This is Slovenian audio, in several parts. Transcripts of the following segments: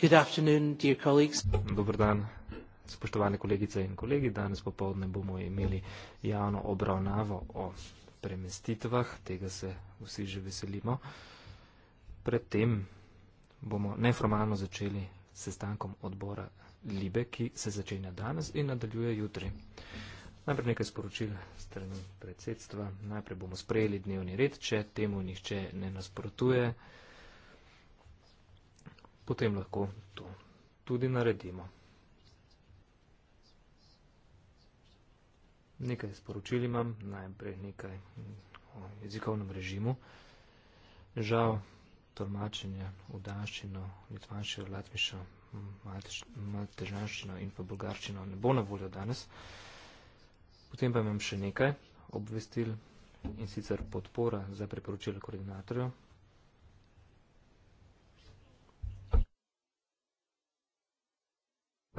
Good afternoon, dear colleagues. Dobar dan, spoštovane kolegice in kolegi. Danes popovdne bomo imeli javno obravnavo o premestitvah, tega se vsi že veselimo. Predtem bomo neformalno začeli sestankom odbora Libe, ki se začenja danes in nadaljuje jutri. Najprej nekaj sporočil strani predsedstva. Najprej bomo sprejeli dnevni red, če temu nihče ne nasprotuje potem lahko to tudi naredimo. Nekaj sporočil imam, najprej nekaj o jezikovnem režimu. Žal, tolmačenje v danščino, litvanščino, latvišo, maltežanščino in pa bulgarščino ne bo na voljo danes. Potem pa imam še nekaj obvestil in sicer podpora za priporočila koordinatorja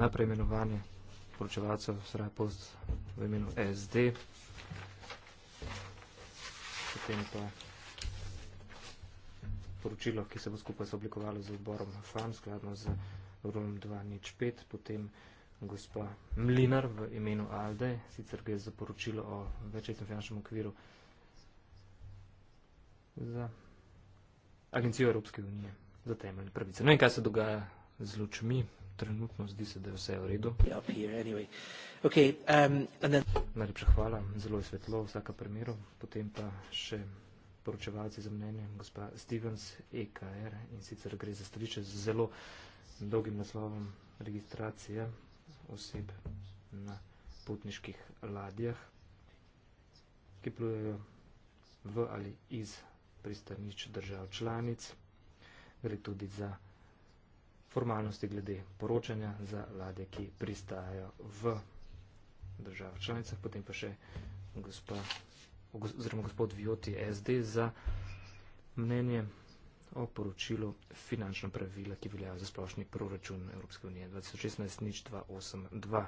na preimenovanje poročevalcev Srapost v imenu SD. Potem pa poročilo, ki se bo skupaj soblikovalo z odborom FAN, skladno z Rom 205, potem gospa Mlinar v imenu Alde, sicer gre za poročilo o večletnem finančnem okviru za Agencijo Evropske unije za temeljne pravice. Ne no, vem, kaj se dogaja z lučmi, trenutno zdi se, da je vse v redu. Anyway. Okay, um, then... Najlepša hvala, zelo je svetlo, vsaka primeru. Potem pa še poročevalci za mnenje, gospa Stevens, EKR, in sicer gre za stališče z zelo dolgim naslovom registracija oseb na potniških ladjah, ki plujejo v ali iz pristanič držav članic. Gre tudi za formalnosti glede poročanja za ladje, ki pristajajo v državah članicah, potem pa še gospa, oziroma gospod Vioti SD za mnenje o poročilu finančna pravila, ki veljajo za splošni proračun Evropske unije 2016-2082.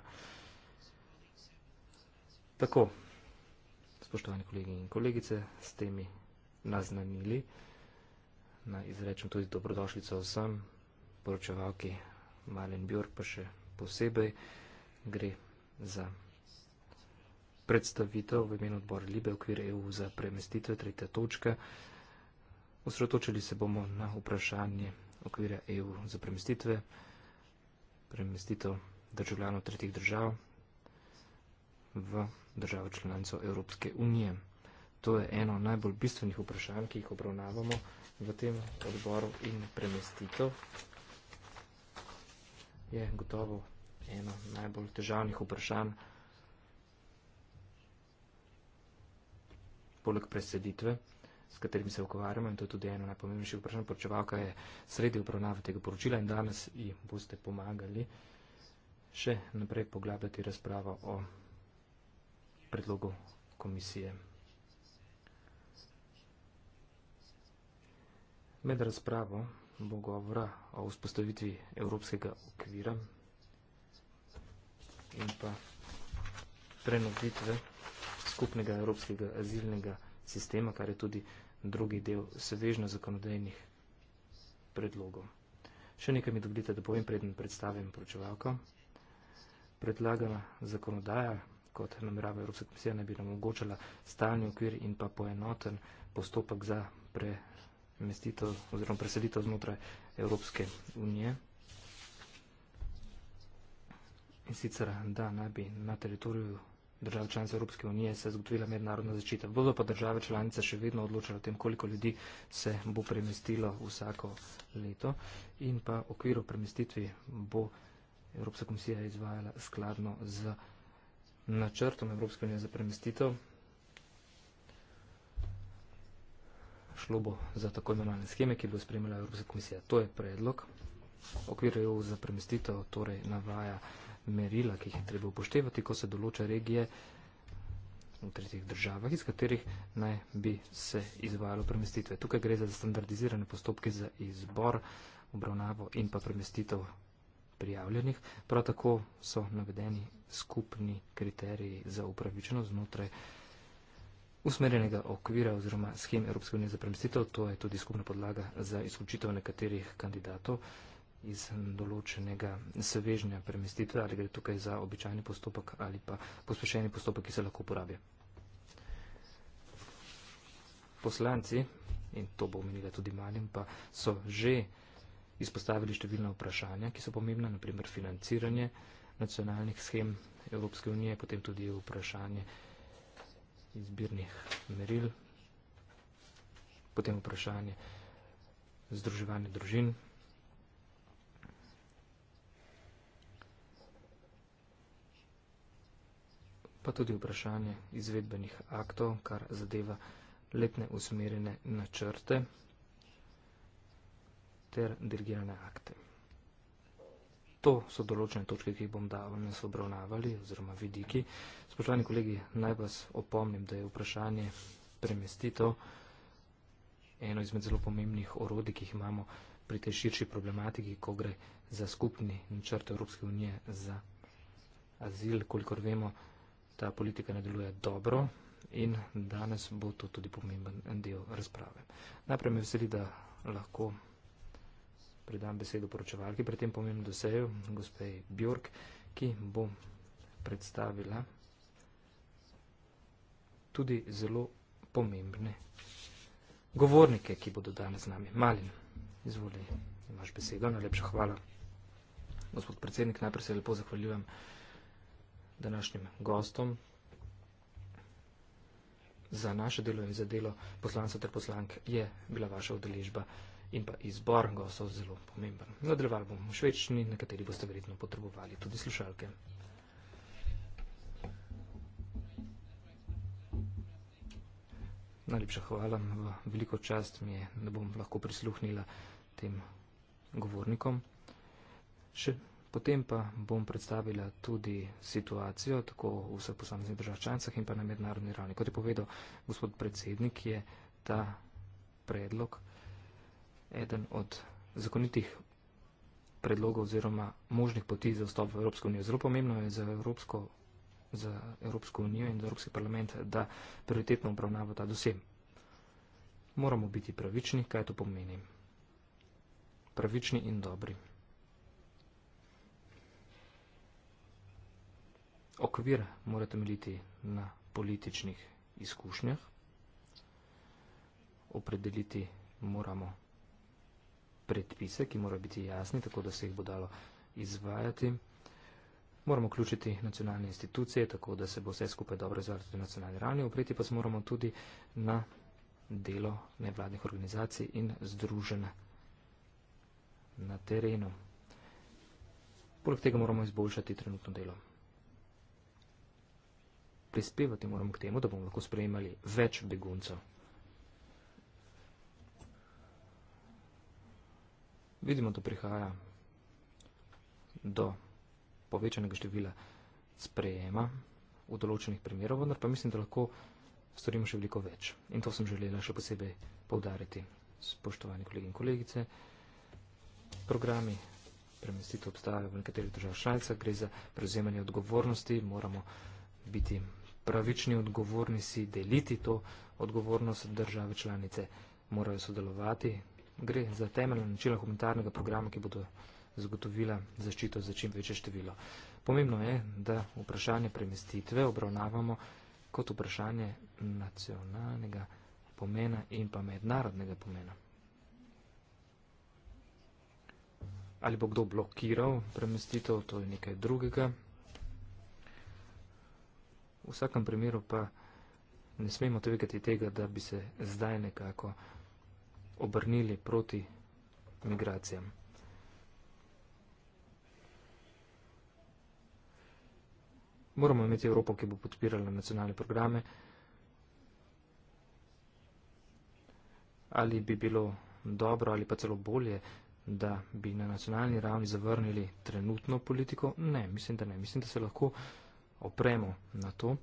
Tako, spoštovani kolegi in kolegice, s temi naznanili, na izrečem tudi dobrodošlico vsem, poročevalki Malin Björk pa še posebej gre za predstavitev v imenu odbor Libe okvir EU za premestitev tretja točka. Osredotočili se bomo na vprašanje okvirja EU za premestitve, premestitev državljanov tretjih držav v državo članico Evropske unije. To je eno najbolj bistvenih vprašanj, ki jih obravnavamo v tem odboru in premestitev je gotovo eno najbolj težavnih vprašanj. Poleg preseditve, s katerim se ukvarjamo, in to je tudi eno najpomembnejših vprašanj, poročevalka je sredi obravnave tega poročila in danes ji boste pomagali še naprej poglabljati razpravo o predlogu komisije. Med razpravo bo govora o vzpostavitvi evropskega okvira in pa prenovitve skupnega evropskega azilnega sistema, kar je tudi drugi del svežno zakonodajnih predlogov. Še nekaj mi dovolite, da povem predn predstavim poročevalko. Predlagana zakonodaja, kot namerava Evropska komisija, ne bi nam omogočala stalni okvir in pa poenoten postopek za pre premestitev oziroma preselitev znotraj Evropske unije. In sicer, da naj bi na teritoriju držav članice Evropske unije se zagotovila mednarodna zaščita. Bodo pa države članice še vedno odločale o tem, koliko ljudi se bo premestilo vsako leto. In pa v okviru premestitvi bo Evropska komisija izvajala skladno z načrtom Evropske unije za premestitev. šlo bo za tako imenovane scheme, ki bo spremljala Evropska komisija. To je predlog. Okvir EU za premestitev torej navaja merila, ki jih je treba upoštevati, ko se določa regije v tretjih državah, iz katerih naj bi se izvajalo premestitve. Tukaj gre za standardizirane postopke za izbor, obravnavo in pa premestitev prijavljenih. Prav tako so navedeni skupni kriteriji za upravičenost znotraj usmerjenega okvira oziroma schem Evropske unije za premestitev. To je tudi skupna podlaga za izključitev nekaterih kandidatov iz hm, določenega svežnja premestitve, ali gre tukaj za običajni postopek ali pa pospešeni postopek, ki se lahko uporablja. Poslanci, in to bo omenila tudi Malim, pa so že izpostavili številna vprašanja, ki so pomembna, naprimer financiranje nacionalnih schem Evropske unije, potem tudi vprašanje eh, izbirnih meril, potem vprašanje združevanja družin. pa tudi vprašanje izvedbenih aktov, kar zadeva letne usmerjene načrte ter dirigirane akte to so določene točke, ki jih bom danes obravnavali, oziroma vidiki. Spoštovani kolegi, naj vas opomnim, da je vprašanje premestitev eno izmed zelo pomembnih orodij, ki jih imamo pri tej širši problematiki, ko gre za skupni načrt Evropske unije za azil. Kolikor vemo, ta politika ne deluje dobro in danes bo to tudi pomemben del razprave. Najprej me veseli, da lahko predam besedo poročevalki pri tem pomembnem doseju, gospe Bjork, ki bo predstavila tudi zelo pomembne govornike, ki bodo danes z nami. Malin, izvoli, imaš besedo, najlepša hvala. Gospod predsednik, najprej se lepo zahvaljujem današnjim gostom za naše delo in za delo poslanca ter poslank je bila vaša odeležba in pa izbor gostov zelo pomemben. Nadaljeval bom v švečni, nekateri boste verjetno potrebovali tudi slušalke. Najlepša hvala, veliko čast mi je, da bom lahko prisluhnila tem govornikom. Še potem pa bom predstavila tudi situacijo, tako v vseh posameznih držav članicah in pa na mednarodni ravni. Kot je povedal gospod predsednik, je ta predlog eden od zakonitih predlogov oziroma možnih poti za vstop v Evropsko unijo. Zelo pomembno je za Evropsko, za Evropsko unijo in za Evropski parlament, da prioritetno obravnava ta dosem. Moramo biti pravični, kaj to pomeni. Pravični in dobri. Okvir mora temeljiti na političnih izkušnjah. Opredeliti moramo predpise, ki morajo biti jasni, tako da se jih bo dalo izvajati. Moramo vključiti nacionalne institucije, tako da se bo vse skupaj dobro izvajalo tudi na nacionalni ravni. Opreti pa se moramo tudi na delo nevladnih organizacij in združena na terenu. Poleg tega moramo izboljšati trenutno delo. Prispevati moramo k temu, da bomo lahko sprejemali več beguncev. vidimo, da prihaja do povečanega števila sprejema v določenih primerov, vendar pa mislim, da lahko storimo še veliko več. In to sem želela še posebej povdariti, spoštovani kolegi in kolegice. Programi premestitev obstajajo v nekaterih državah šaljca, gre za prevzemanje odgovornosti, moramo biti pravični odgovorni si, deliti to odgovornost države članice, morajo sodelovati, gre za temeljna načela humanitarnega programa, ki bodo zagotovila zaščito za čim večje število. Pomembno je, da vprašanje premestitve obravnavamo kot vprašanje nacionalnega pomena in pa mednarodnega pomena. Ali bo kdo blokiral premestitev, to je nekaj drugega. V vsakem primeru pa ne smemo tvegati tega, da bi se zdaj nekako vprašanje obrnili proti migracijam. Moramo imeti Evropo, ki bo podpirala nacionalne programe. Ali bi bilo dobro ali pa celo bolje, da bi na nacionalni ravni zavrnili trenutno politiko? Ne, mislim, da ne. Mislim, da se lahko opremo na to.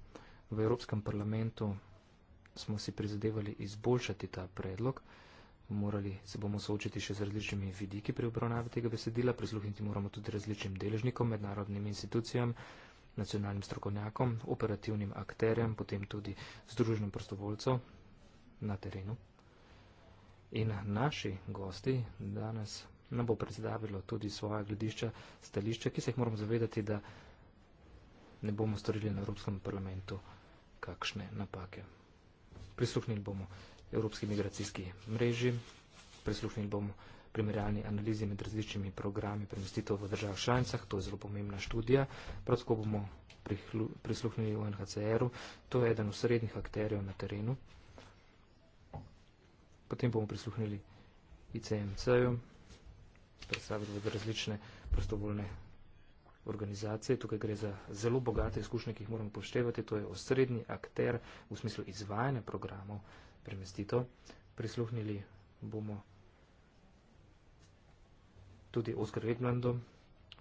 V Evropskem parlamentu smo si prizadevali izboljšati ta predlog morali, se bomo soočiti še z različnimi vidiki pri obravnavi tega besedila, prisluhniti moramo tudi različnim deležnikom, mednarodnim institucijam, nacionalnim strokovnjakom, operativnim akterjem, potem tudi združenim prostovoljcem na terenu. In naši gosti danes nam bo predstavilo tudi svoja gledišča, stališča, ki se jih moramo zavedati, da ne bomo storili na Evropskem parlamentu kakšne napake. Prisluhnili bomo. Evropski migracijski mreži. Prislušnili bomo primerjalni analizi med različnimi programi premestitev v državah članicah, to je zelo pomembna študija. Prav tako bomo prisluhnili UNHCR-u, to je eden od srednjih akterjev na terenu. Potem bomo prisluhnili ICMC-ju, predstavili bodo različne prostovoljne organizacije. Tukaj gre za zelo bogate izkušnje, ki jih moramo poštevati. To je osrednji akter v smislu izvajanja programov premestitev. Prisluhnili bomo tudi Oskar Wegmlandu,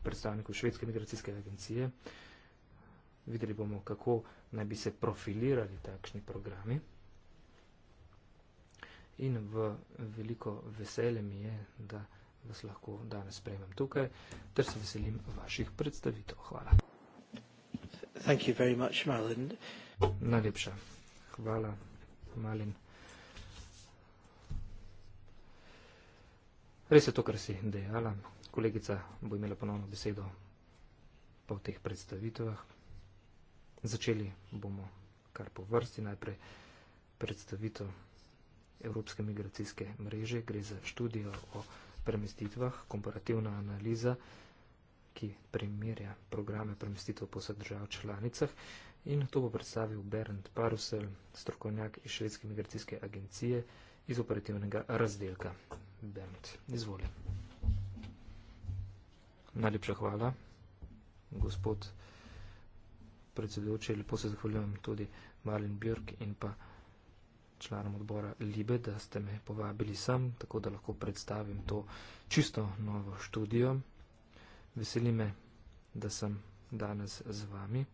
predstavniku Švedske migracijske agencije. Videli bomo, kako naj bi se profilirali takšni programi. In v veliko veselje mi je, da vas lahko danes sprejmem tukaj, ter se veselim vaših predstavitev. Hvala. Thank you very much, Malin. Najlepša. Hvala, Malin. Res je to, kar si dejala. Kolegica bo imela ponovno besedo po teh predstavitvah. Začeli bomo kar po vrsti. Najprej predstavitev Evropske migracijske mreže. Gre za študijo o premestitvah, komparativna analiza, ki primerja programe premestitev po vseh držav članicah. In to bo predstavil Bernd Parusel, strokovnjak iz Švedske migracijske agencije iz operativnega razdelka. Bernd, izvoli. Najlepša hvala, gospod predsedujoči. Lepo se zahvaljujem tudi Marlin Björk in pa članom odbora Libe, da ste me povabili sem, tako da lahko predstavim to čisto novo študijo. Veseli me, da sem danes z vami.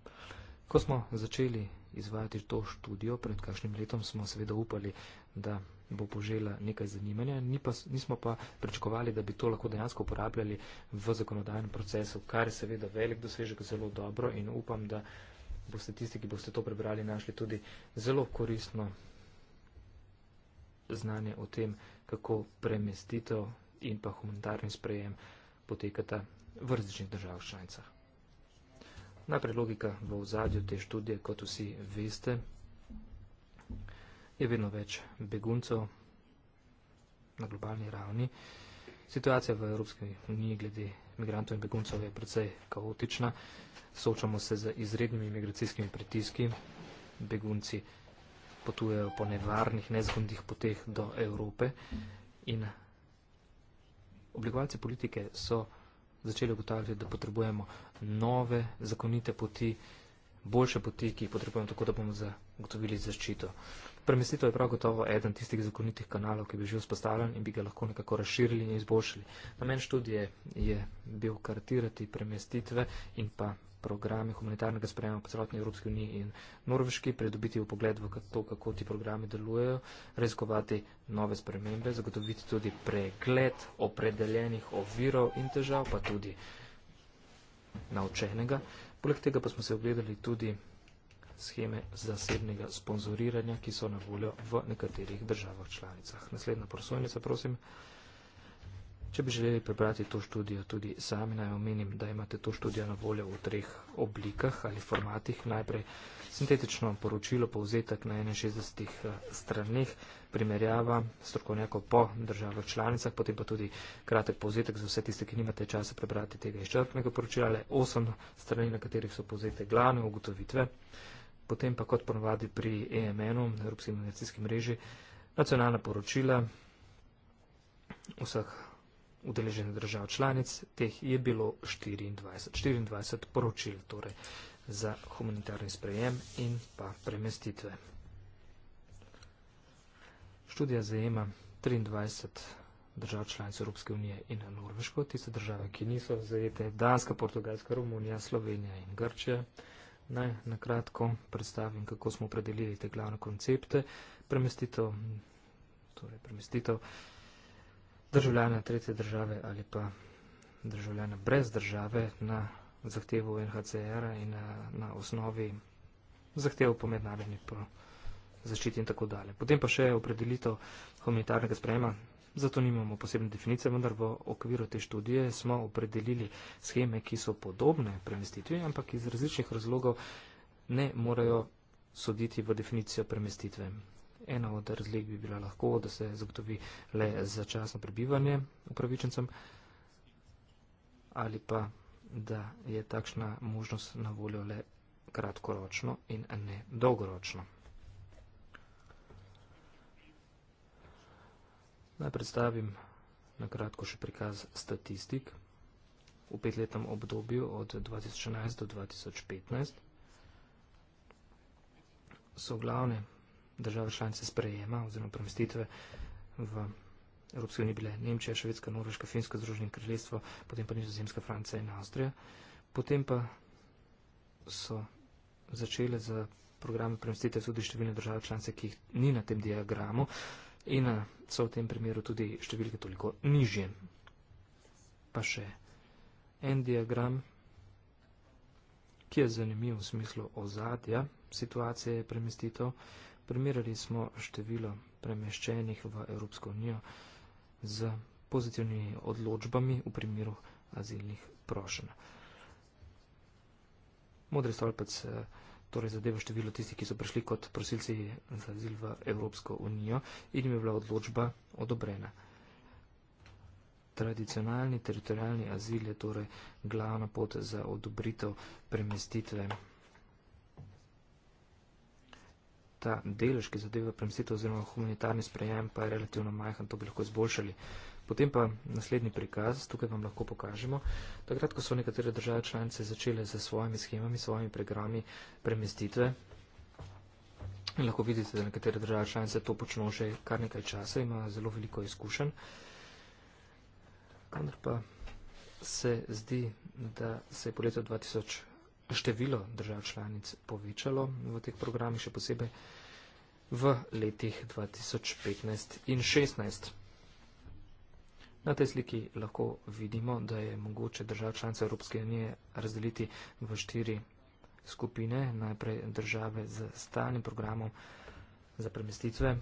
Ko smo začeli izvajati to študijo, pred kakšnim letom smo seveda upali, da bo požela nekaj zanimanja, Ni pa, nismo pa pričakovali, da bi to lahko dejansko uporabljali v zakonodajnem procesu, kar je seveda velik dosežek, zelo dobro in upam, da boste tisti, ki boste to prebrali, našli tudi zelo koristno znanje o tem, kako premestitev in pa humanitarni sprejem potekata v različnih državah članicah. Najprej logika v ozadju te študije, kot vsi veste, je vedno več beguncev na globalni ravni. Situacija v Evropski uniji glede migrantov in beguncev je precej kaotična. Soočamo se z izrednimi migracijskimi pritiski. Begunci potujejo po nevarnih, nezgodnih poteh do Evrope in oblikovalci politike so začeli ugotavljati, da potrebujemo nove zakonite poti, boljše poti, ki jih potrebujemo tako, da bomo zagotovili zaščito. Premestitev je prav gotovo eden tistih zakonitih kanalov, ki bi že vzpostavljen in bi ga lahko nekako razširili in izboljšali. Namen študije je bil kartirati premestitve in pa programe humanitarnega sprejema po celotni Evropski uniji in Norveški, predobiti v pogled v to, kako ti programe delujejo, raziskovati nove spremembe, zagotoviti tudi pregled opredeljenih ovirov in težav, pa tudi naučenega. Poleg tega pa smo se ogledali tudi scheme zasebnega sponzoriranja, ki so na voljo v nekaterih državah članicah. Naslednja prosojnica, prosim. Če bi želeli prebrati to študijo tudi sami, naj omenim, da imate to študijo na voljo v treh oblikah ali formatih. Najprej sintetično poročilo, povzetek na 61 eh, straneh, primerjava strokovnjakov po državah članicah, potem pa tudi kratek povzetek za vse tiste, ki nimate časa prebrati tega izčrpnega poročila, le 8 strani, na katerih so povzete glavne ugotovitve potem pa kot ponovadi pri EMN-u, Evropski inovacijski mreži, nacionalna poročila vseh udeleženih držav članic, teh je bilo 24, 24 poročil torej, za humanitarni sprejem in pa premestitve. Študija zajema 23 držav članic Evropske unije in na Norveško, tiste države, ki niso zajete, Danska, Portugalska, Romunija, Slovenija in Grčija. Naj na kratko predstavim, kako smo opredelili te glavne koncepte. Premestitev, torej premestitev državljana tretje države ali pa državljana brez države na zahtevo NHCR-a in na, na osnovi zahtev po mednarodni zaščiti in tako dalje. Potem pa še opredelitev humanitarnega sprejema zato nimamo posebne definicije, vendar v okviru te študije smo opredelili scheme, ki so podobne premestitvi, ampak iz različnih razlogov ne morejo soditi v definicijo premestitve. Ena od razlik bi bila lahko, da se zagotovi le začasno prebivanje upravičencem ali pa, da je takšna možnost na voljo le kratkoročno in ne dolgoročno. Naj predstavim na kratko še prikaz statistik v petletnem obdobju od 2011 do 2015. So glavne države članice sprejema oziroma premestitve v Evropski uniji bile Nemčija, Švedska, Norveška, Finska, Združenje kraljestvo, potem pa Nizozemska, Francija in Avstrija. Potem pa so začele za programe premestitve tudi številne države članice, ki jih ni na tem diagramu in eh, so v tem primeru tudi številke toliko nižje. Pa še en diagram, ki je zanimiv v smislu ozadja situacije premestitev. Primerjali smo število premeščenih v Evropsko unijo z pozitivnimi odločbami v primeru azilnih prošenj. Modri stolpec. Eh, torej zadeva število tistih, ki so prišli kot prosilci za azil v Evropsko unijo in jim je bila odločba odobrena. Tradicionalni teritorijalni azil je torej glavna pot za odobritev premestitve. Ta delež, ki zadeva premestitev oziroma humanitarni sprejem, pa je relativno majhen, to bi lahko izboljšali. Potem pa naslednji prikaz, tukaj vam lahko pokažemo, takrat, ko so nekatere države članice začele z svojimi schemami, svojimi programi premestitve. Lahko vidite, da nekatere države članice to počno že kar nekaj časa, ima zelo veliko izkušenj. Kandor pa se zdi, da se je po letu 2000 število držav članic povečalo v teh programih, še posebej v letih 2015 in 2016. Na tej sliki lahko vidimo, da je mogoče države članice Evropske unije razdeliti v štiri skupine. Najprej države z stalnim programom za premestitve,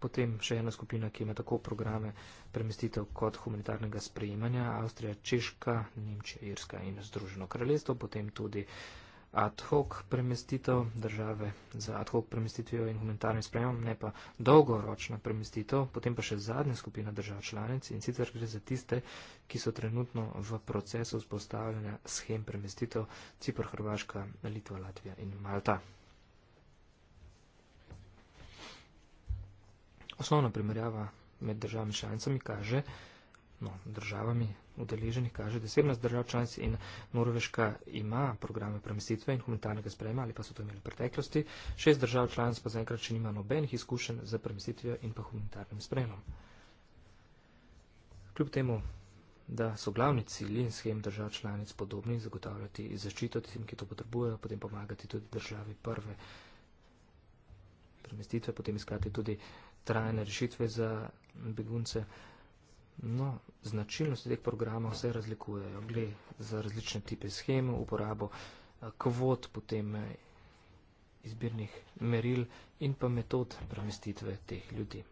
potem še ena skupina, ki ima tako programe premestitev kot humanitarnega sprejemanja, Avstrija, Češka, Nemčija, Irska in Združeno kraljestvo, potem tudi ad hoc premestitev države, z ad hoc premestitvijo in humanitarnim sprejemom, ne pa dolgoročna premestitev, potem pa še zadnja skupina držav članic in sicer gre za tiste, ki so trenutno v procesu vzpostavljanja schem premestitev Cipr, Hrvaška, Litva, Latvija in Malta. Osnovna primerjava med državami članicami kaže, da no, državami udeleženih kaže 17 držav članic in Norveška ima programe premestitve in humanitarnega sprejema ali pa so to imeli v preteklosti, šest držav članic pa zaenkrat še nima nobenih izkušenj za premestitvijo in pa humanitarnim sprejemom. Kljub temu, da so glavni cilji in schem držav članic podobni, zagotavljati zaščito tistim, ki to potrebujejo, potem pomagati tudi državi prve premestitve, potem iskati tudi trajne rešitve za begunce. No, značilnosti teh programov se razlikujejo. Gre za različne type scheme, uporabo eh, kvot, potem eh, izbirnih meril in pa metod premestitve teh ljudi.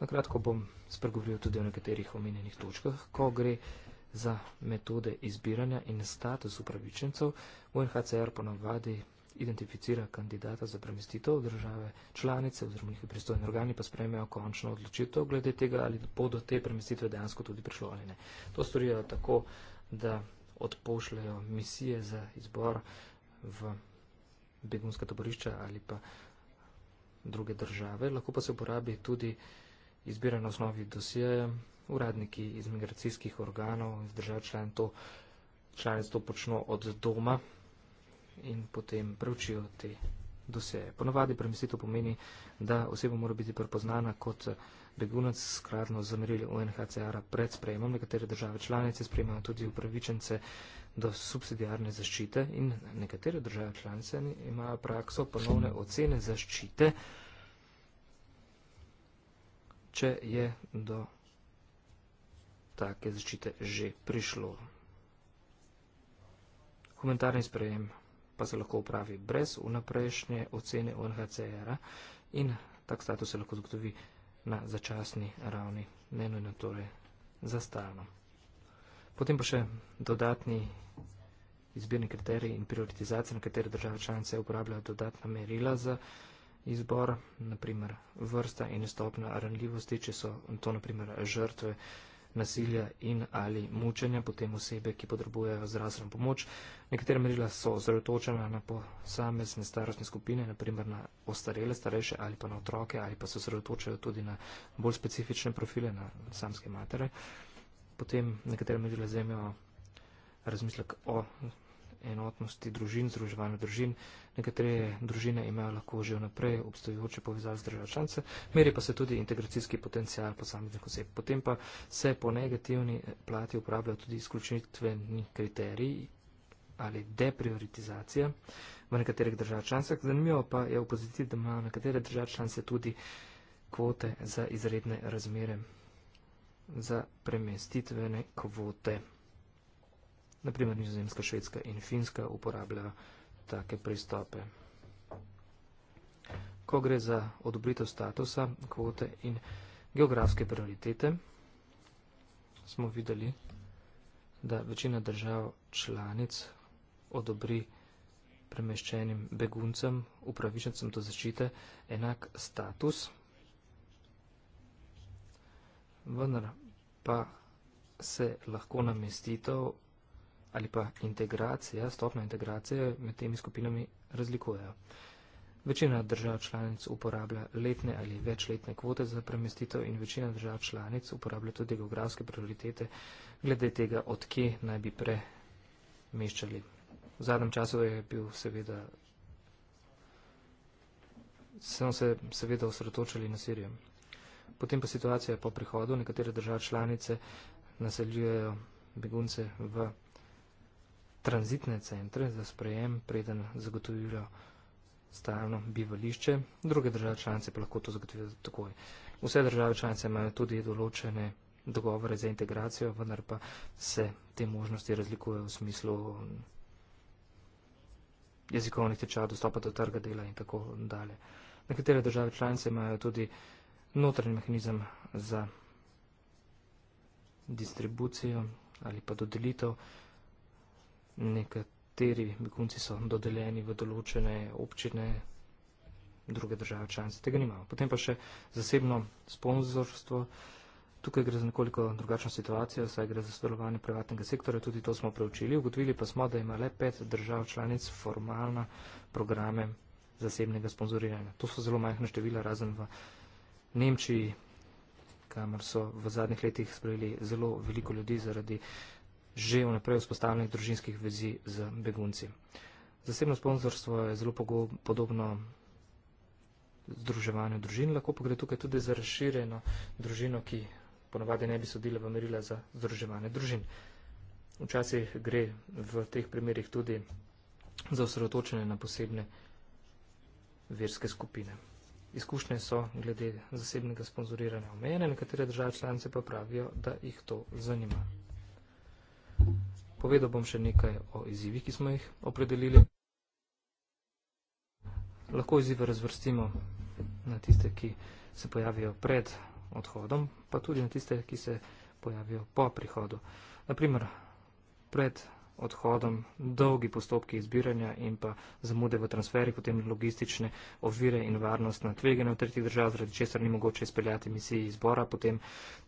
Nakratko bom spregovoril tudi o nekaterih omenjenih točkah, ko gre za metode izbiranja in status upravičencev. UNHCR ponavadi identificira kandidata za premestitev države članice oziroma njihovi pristojni organi pa sprejmejo končno odločitev glede tega, ali bo do te premestitve dejansko tudi prišlo ali ne. To storijo tako, da odpošljajo misije za izbor v begunska taborišča ali pa druge države. Lahko pa se uporabi tudi izbira na osnovi dosijeja. Uradniki iz migracijskih organov, iz držav član to, članic to počno od doma in potem preučijo te doseje. Ponovadi premestitev pomeni, da oseba mora biti prepoznana kot begunec skladno z merili UNHCR-a pred sprejemom. Nekatere države članice sprejemajo tudi upravičence do subsidijarne zaščite in nekatere države članice imajo prakso ponovne ocene zaščite, če je do take zaščite že prišlo. Komentarni sprejem pa se lahko upravi brez vnaprejšnje ocene UNHCR-a in tak status se lahko zagotovi na začasni ravni, ne nujno torej za stalno. Potem pa še dodatni izbirni kriteriji in prioritizacije, na katere države članice uporabljajo dodatna merila za izbor, naprimer vrsta in stopna ranljivosti, če so to naprimer žrtve nasilja in ali mučenja, potem osebe, ki potrebujejo zdravstveno pomoč. Nekatera merila so zredotočena na posamezne starostne skupine, naprimer na ostarele, starejše ali pa na otroke, ali pa se zredotočajo tudi na bolj specifične profile, na samske matere. Potem nekatera merila zemljajo razmislek o enotnosti družin, združevanju družin. Nekatere družine imajo lahko že vnaprej obstojujoče povezave z državo članice, meri pa se tudi integracijski potencial posameznih oseb. Potem pa se po negativni plati uporabljajo tudi izključitveni kriteriji ali deprioritizacija v nekaterih držav članicah. Zanimivo pa je opoziti, da imajo nekatere države članice tudi kvote za izredne razmere, za premestitvene kvote naprimer Nizozemska, Švedska in Finska uporablja take pristope. Ko gre za odobritev statusa, kvote in geografske prioritete, smo videli, da večina držav članic odobri premeščenim beguncem, upravičencem do zaščite, enak status, vendar pa se lahko namestitev ali pa integracija, stopna integracije med temi skupinami razlikujejo. Večina držav članic uporablja letne ali večletne kvote za premestitev in večina držav članic uporablja tudi geografske prioritete glede tega, odkje naj bi premeščali. V zadnjem času je bil seveda, sem se seveda osredotočali na Sirijo. Potem pa situacija po prihodu, nekatere države članice naseljujejo begunce v tranzitne centre za sprejem, preden zagotovijo stalno bivališče. Druge države članice pa lahko to zagotovijo takoj. Vse države članice imajo tudi določene dogovore za integracijo, vendar pa se te možnosti razlikujejo v smislu jezikovnih tečaj, dostopa do trga dela in tako dalje. Nekatere države članice imajo tudi notranji mehanizem za distribucijo ali pa dodelitev nekateri begunci so dodeljeni v določene občine druge države članice. Tega nimamo. Potem pa še zasebno sponzorstvo. Tukaj gre za nekoliko drugačno situacijo, saj gre za sodelovanje privatnega sektorja. Tudi to smo preučili. Ugotovili pa smo, da ima le pet držav članic formalna programe zasebnega sponzoriranja. To so zelo majhna števila, razen v Nemčiji, kamor so v zadnjih letih sprejeli zelo veliko ljudi zaradi že vnaprej vzpostavljenih družinskih vezi z begunci. Zasebno sponzorstvo je zelo podobno združevanju družin, lahko pa gre tukaj tudi za razširjeno družino, ki ponavadi ne bi sodila v merila za združevanje družin. Včasih gre v teh primerih tudi za osredotočenje na posebne verske skupine. Izkušnje so glede zasebnega sponzoriranja omejene, nekatere države članice pa pravijo, da jih to zanima. Povedal bom še nekaj o izzivih, ki smo jih opredelili. Lahko izzive razvrstimo na tiste, ki se pojavijo pred odhodom, pa tudi na tiste, ki se pojavijo po prihodu. Naprimer, pred odhodom dolgi postopki izbiranja in pa zamude v transferih, potem logistične ovire in varnost na tvegene v tretjih držav, zaradi česar ni mogoče izpeljati misije izbora, potem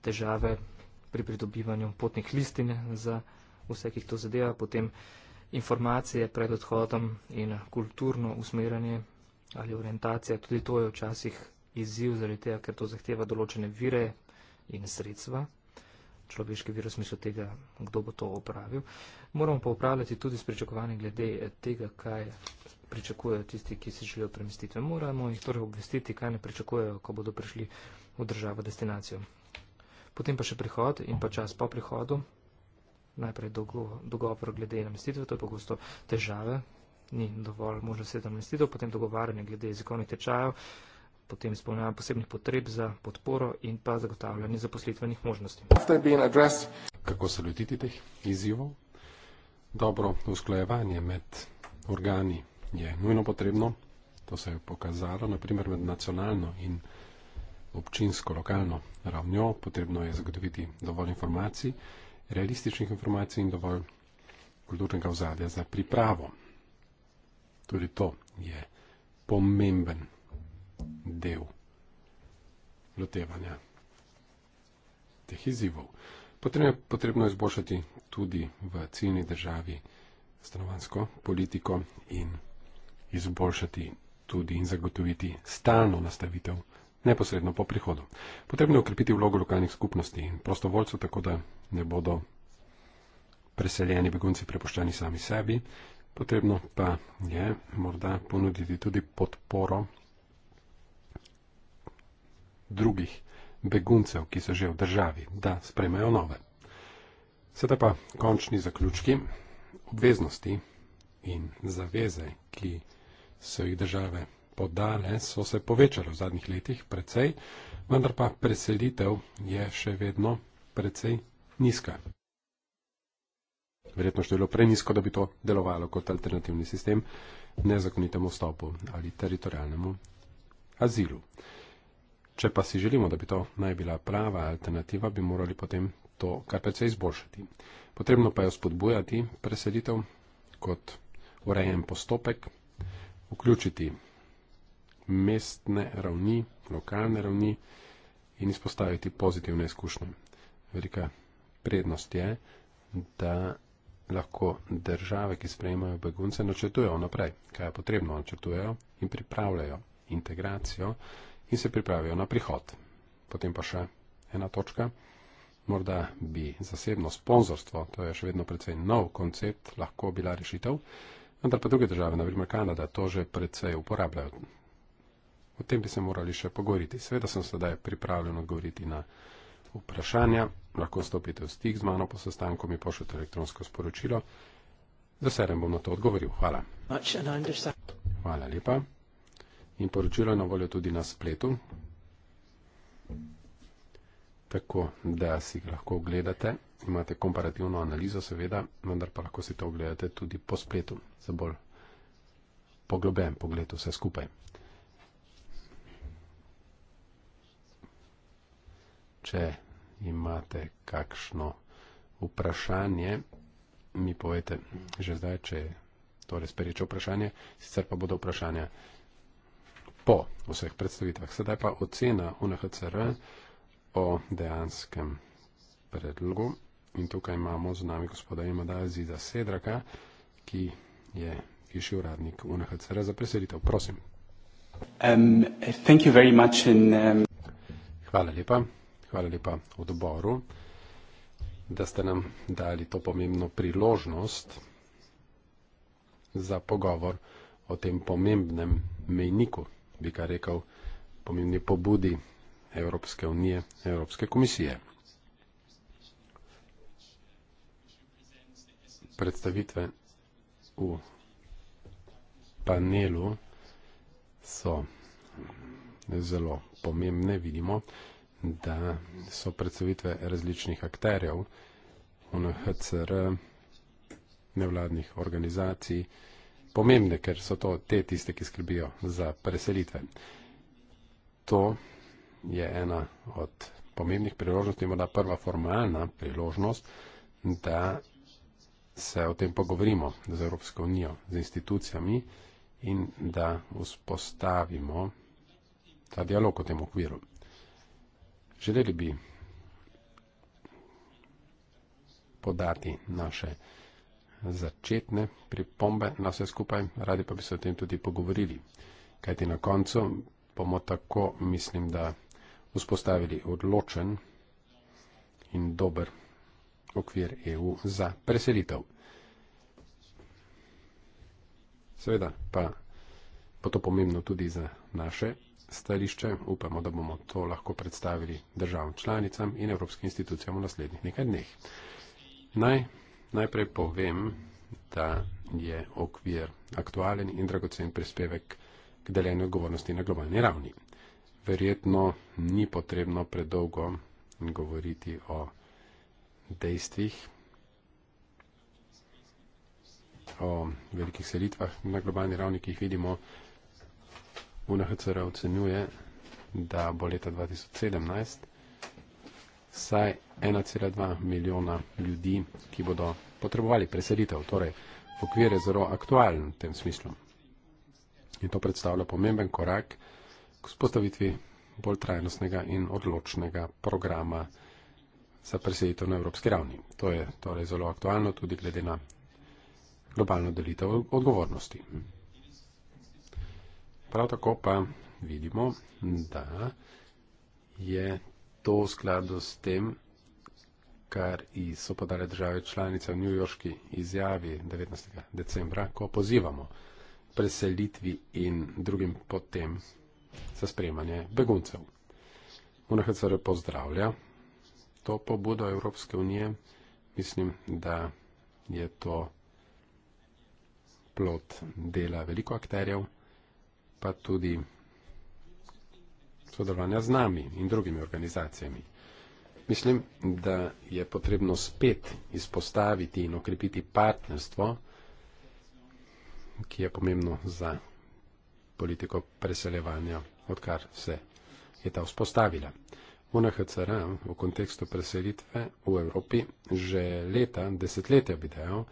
težave pri pridobivanju potnih listine za odhod vse, ki to zadeva, potem informacije pred odhodom in kulturno usmerjanje ali orientacija, tudi to je včasih izziv, zaradi tega, ker to zahteva določene vire in sredstva, človeški vir v smislu tega, kdo bo to opravil. Moramo pa upravljati tudi s pričakovanjem glede tega, kaj pričakujejo tisti, ki se želijo premestiti. Moramo jih torej obvestiti, kaj ne pričakujejo, ko bodo prišli v državo destinacijo. Potem pa še prihod in pa čas po prihodu najprej dogovor glede namestitve, to je pogosto težave, ni dovolj možnosti za namestitev, potem dogovarjanje glede jezikovnih tečajev, potem izpolnjavanje posebnih potreb za podporo in pa zagotavljanje zaposlitvenih možnosti. Kako se lotiti teh izzivov? Dobro usklajevanje med organi je nujno potrebno, to se je pokazalo, naprimer med nacionalno in občinsko-lokalno ravnjo, potrebno je zagotoviti dovolj informacij realističnih informacij in dovolj kulturnega ozadja za pripravo. Tudi to je pomemben del lotevanja teh izzivov. Potrebno, potrebno je izboljšati tudi v ciljni državi stanovansko politiko in izboljšati tudi in zagotoviti stalno nastavitev neposredno po prihodu. Potrebno je ukrepiti vlogo lokalnih skupnosti in prostovoljcev, tako da ne bodo preseljeni begunci prepuščeni sami sebi. Potrebno pa je morda ponuditi tudi podporo drugih beguncev, ki so že v državi, da spremejo nove. Sedaj pa končni zaključki. Obveznosti in zaveze, ki so jih države podale, so se povečale v zadnjih letih precej, vendar pa preselitev je še vedno precej nizka. Verjetno število prej nizko, da bi to delovalo kot alternativni sistem nezakonitemu vstopu ali teritorijalnemu azilu. Če pa si želimo, da bi to naj bila prava alternativa, bi morali potem to kar precej izboljšati. Potrebno pa je spodbujati preselitev kot urejen postopek, vključiti mestne ravni, lokalne ravni in izpostaviti pozitivne izkušnje. Velika prednost je, da lahko države, ki sprejmajo begunce, načrtujejo naprej, kaj je potrebno, načrtujejo in pripravljajo integracijo in se pripravijo na prihod. Potem pa še ena točka. Morda bi zasebno sponzorstvo, to je še vedno precej nov koncept, lahko bila rešitev, vendar pa druge države, na primer Kanada, to že precej uporabljajo. O tem bi se morali še pogovoriti. Seveda sem sedaj pripravljen odgovoriti na vprašanja. Lahko stopite v stik z mano po sestanku, mi pošljete elektronsko sporočilo. Z veseljem bom na to odgovoril. Hvala. Hvala lepa. In poročilo je na voljo tudi na spletu. Tako da si ga lahko ogledate. Imate komparativno analizo, seveda, vendar pa lahko si to ogledate tudi po spletu, za bolj poglobljen pogled vse skupaj. Če imate kakšno vprašanje, mi povete že zdaj, če je to res pereče vprašanje, sicer pa bodo vprašanja po vseh predstavitvah. Sedaj pa ocena UNHCR o dejanskem predlogu. In tukaj imamo z nami gospoda Imada Ziza Sedraka, ki je višji uradnik UNHCR za preselitev. Prosim. Um, thank you very much in, um... Hvala lepa hvala lepa odboru, da ste nam dali to pomembno priložnost za pogovor o tem pomembnem mejniku, bi kar rekel, pomembni pobudi Evropske unije, Evropske komisije. Predstavitve v panelu so zelo pomembne, vidimo da so predstavitve različnih akterjev, UNHCR, nevladnih organizacij, pomembne, ker so to te tiste, ki skrbijo za preselitve. To je ena od pomembnih priložnosti, morda prva formalna priložnost, da se o tem pogovorimo z Evropsko unijo, z institucijami in da vzpostavimo ta dialog o tem okviru. Želeli bi podati naše začetne pripombe na vse skupaj, radi pa bi se o tem tudi pogovorili. Kajti na koncu bomo tako, mislim, da vzpostavili odločen in dober okvir EU za preselitev. Seveda pa bo to pomembno tudi za naše stališče, upamo, da bomo to lahko predstavili državam članicam in evropskim institucijam v naslednjih nekaj dneh. Naj, najprej povem, da je okvir aktualen in dragocen prispevek k deljenju odgovornosti na globalni ravni. Verjetno ni potrebno predolgo govoriti o dejstvih, o velikih selitvah na globalni ravni, ki jih vidimo UNHCR ocenjuje, da bo leta 2017 saj 1,2 milijona ljudi, ki bodo potrebovali preselitev, torej v okvir je zelo aktualen v tem smislu. In to predstavlja pomemben korak k spostavitvi bolj trajnostnega in odločnega programa za preselitev na evropski ravni. To je torej zelo aktualno tudi glede na globalno delitev odgovornosti. Prav tako pa vidimo, da je to v skladu s tem, kar so podale države članice v New Yorkski izjavi 19. decembra, ko pozivamo preselitvi in drugim potem za sprejemanje beguncev. UNHCR pozdravlja to pobudo Evropske unije. Mislim, da je to plot dela veliko akterjev pa tudi sodelovanja z nami in drugimi organizacijami. Mislim, da je potrebno spet izpostaviti in okrepiti partnerstvo, ki je pomembno za politiko preseljevanja, odkar se je ta vzpostavila. UNHCR v kontekstu preselitve v Evropi že leta, desetletja bi dejal,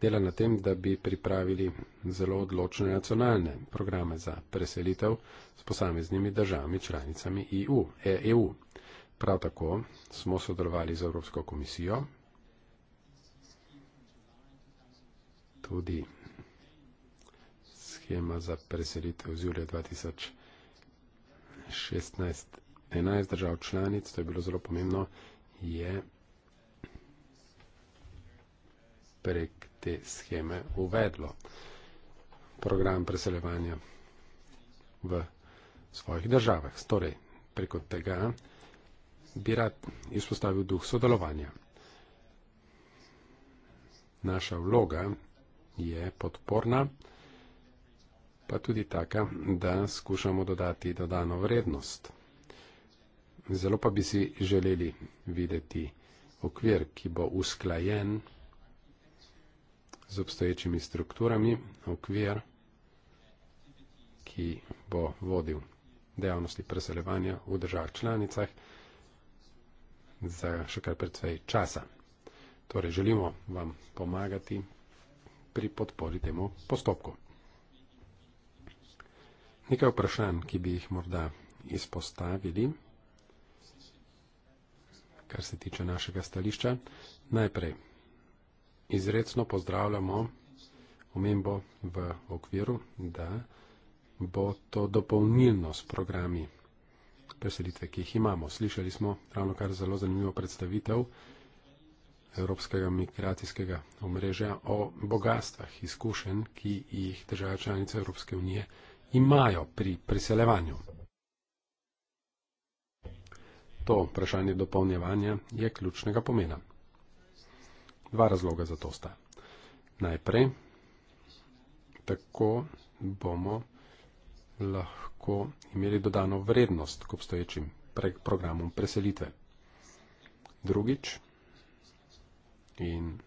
dela na tem, da bi pripravili zelo odločne nacionalne programe za preselitev s posameznimi državami članicami EU. EU. E Prav tako smo sodelovali z Evropsko komisijo tudi schema za preselitev z julija 2016. 11 držav članic, to je bilo zelo pomembno, je prek te scheme uvedlo program preseljevanja v svojih državah. Torej, preko tega bi rad izpostavil duh sodelovanja. Naša vloga je podporna, pa tudi taka, da skušamo dodati dodano vrednost. Zelo pa bi si želeli videti okvir, ki bo usklajen z obstoječimi strukturami okvir, ki bo vodil dejavnosti preseljevanja v državah članicah za še kar predvsej časa. Torej želimo vam pomagati pri podpori temu postopku. Nekaj vprašanj, ki bi jih morda izpostavili, kar se tiče našega stališča. Najprej izredno pozdravljamo omembo v okviru, da bo to dopolnilno s programi preselitve, ki jih imamo. Slišali smo ravno kar zelo zanimivo predstavitev Evropskega migracijskega omrežja o bogatstvah izkušenj, ki jih države članice Evropske unije imajo pri priseljevanju. To vprašanje dopolnjevanja je ključnega pomena. Dva razloga za to sta. Najprej, tako bomo lahko imeli dodano vrednost k obstoječim programom preselitve. Drugič, in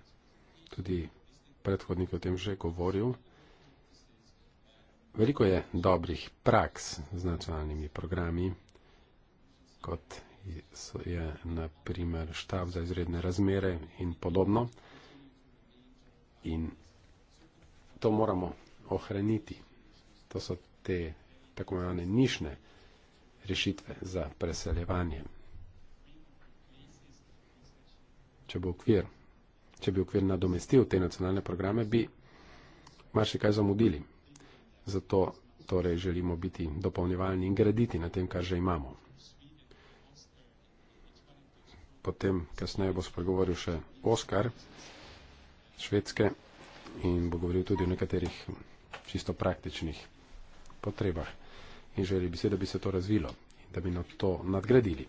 tudi predhodnik o tem že govoril, veliko je dobrih praks z nacionalnimi programi, kot je naprimer štab za izredne razmere in podobno. In to moramo ohraniti. To so te tako imenovane nišne rešitve za preseljevanje. Če bi, okvir, če bi okvir nadomestil te nacionalne programe, bi marsikaj zamudili. Zato torej želimo biti dopolnjevalni in graditi na tem, kar že imamo potem kasneje bo spregovoril še Oskar Švedske in bo govoril tudi o nekaterih čisto praktičnih potrebah in želi bi se, da bi se to razvilo, da bi na to nadgradili.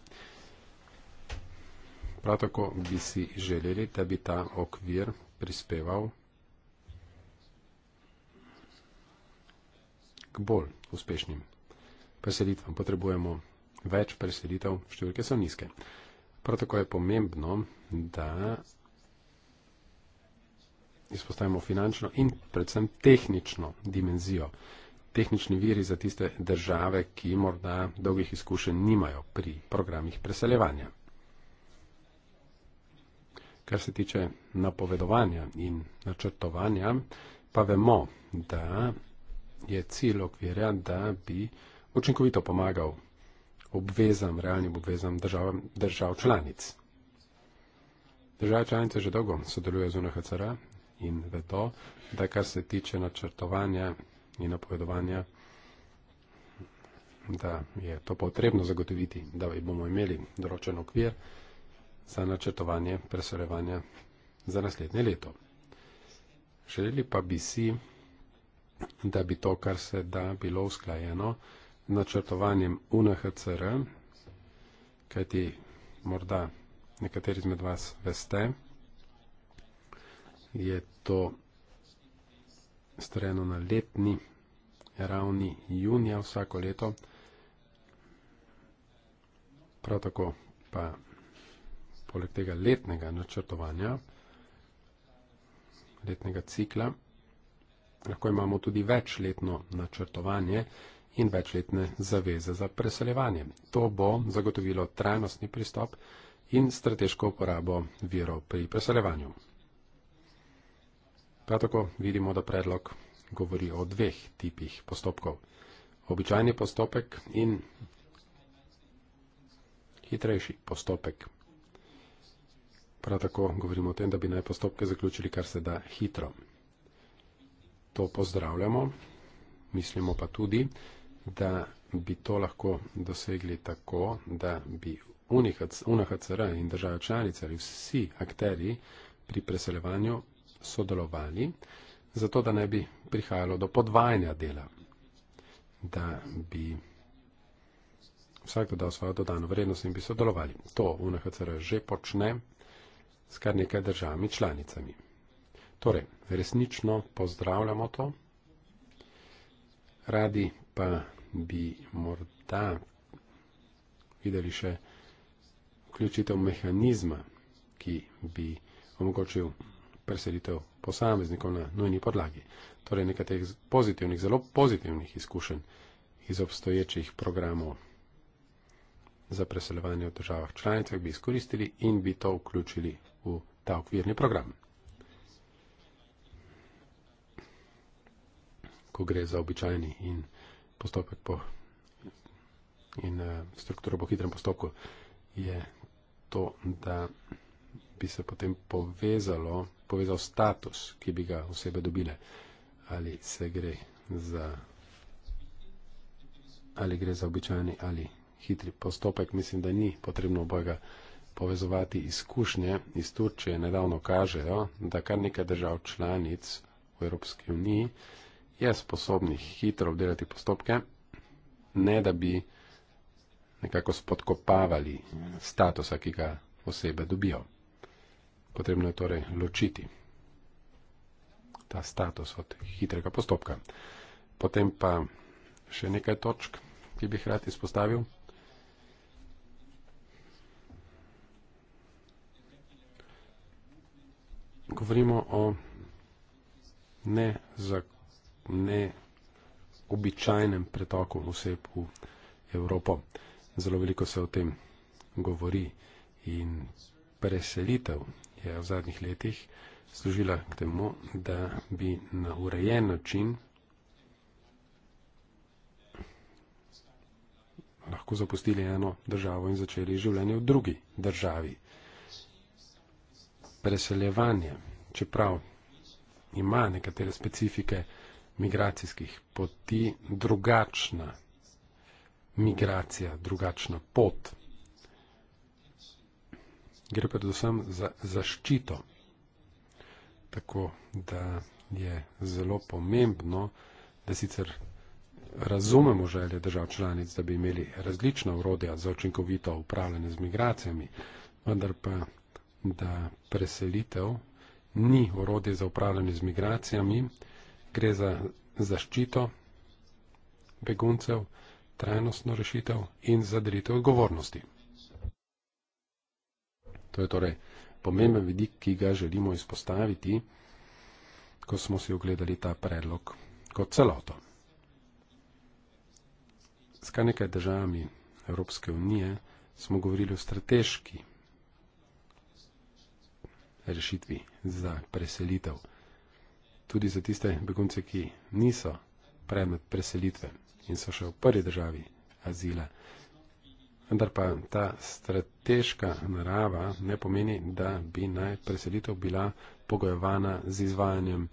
Prav tako bi si želeli, da bi ta okvir prispeval k bolj uspešnim preselitvam. Potrebujemo več preselitev, številke so nizke. Prav tako je pomembno, da izpostavimo finančno in predvsem tehnično dimenzijo. Tehnični viri za tiste države, ki morda dolgih izkušenj nimajo pri programih preseljevanja. Kar se tiče napovedovanja in načrtovanja, pa vemo, da je cilj okvirja, da bi učinkovito pomagal obvezam, realnim obvezam držav, držav članic. Države članice že dolgo sodelujejo z UNHCR in vedo, da kar se tiče načrtovanja in napovedovanja, da je to potrebno zagotoviti, da bomo imeli določen okvir za načrtovanje presorevanja za naslednje leto. Želeli pa bi si, da bi to, kar se da, bilo usklajeno načrtovanjem UNHCR, kajti morda nekateri izmed vas veste, je to strojeno na letni ravni junija vsako leto. Prav tako pa poleg tega letnega načrtovanja, letnega cikla, lahko imamo tudi večletno načrtovanje, in večletne zaveze za preseljevanje. To bo zagotovilo trajnostni pristop in strateško uporabo virov pri preseljevanju. Prav tako vidimo, da predlog govori o dveh tipih postopkov. Običajni postopek in hitrejši postopek. Prav tako govorimo o tem, da bi naj postopke zaključili kar se da hitro. To pozdravljamo, mislimo pa tudi, da bi to lahko dosegli tako, da bi UNHCR in države članice ali vsi akteri pri preseljevanju sodelovali, zato da ne bi prihajalo do podvajanja dela, da bi vsak dodal svojo dodano vrednost in bi sodelovali. To UNHCR že počne s kar nekaj državami članicami. Torej, resnično pozdravljamo to, radi pa bi morda videli še vključitev mehanizma, ki bi omogočil preselitev posameznikov na nujni podlagi. Torej nekaterih pozitivnih, zelo pozitivnih izkušenj iz obstoječih programov za preseljevanje v državah članicah bi izkoristili in bi to vključili v ta okvirni program. Ko gre za običajni in postopek po in uh, strukturo po hitrem postopku, je to, da bi se potem povezalo, povezal status, ki bi ga osebe dobile. Ali se gre za, ali gre za običajni ali hitri postopek. Mislim, da ni potrebno obojega povezovati izkušnje iz Turčije. Nedavno kažejo, da kar nekaj držav članic v Evropski uniji uh, je sposobnih hitro obdelati postopke, ne da bi nekako spodkopavali statusa, ki ga osebe dobijo. Potrebno je torej ločiti ta status od hitrega postopka. Potem pa še nekaj točk, ki bi hrati izpostavil. Govorimo o nezakonitosti neobičajnem pretoku oseb v Evropo. Zelo veliko se o tem govori in preselitev je v zadnjih letih služila k temu, da bi na urejen način lahko zapustili eno državo in začeli življenje v drugi državi. Preseljevanje, čeprav ima nekatere specifike, migracijskih poti drugačna migracija, drugačna pot. Gre predvsem za zaščito. Tako da je zelo pomembno, da sicer razumemo želje držav članic, da bi imeli različna urodja za učinkovito upravljanje z migracijami, vendar pa, da preselitev ni urodje za upravljanje z migracijami, gre za zaščito beguncev, trajnostno rešitev in zadritev odgovornosti. To je torej pomemben vidik, ki ga želimo izpostaviti, ko smo si ogledali ta predlog kot celoto. S kar nekaj državami Evropske unije smo govorili o strateški rešitvi za preselitev tudi za tiste begunce, ki niso predmet preselitve in so še v prvi državi azila. Vendar pa ta strateška narava ne pomeni, da bi naj preselitev bila pogojevana z izvajanjem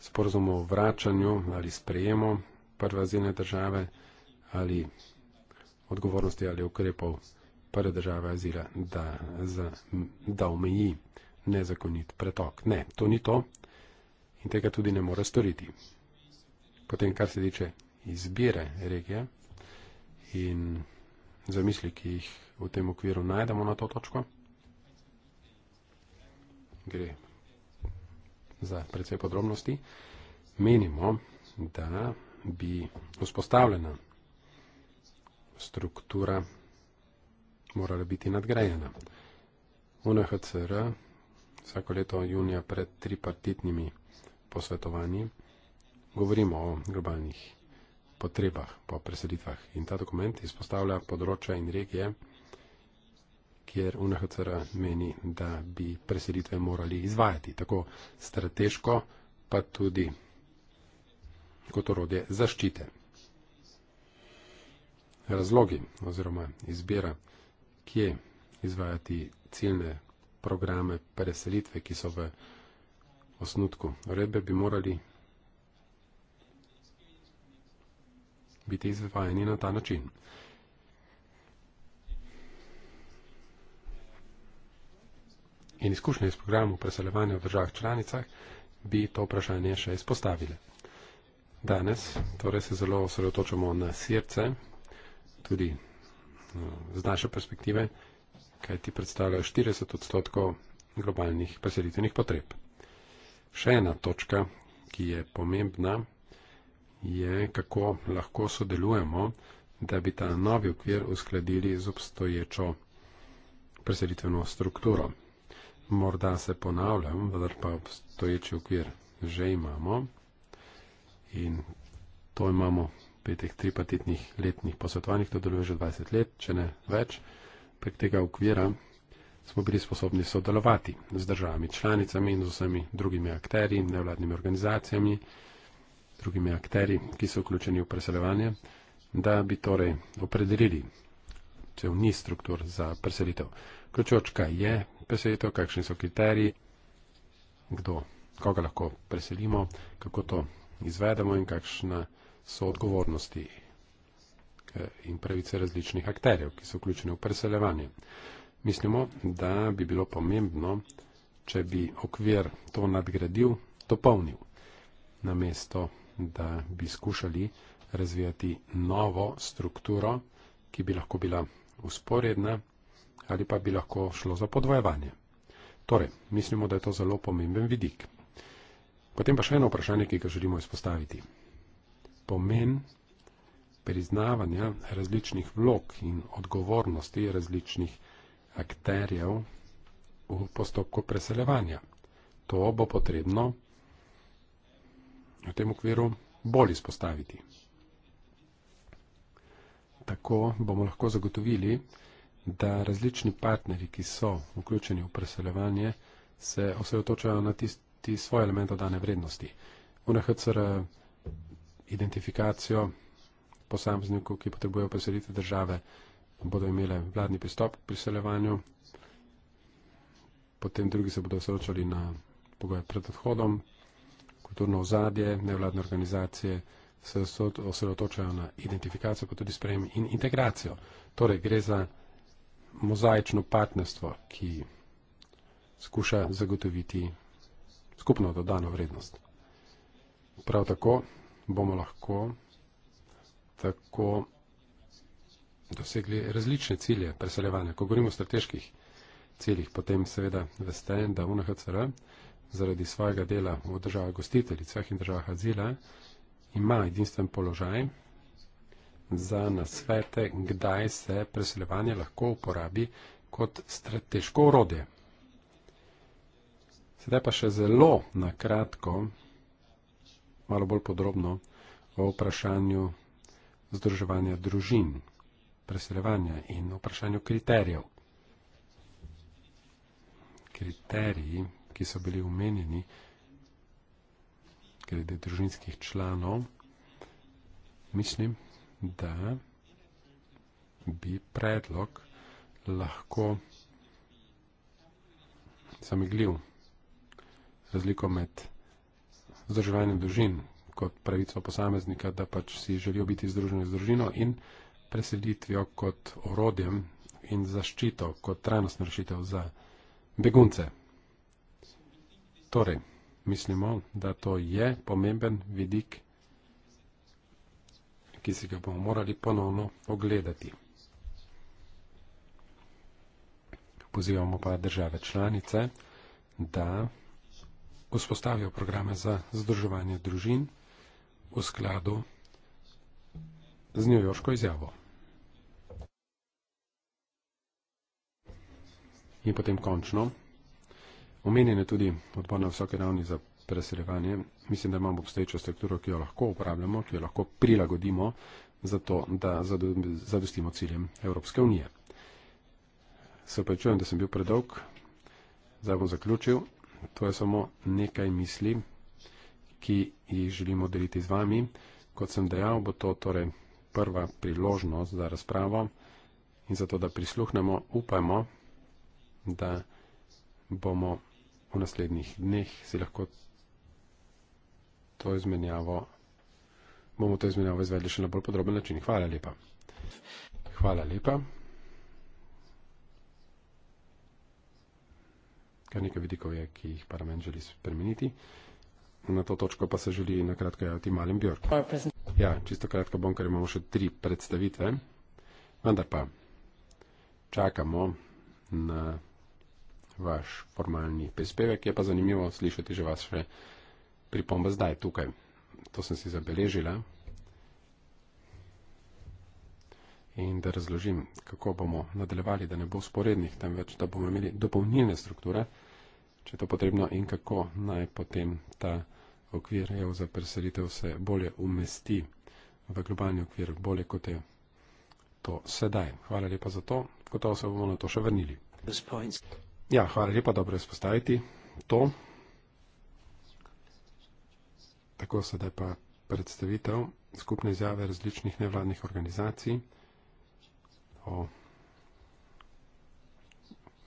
sporozumov o vračanju ali sprejemu prve azilne države ali odgovornosti ali ukrepov prve države azila, da, da omeji nezakonit pretok. Ne, to ni to, in tega tudi ne more storiti. Potem, kar se tiče izbire regije in zamisli, ki jih v tem okviru najdemo na to točko, gre za precej podrobnosti, menimo, da bi vzpostavljena struktura morala biti nadgrajena. UNHCR vsako leto junija pred tripartitnimi posvetovanji, govorimo o globalnih potrebah po preselitvah. In ta dokument izpostavlja področja in regije, kjer UNHCR meni, da bi preselitve morali izvajati tako strateško, pa tudi kot orodje zaščite. Razlogi oziroma izbira, kje izvajati ciljne programe preselitve, ki so v osnutku. Redbe bi morali biti izvajeni na ta način. In izkušnje iz programu preseljevanja v državah članicah bi to vprašanje še izpostavile. Danes torej se zelo osredotočamo na srce, tudi no, z naše perspektive, kaj ti predstavljajo 40 odstotkov globalnih preselitvenih potreb. Še ena točka, ki je pomembna, je, kako lahko sodelujemo, da bi ta novi okvir uskladili z obstoječo preselitveno strukturo. Morda se ponavljam, vendar pa obstoječi okvir že imamo in to imamo pri teh tripatitnih letnih posvetovanjih, to deluje že 20 let, če ne več, prek tega okvira smo bili sposobni sodelovati z državami članicami in z vsemi drugimi akteri, nevladnimi organizacijami, drugimi akteri, ki so vključeni v preseljevanje, da bi torej opredelili cel niz struktur za preselitev. Ključoč, kaj je preselitev, kakšni so kriteriji, kdo, koga lahko preselimo, kako to izvedemo in kakšna so odgovornosti eh, in pravice različnih akterjev, ki so vključeni v preseljevanje. Mislimo, da bi bilo pomembno, če bi okvir to nadgradil, dopolnil, namesto, da bi skušali razvijati novo strukturo, ki bi lahko bila usporedna ali pa bi lahko šlo za podvojevanje. Torej, mislimo, da je to zelo pomemben vidik. Potem pa še eno vprašanje, ki ga želimo izpostaviti. Pomen priznavanja različnih vlog in odgovornosti različnih akterjev v postopku preseljevanja. To bo potrebno v tem okviru bolj izpostaviti. Tako bomo lahko zagotovili, da različni partnerji, ki so vključeni v preseljevanje, se osredotočajo na tisti svoj element dodane vrednosti. UNHCR identifikacijo posameznikov, ki potrebujejo preselitev države, bodo imele vladni pristop k priseljevanju, potem drugi se bodo osročali na pogoje pred odhodom, kulturno ozadje, nevladne organizacije se osredotočajo na identifikacijo, pa tudi sprejem in integracijo. Torej gre za mozaično partnerstvo, ki skuša zagotoviti skupno dodano vrednost. Prav tako bomo lahko tako dosegli različne cilje preseljevanja. Ko govorimo o strateških ciljih, potem seveda veste, da UNHCR zaradi svojega dela v državah gostiteljicah in državah azila ima edinstven položaj za nasvete, kdaj se preseljevanje lahko uporabi kot strateško urode. Sedaj pa še zelo na kratko, malo bolj podrobno o vprašanju združevanja družin preseljevanja in vprašanju kriterijev. Kriteriji, ki so bili umenjeni glede družinskih članov, mislim, da bi predlog lahko zamegljiv razliko med združevanjem družin kot pravico posameznika, da pač si želijo biti združeni z družino in preselitvijo kot orodjem in zaščito, kot trajnostno rešitev za begunce. Torej, mislimo, da to je pomemben vidik, ki si ga bomo morali ponovno ogledati. Pozivamo pa države članice, da vzpostavijo programe za združevanje družin v skladu z New Yorško izjavo. In potem končno, omenjen je tudi odbor na vsake ravni za preseljevanje. Mislim, da imamo obstoječo strukturo, ki jo lahko uporabljamo, ki jo lahko prilagodimo za to, da zadostimo ciljem Evropske unije. Se opravičujem, da sem bil predolg, zdaj bom zaključil. To je samo nekaj misli, ki jih želimo deliti z vami. Kot sem dejal, bo to torej prva priložnost za razpravo in zato, da prisluhnemo, upajmo, da bomo v naslednjih dneh si lahko to izmenjavo, bomo to izmenjavo izvedli še na bolj podroben način. Hvala lepa. Hvala lepa. Kar nekaj vidikov je, ki jih parlament želi spremeniti. Na to točko pa se želi na kratko javiti Malim Bjork. Ja, čisto kratko bom, ker imamo še tri predstavitve. Vendar pa čakamo na vaš formalni prispevek. Je pa zanimivo slišati že vaše pripombe zdaj tukaj. To sem si zabeležila. In da razložim, kako bomo nadaljevali, da ne bo sporednih, temveč da bomo imeli dopolnilne strukture, če je to potrebno in kako naj potem ta okvir EU za preselitev se bolje umesti v globalni okvir, bolje kot je to sedaj. Hvala lepa za to, gotovo se bomo na to še vrnili. Ja, hvala lepa, dobro je spostaviti to. Tako sedaj pa predstavitev skupne izjave različnih nevladnih organizacij o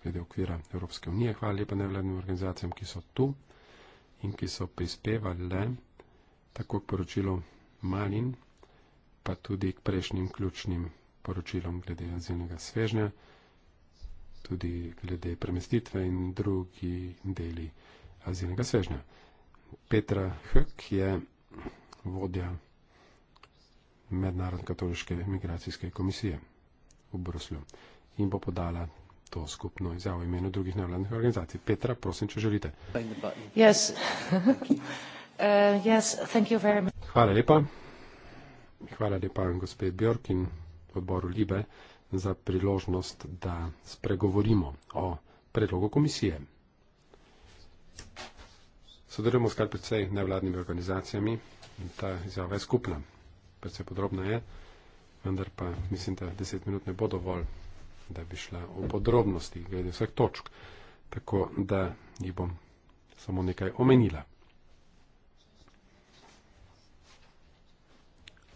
glede okvira Evropske unije. Hvala lepa nevladnim organizacijam, ki so tu in ki so prispevali tako k poročilu Malin, pa tudi k prejšnjim ključnim poročilom glede azilnega svežnja tudi glede premestitve in drugi deli azilnega svežnja. Petra Hök je vodja Mednarodne katoliške migracijske komisije v Bruslju in bo podala to skupno izjavo v imenu drugih nevladnih organizacij. Petra, prosim, če želite. Yes. uh, yes, thank you very much. Hvala lepa. Hvala lepa, gospe Björk in odboru Libe za priložnost, da spregovorimo o predlogu komisije. Sodelujemo s kar precej nevladnimi organizacijami in ta izjava je skupna. Precej podrobna je, vendar pa mislim, da deset minut ne bo dovolj, da bi šla v podrobnosti glede vseh točk, tako da jih bom samo nekaj omenila.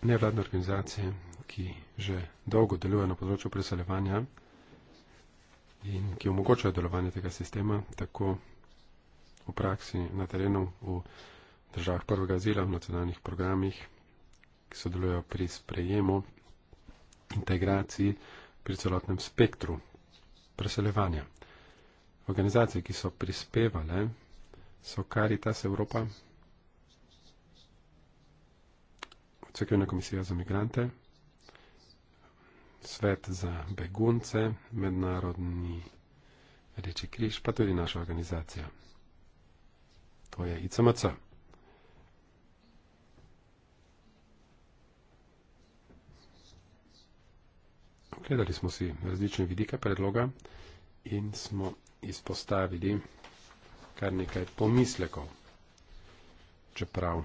Nevladne organizacije ki že dolgo deluje na področju preseljevanja in ki omogočajo delovanje tega sistema, tako v praksi na terenu v državah prvega azila, v nacionalnih programih, ki sodelujo pri sprejemu, integraciji, pri celotnem spektru preseljevanja. Organizacije, ki so prispevale, so Caritas Evropa, Cekvena komisija za migrante, Svet za begunce, Mednarodni Rdeči križ, pa tudi naša organizacija. To je ICMC. Gledali smo si različne vidike predloga in smo izpostavili kar nekaj pomislekov. Čeprav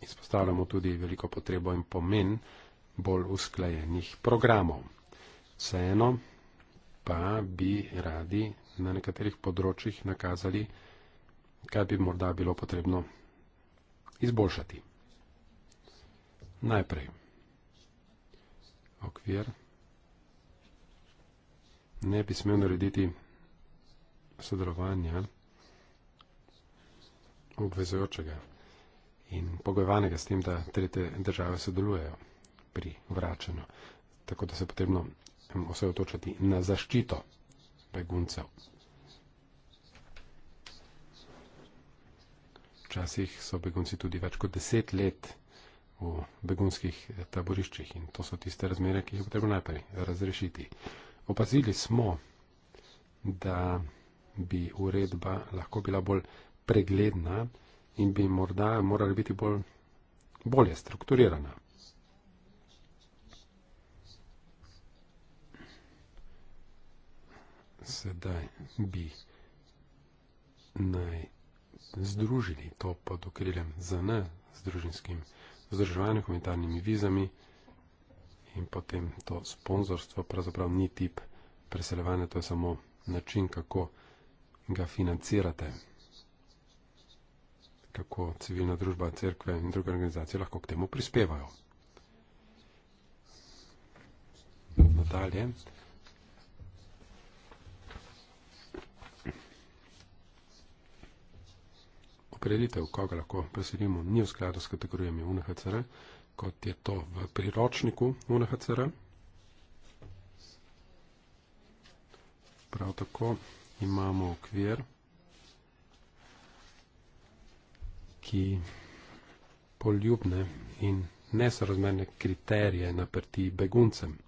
izpostavljamo tudi veliko potrebo in pomen, bolj usklajenih programov. Vseeno pa bi radi na nekaterih področjih nakazali, kaj bi morda bilo potrebno izboljšati. Najprej okvir ne bi smel narediti sodelovanja obvezujočega in pogojevanega s tem, da tretje države sodelujejo pri vračanju. Tako da se je potrebno osredotočiti na zaščito beguncev. Včasih so begunci tudi več kot deset let v begunskih eh, taboriščih in to so tiste razmere, ki jih je potrebno najprej razrešiti. Opazili smo, da bi uredba lahko bila bolj pregledna in bi morda morala biti bolj, bolje strukturirana. sedaj bi naj združili to pod okriljem ZN z družinskim vzdrževanjem, humanitarnimi vizami in potem to sponzorstvo pravzaprav ni tip preseljevanja, to je samo način, kako ga financirate, kako civilna družba, cerkve in druge organizacije lahko k temu prispevajo. Nadalje. No, opredelitev, koga lahko preselimo, ni v skladu s kategorijami UNHCR, kot je to v priročniku UNHCR. Prav tako imamo okvir, ki poljubne in nesorazmerne kriterije naprti beguncem.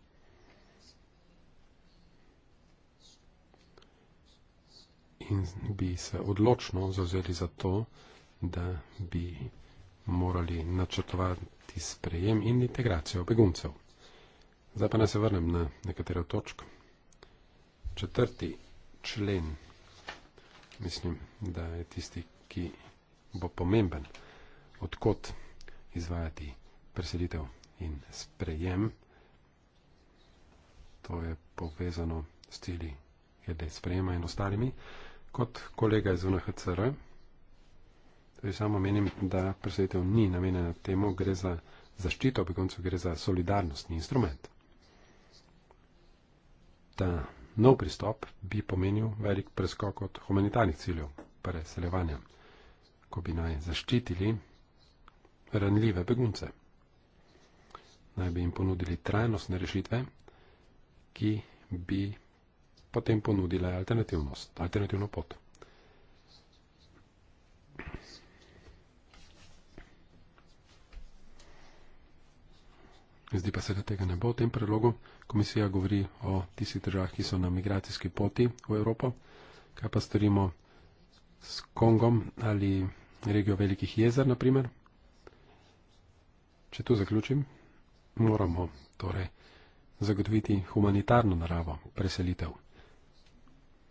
in bi se odločno zauzeli za to, da bi morali načrtovati sprejem in integracijo beguncev. Zdaj pa naj se vrnem na nekatero točko. Četrti člen, mislim, da je tisti, ki bo pomemben, odkot izvajati preselitev in sprejem. To je povezano s cilji glede sprejema in ostalimi kot kolega iz UNHCR. Tudi torej samo menim, da presvetev ni namenjena temu, gre za zaščito, pri koncu gre za solidarnostni instrument. Ta nov pristop bi pomenil velik preskok od humanitarnih ciljev preseljevanja, ko bi naj zaščitili ranljive begunce. Naj bi jim ponudili trajnostne rešitve, ki bi potem ponudile alternativnost, alternativno pot. Zdi pa se, da tega ne bo v tem predlogu. Komisija govori o tistih državah, ki so na migracijski poti v Evropo. Kaj pa storimo s Kongom ali regijo Velikih jezer, naprimer? Če tu zaključim, moramo torej zagotoviti humanitarno naravo preselitev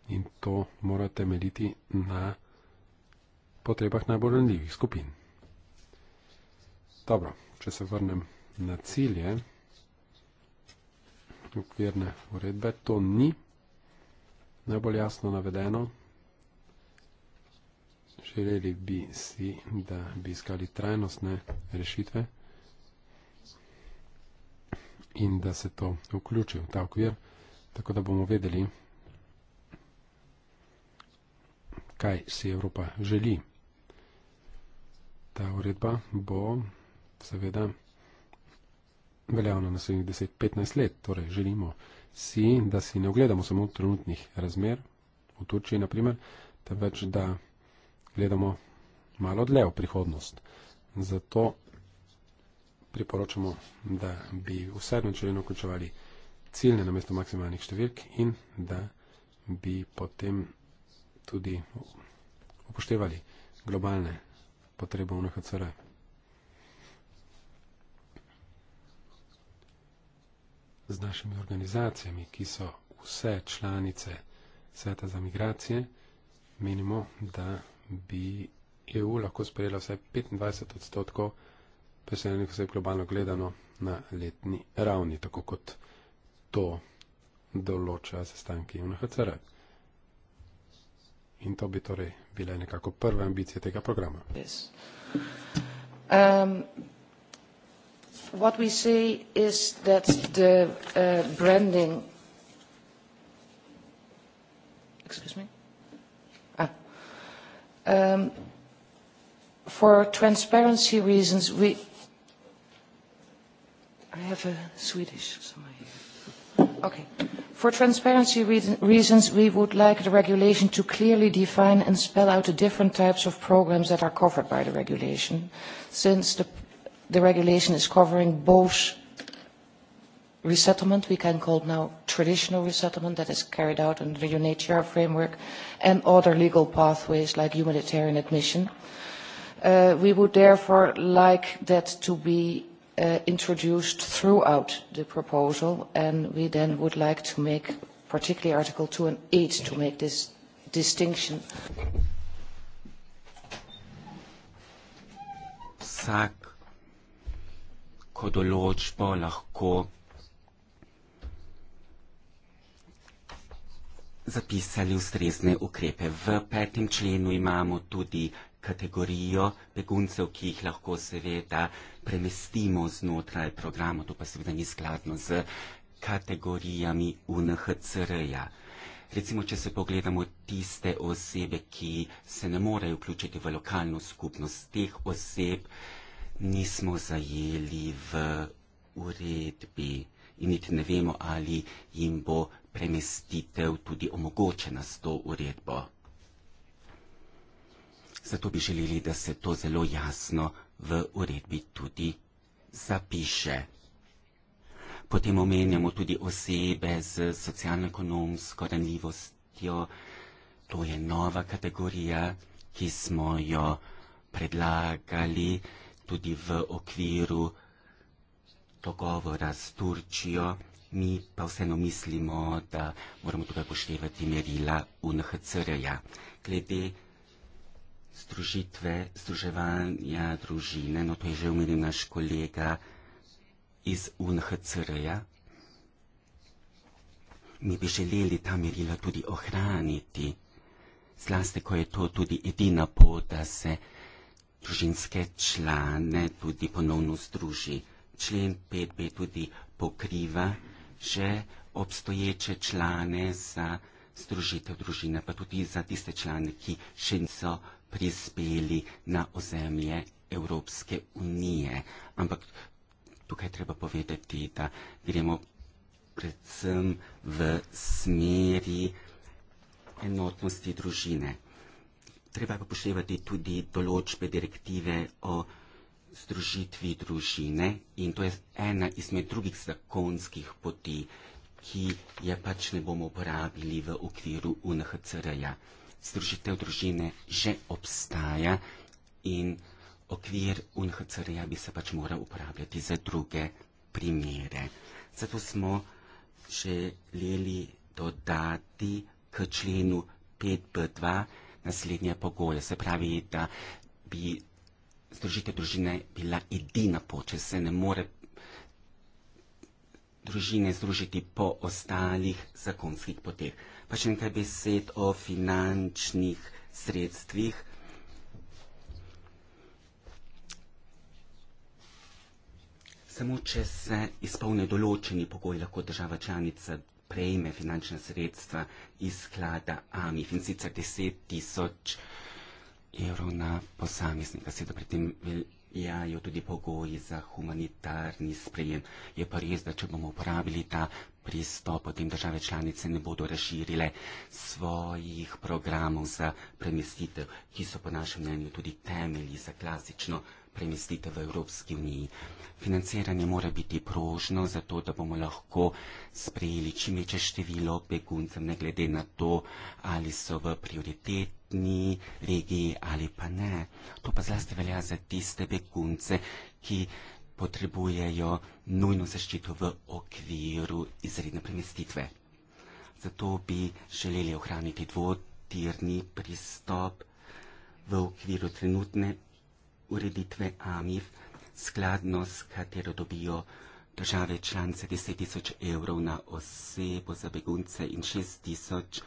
in to mora temeljiti na potrebah najbolj ranljivih skupin. Dobro, če se vrnem na cilje okvirne uredbe, to ni najbolj jasno navedeno. Želeli bi si, da bi iskali trajnostne rešitve in da se to vključi v ta okvir, tako da bomo vedeli, kaj si Evropa želi. Ta uredba bo seveda veljavna naslednjih 10-15 let. Torej, želimo si, da si ne ogledamo samo trenutnih razmer v Turčiji, naprimer, temveč da gledamo malo dlje v prihodnost. Zato priporočamo, da bi v sedmem členu vključevali ciljne namesto maksimalnih številk in da bi potem tudi upoštevali globalne potrebe UNHCR. Z našimi organizacijami, ki so vse članice Sveta za migracije, menimo, da bi EU lahko sprejela vsaj 25 odstotkov preseljenih oseb globalno gledano na letni ravni, tako kot to določa sestanki UNHCR. -a. In to bi torej bile nekako prve ambicije tega programa. Yes. Um, what we say is that the uh, branding excuse me ah. um, for transparency reasons we I have a Swedish somewhere here. okay For transparency reasons, we would like the regulation to clearly define and spell out the different types of programs that are covered by the regulation, since the, the regulation is covering both resettlement, we can call now traditional resettlement, that is carried out under the UNHCR framework, and other legal pathways like humanitarian admission. Uh, we would therefore like that to be uh, introduced throughout the proposal, and we then would like to make, particularly Article 2 and 8, to make this distinction. Vsak, ko določbo lahko zapisali ustrezne ukrepe. V petem členu imamo tudi kategorijo beguncev, ki jih lahko seveda premestimo znotraj programa, to pa seveda ni skladno z kategorijami UNHCR-ja. Recimo, če se pogledamo tiste osebe, ki se ne morejo vključiti v lokalno skupnost, teh oseb nismo zajeli v uredbi in niti ne vemo, ali jim bo premestitev tudi omogočena s to uredbo. Zato bi želeli, da se to zelo jasno v uredbi tudi zapiše. Potem omenjamo tudi osebe z socialno-ekonomsko ranljivostjo. To je nova kategorija, ki smo jo predlagali tudi v okviru dogovora s Turčijo. Mi pa vseeno mislimo, da moramo tukaj poštevati merila UNHCR-ja. Glede združitve, združevanja družine, no to je že umenil naš kolega iz UNHCR-ja. Mi bi želeli ta merila tudi ohraniti, zlasti ko je to tudi edina pot, da se družinske člane tudi ponovno združi. Člen 5b tudi pokriva že obstoječe člane za združitev družine, pa tudi za tiste člane, ki še niso prispeli na ozemlje Evropske unije. Ampak tukaj treba povedati, da gremo predvsem v smeri enotnosti družine. Treba pa poštevati tudi določbe direktive o združitvi družine in to je ena izmed drugih zakonskih poti, ki je pač ne bomo uporabili v okviru UNHCR-ja združitev družine že obstaja in okvir UNHCR-ja bi se pač moral uporabljati za druge primere. Zato smo želeli dodati k členu 5b2 naslednje pogoje. Se pravi, da bi združitev družine bila edina poče, se ne more družine združiti po ostalih zakonskih poteh pa še nekaj besed o finančnih sredstvih. Samo, če se izpolne določeni pogoj, lahko država članica prejme finančne sredstva iz sklada AMIF in sicer 10 tisoč evrov na posameznika. Seveda pri tem veljajo tudi pogoji za humanitarni sprejem. Je pa res, da če bomo uporabili ta pristop, potem države članice ne bodo razširile svojih programov za premestitev, ki so po našem mnenju tudi temelji za klasično premestitev v Evropski uniji. Financiranje mora biti prožno, zato da bomo lahko sprejeli čim večje število beguncev, ne glede na to, ali so v prioritetni regiji ali pa ne. To pa zlasti velja za tiste begunce, ki potrebujejo nujno zaščito v okviru izredne premestitve. Zato bi želeli ohraniti dvotirni pristop v okviru trenutne ureditve AMIF, skladno s katero dobijo države članice 10 tisoč evrov na osebo za begunce in 6 tisoč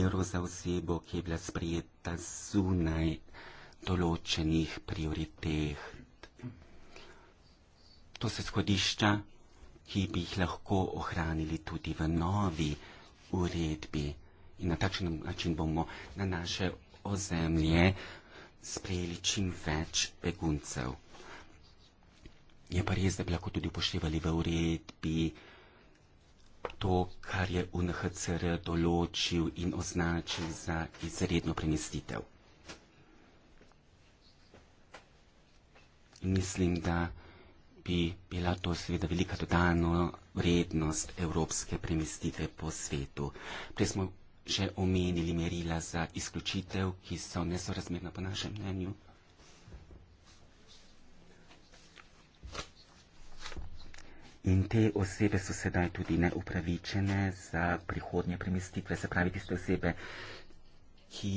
evrov za osebo, ki je bila sprijeta zunaj določenih prioritetnih. To so skodišča, ki bi jih lahko ohranili tudi v novi uredbi. In na takšen način bomo na naše ozemlje sprejeli čim več beguncev. Je pa res, da bi lahko tudi upoštevali v uredbi to, kar je UNHCR določil in označil za izredno premestitev. Mislim, da bi bila to seveda velika dodano vrednost evropske premestitve po svetu. Prej smo že omenili merila za izključitev, ki so nesorazmerna po našem mnenju. In te osebe so sedaj tudi neupravičene za prihodnje premestitve, se pravi tiste osebe, ki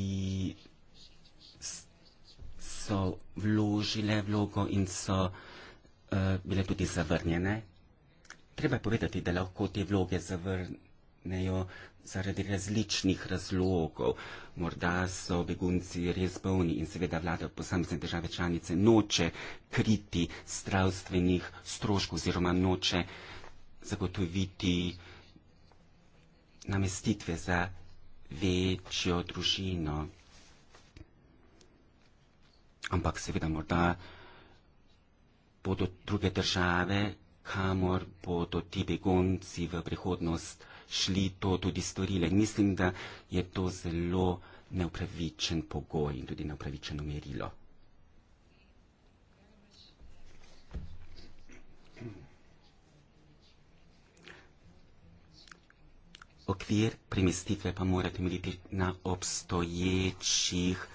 so vložile vlogo in so uh, Eh, bile tudi zavrnjene. Treba je povedati, da lahko te vloge zavrnejo zaradi različnih razlogov. Morda so begunci res bolni in seveda vlada posamezne države članice noče kriti zdravstvenih stroškov oziroma noče zagotoviti namestitve za večjo družino. Ampak seveda morda bodo druge države, kamor bodo ti begunci v prihodnost šli, to tudi storile. In mislim, da je to zelo neupravičen pogoj in tudi neupravičeno merilo. Okvir premestitve pa mora temeljiti na obstoječih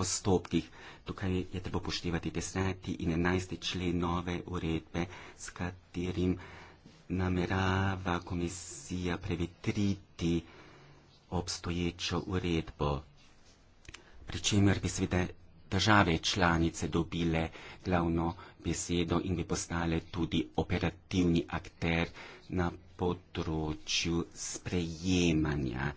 postopkih. Tukaj je treba upoštevati 10. in 11. člen nove uredbe, s katerim namerava komisija prevetriti obstoječo uredbo. Pričemer bi seveda države članice dobile glavno besedo in bi postale tudi operativni akter na področju sprejemanja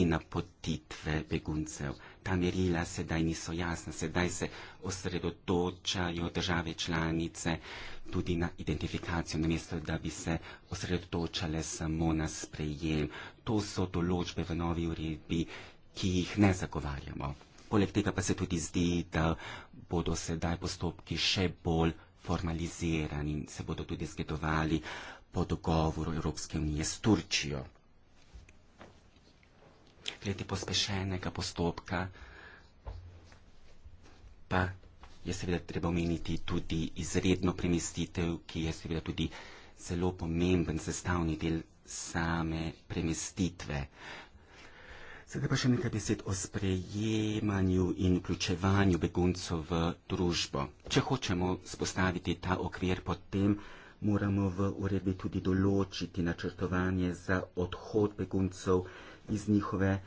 in napotitve beguncev. Ta merila sedaj niso jasna, sedaj se osredotočajo države članice tudi na identifikacijo, namesto da bi se osredotočale samo na sprejem. To so določbe v novi uredbi, ki jih ne zagovarjamo. Poleg tega pa se tudi zdi, da bodo sedaj postopki še bolj formalizirani in se bodo tudi zgledovali po dogovoru Evropske unije s Turčijo glede pospešenega postopka, pa je seveda treba omeniti tudi izredno premestitev, ki je seveda tudi zelo pomemben sestavni del same premestitve. Sedaj pa še nekaj besed o sprejemanju in vključevanju beguncov v družbo. Če hočemo spostaviti ta okvir, potem moramo v uredbi tudi določiti načrtovanje za odhod beguncov iz njihove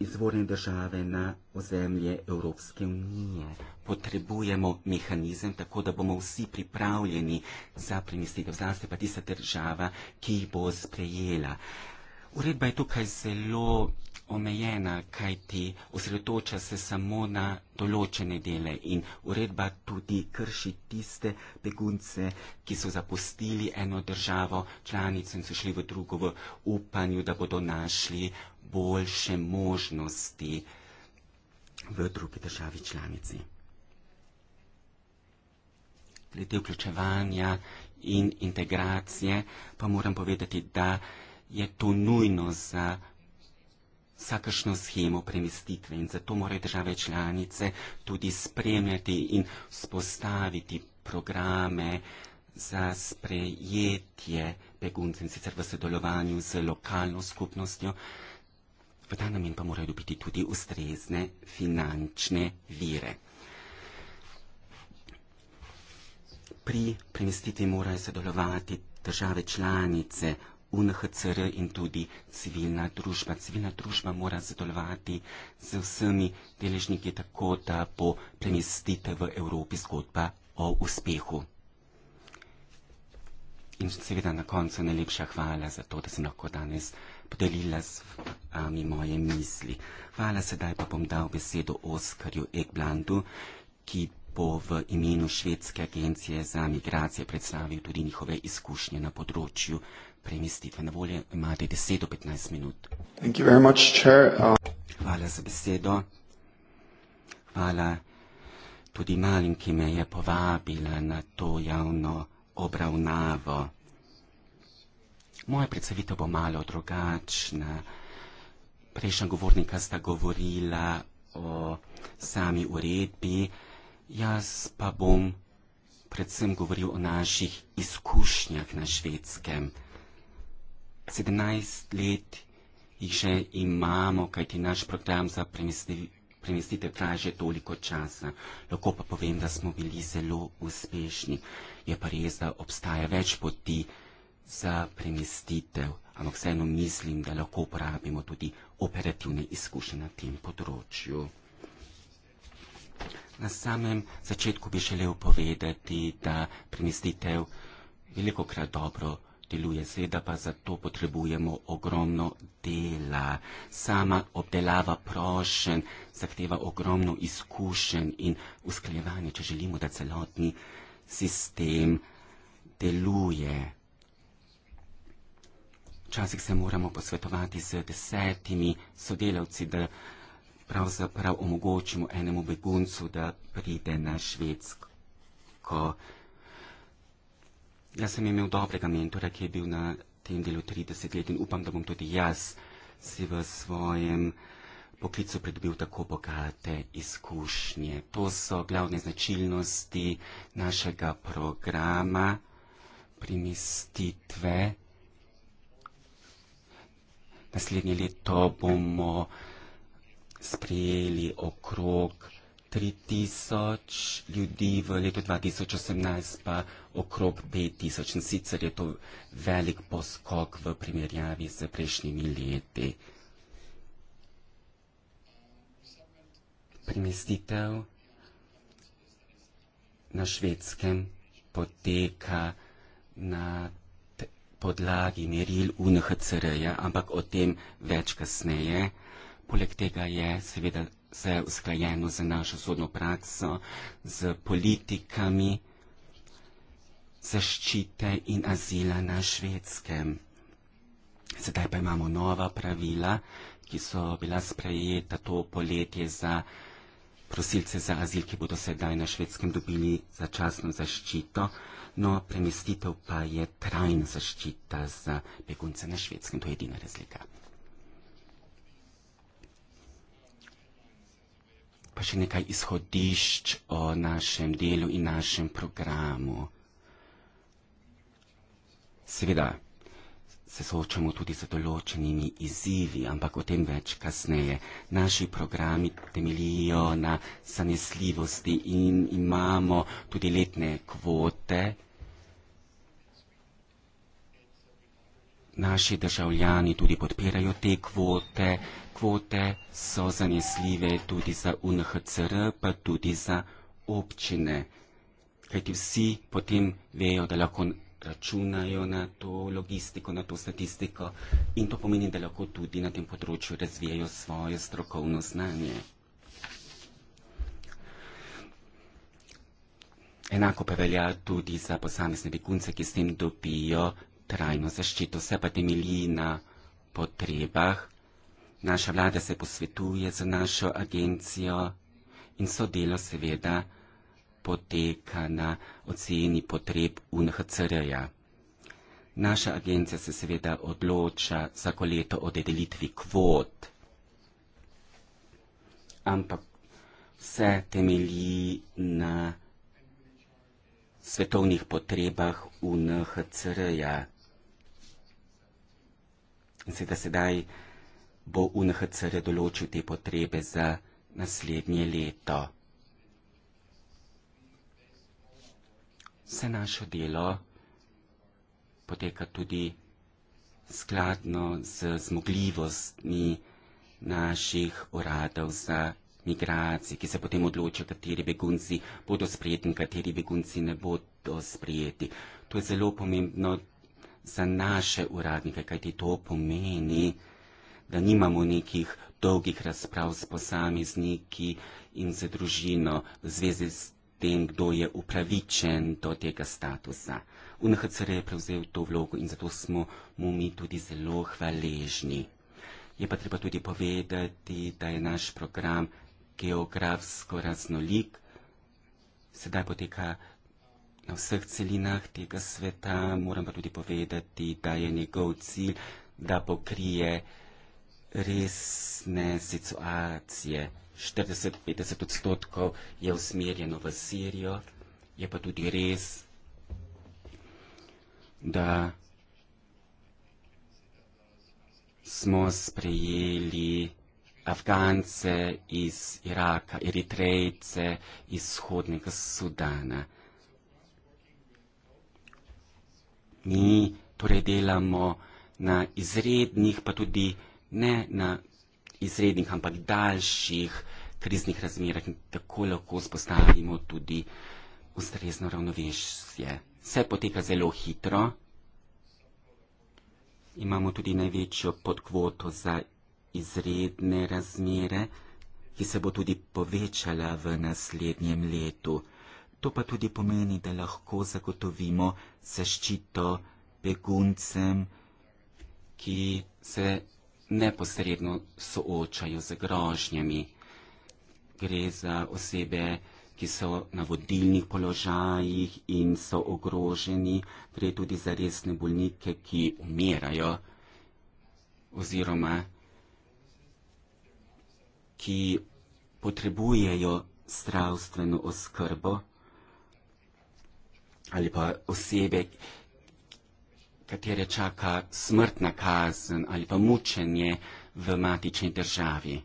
izvorne države na ozemlje Evropske unije. Potrebujemo mehanizem, tako da bomo vsi pripravljeni za premestitev, zlasti pa tista država, ki jih bo sprejela. Uredba je tukaj zelo omejena, kajti osredotoča se samo na določene dele in uredba tudi krši tiste begunce, ki so zapustili eno državo članico in so šli v drugo v upanju, da bodo našli boljše možnosti v drugi državi članici. Glede vključevanja in integracije pa moram povedati, da je to nujno za vsakašno schemo premestitve in zato morajo države članice tudi spremljati in spostaviti programe za sprejetje begunce in sicer v sodelovanju z lokalno skupnostjo. V ta namen pa morajo dobiti tudi ustrezne finančne vire. Pri premestitvi morajo sodelovati države članice UNHCR in tudi civilna družba. Civilna družba mora zadolovati z vsemi deležniki tako, da bo premestite v Evropi zgodba o uspehu. In seveda na koncu najlepša hvala za to, da sem lahko danes podelila z vami moje misli. Hvala, sedaj pa bom dal besedo Oskarju Ekblandu, ki bo v imenu Švedske agencije za migracije predstavil tudi njihove izkušnje na področju premestitve. Na voljo imate 10 do 15 minut. Much, uh... Hvala za besedo. Hvala tudi malim, ki me je povabila na to javno obravnavo. Moja predstavitev bo malo drugačna. Prejšnja govornika sta govorila o sami uredbi, uh, Jaz pa bom predvsem govoril o naših izkušnjah na švedskem. 17 let jih že imamo, kajti naš program za premestitev traja že toliko časa. Lahko pa povem, da smo bili zelo uspešni. Je pa res, da obstaja več poti za premestitev, ampak vseeno mislim, da lahko uporabimo tudi operativne izkušnje na tem področju. Na samem začetku bi želel povedati, da premestitev veliko krat dobro deluje, seveda pa zato potrebujemo ogromno dela. Sama obdelava prošen zahteva ogromno izkušenj in usklejevanja, če želimo, da celotni sistem deluje. Včasih se moramo posvetovati z desetimi sodelavci, da pravzaprav omogočimo enemu beguncu, da pride na švedsko. Jaz sem imel dobrega mentora, ki je bil na tem delu 30 let in upam, da bom tudi jaz si v svojem poklicu pridobil tako bogate izkušnje. To so glavne značilnosti našega programa premestitve. Naslednje leto bomo sprejeli okrog 3000 ljudi, v letu 2018 pa okrog 5000. In sicer je to velik poskok v primerjavi z prejšnjimi leti. Premestitev na švedskem poteka na podlagi meril UNHCR-ja, ampak o tem več kasneje. Poleg tega je seveda vse usklajeno z našo sodno prakso, z politikami zaščite in azila na švedskem. Sedaj pa imamo nova pravila, ki so bila sprejeta to poletje za prosilce za azil, ki bodo sedaj na švedskem dobili začasno zaščito, no premestitev pa je trajna zaščita za begunce na švedskem, to je edina razlika. pa še nekaj izhodišč o našem delu in našem programu. Seveda se soočamo tudi z določenimi izzivi, ampak o tem več kasneje. Naši programi temelijo na zanesljivosti in imamo tudi letne kvote. naši državljani tudi podpirajo te kvote. Kvote so zanesljive tudi za UNHCR, pa tudi za občine. Kajti vsi potem vejo, da lahko računajo na to logistiko, na to statistiko in to pomeni, da lahko tudi na tem področju razvijajo svoje strokovno znanje. Enako pa velja tudi za posamezne begunce, ki s tem dobijo trajno zaščito. Vse pa temelji na potrebah. Naša vlada se posvetuje z našo agencijo in sodelo seveda poteka na oceni potreb UNHCR-ja. Naša agencija se seveda odloča vsako leto o dedelitvi kvot, ampak vse temelji na svetovnih potrebah UNHCR-ja. In seveda sedaj bo UNHCR določil te potrebe za naslednje leto. Vse našo delo poteka tudi skladno z zmogljivostmi naših uradov za migracije, ki se potem odločijo, kateri begunci bodo sprejeti in kateri begunci ne bodo sprejeti. To je zelo pomembno za naše uradnike, kajti to pomeni, da nimamo nekih dolgih razprav s posamezniki in z družino v zvezi s tem, kdo je upravičen do tega statusa. UNHCR je prevzel to vlogo in zato smo mu mi tudi zelo hvaležni. Je pa treba tudi povedati, da je naš program geografsko raznolik. Sedaj poteka na vseh celinah tega sveta. Moram pa tudi povedati, da je njegov cilj, da pokrije resne situacije. 40-50 odstotkov je usmerjeno v Sirijo, je pa tudi res, da smo sprejeli Afgance iz Iraka, Eritrejce iz shodnega Sudana. dni, torej delamo na izrednih, pa tudi ne na izrednih, ampak daljših kriznih razmerah in tako lahko spostavimo tudi ustrezno ravnovesje. Vse poteka zelo hitro. Imamo tudi največjo podkvoto za izredne razmere, ki se bo tudi povečala v naslednjem letu. To pa tudi pomeni, da lahko zagotovimo zaščito beguncem, ki se neposredno soočajo z grožnjami. Gre za osebe, ki so na vodilnih položajih in so ogroženi, gre tudi za resne bolnike, ki umirajo oziroma ki potrebujejo zdravstveno oskrbo ali pa osebe, katere čaka smrtna kazen ali pa mučenje v matični državi.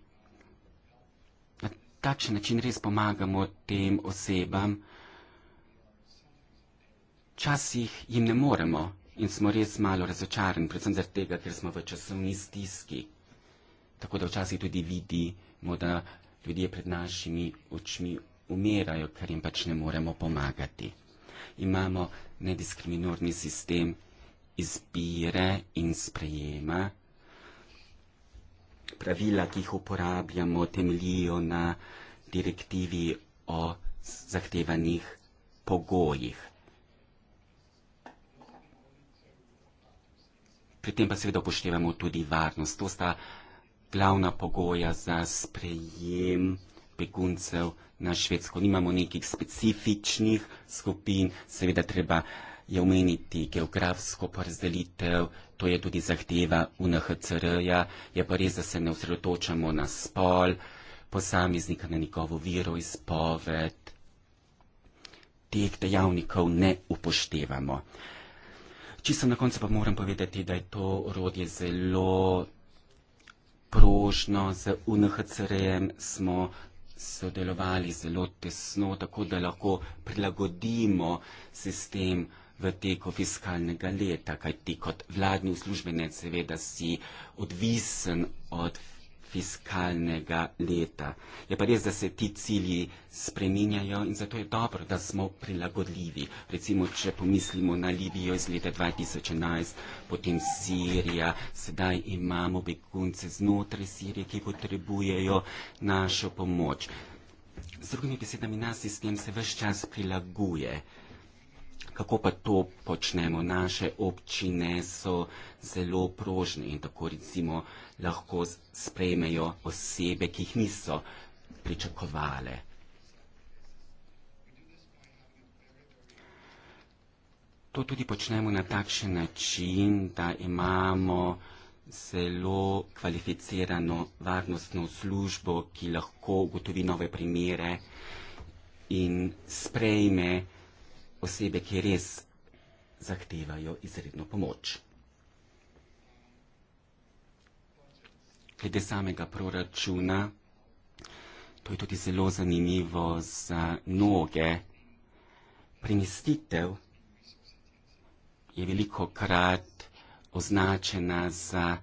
Na takšen način res pomagamo tem osebam. Včasih jim ne moremo in smo res malo razočarani, predvsem zaradi tega, ker smo v časovni stiski. Tako da včasih tudi vidimo, da ljudje pred našimi očmi umirajo, ker jim pač ne moremo pomagati imamo nediskriminorni sistem izbire in sprejema. Pravila, ki jih uporabljamo, temeljijo na direktivi o zahtevanih pogojih. Pri tem pa seveda upoštevamo tudi varnost. To sta glavna pogoja za sprejem beguncev na Švedsko. Nimamo nekih specifičnih skupin, seveda treba je omeniti geografsko porazdelitev, to je tudi zahteva UNHCR-ja, je pa res, da se ne osredotočamo na spol, posameznika, na njegovo viro izpoved. Teh dejavnikov ne upoštevamo. Čisto na koncu pa moram povedati, da je to orodje zelo prožno. Z UNHCR-jem smo sodelovali zelo tesno, tako da lahko prilagodimo sistem v teko fiskalnega leta, kaj ti kot vladni uslužbenec seveda si odvisen od fiskalnega leta. Je pa res, da se ti cilji spreminjajo in zato je dobro, da smo prilagodljivi. Recimo, če pomislimo na Libijo iz leta 2011, potem Sirija, sedaj imamo begunce znotraj Sirije, ki potrebujejo našo pomoč. Z drugimi besedami, naš sistem se vse čas prilaguje. Kako pa to počnemo? Naše občine so zelo prožne in tako recimo lahko sprejmejo osebe, ki jih niso pričakovali. To tudi počnemo na takšen način, da imamo zelo kvalificirano varnostno službo, ki lahko ugotovi nove primere in sprejme osebe, ki res zahtevajo izredno pomoč. glede samega proračuna, to je tudi zelo zanimivo za mnoge. Premestitev je veliko krat označena za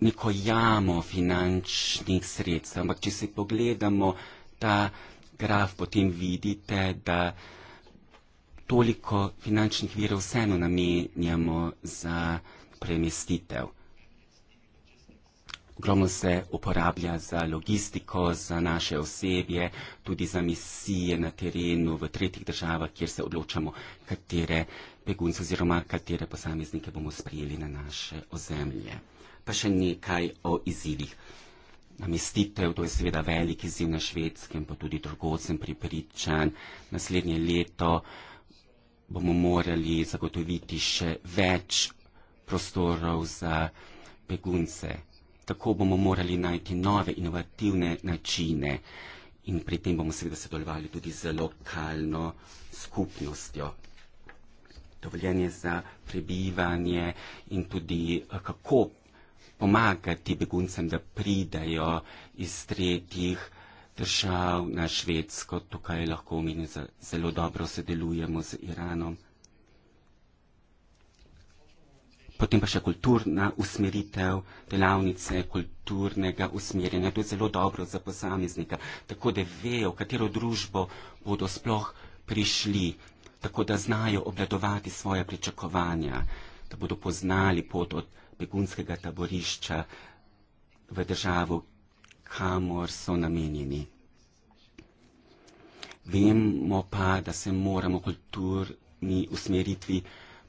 neko jamo finančnih sredstev. Ampak, če si pogledamo ta graf, potem vidite, da toliko finančnih virov vseeno namenjamo za premestitev. Ogromno se uporablja za logistiko, za naše osebje, tudi za misije na terenu v tretjih državah, kjer se odločamo, katere begunce oziroma katere posameznike bomo sprijeli na naše ozemlje. Pa še nekaj o izzivih. Namestitev, to je seveda velik izziv na švedskem, pa tudi drugocem pripričan. Naslednje leto bomo morali zagotoviti še več prostorov za begunce. Tako bomo morali najti nove inovativne načine in pri tem bomo seveda sodelovali tudi z lokalno skupnostjo. Dovoljenje za prebivanje in tudi eh, kako pomagati beguncem, da pridajo iz tretjih uh, držav na Švedsko, tukaj lahko mi zelo dobro sodelujemo z Iranom. Potem pa še kulturna usmeritev, delavnice kulturnega usmerjanja. To je zelo dobro za posameznika, tako da vejo, v katero družbo bodo sploh prišli, tako da znajo obladovati svoje pričakovanja, da bodo poznali pot od begunskega taborišča v državo, kamor so namenjeni. Vemo pa, da se moramo kulturni usmeritvi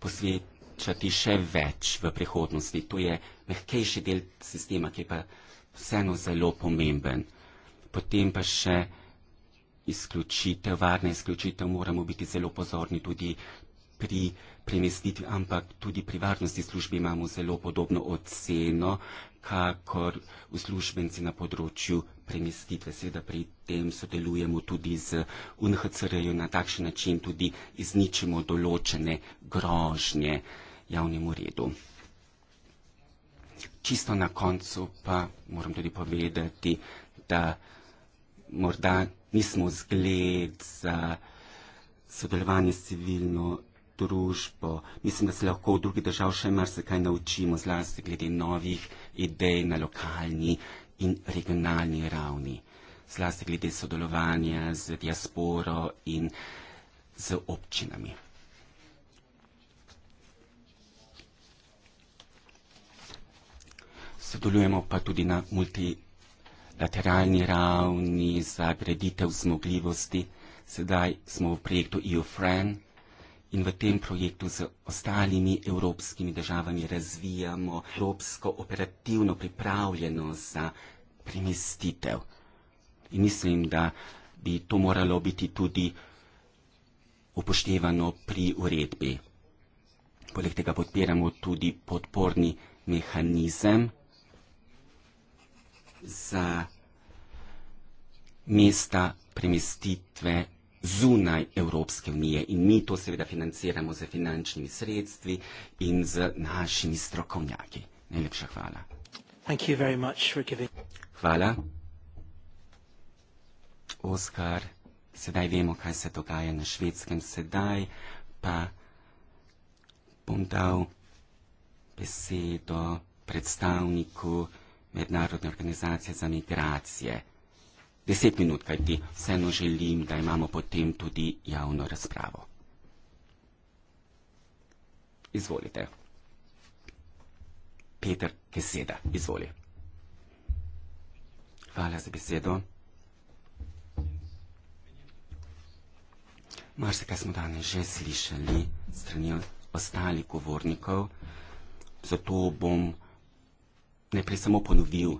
posvečati še več v prihodnosti. To je mehkejši del sistema, ki je pa vseeno zelo pomemben. Potem pa še izključitev, varna izključitev, moramo biti zelo pozorni tudi pri premestitvi, ampak tudi pri varnosti službi imamo zelo podobno oceno, kakor uslužbenci na področju premestitve. Seveda pri tem sodelujemo tudi z UNHCR-ju na takšen način tudi izničimo določene grožnje javnemu redu. Čisto na koncu pa moram tudi povedati, da morda nismo zgled za sodelovanje s civilno družbo. Mislim, da se lahko v drugih držav še marsikaj naučimo, zlasti glede novih idej na lokalni in regionalni ravni. Zlasti glede sodelovanja z diasporo in z občinami. Sodelujemo pa tudi na multilateralni ravni za preditev zmogljivosti. Sedaj smo v projektu EU-Friend, in v tem projektu z ostalimi evropskimi državami razvijamo evropsko operativno pripravljenost za premestitev. In mislim, da bi to moralo biti tudi upoštevano pri uredbi. Poleg tega podpiramo tudi podporni mehanizem za mesta premestitve zunaj Evropske unije in mi to seveda financiramo z finančnimi sredstvi in z našimi strokovnjaki. Najlepša hvala. Hvala. Oskar, sedaj vemo, kaj se dogaja na švedskem, sedaj pa bom dal besedo predstavniku Mednarodne organizacije za migracije deset minut, kajti vseeno želim, da imamo potem tudi javno razpravo. Izvolite. Peter Keseda, izvoli. Hvala za besedo. Mar se, kaj smo danes že slišali strani ostalih govornikov, zato bom najprej samo ponovil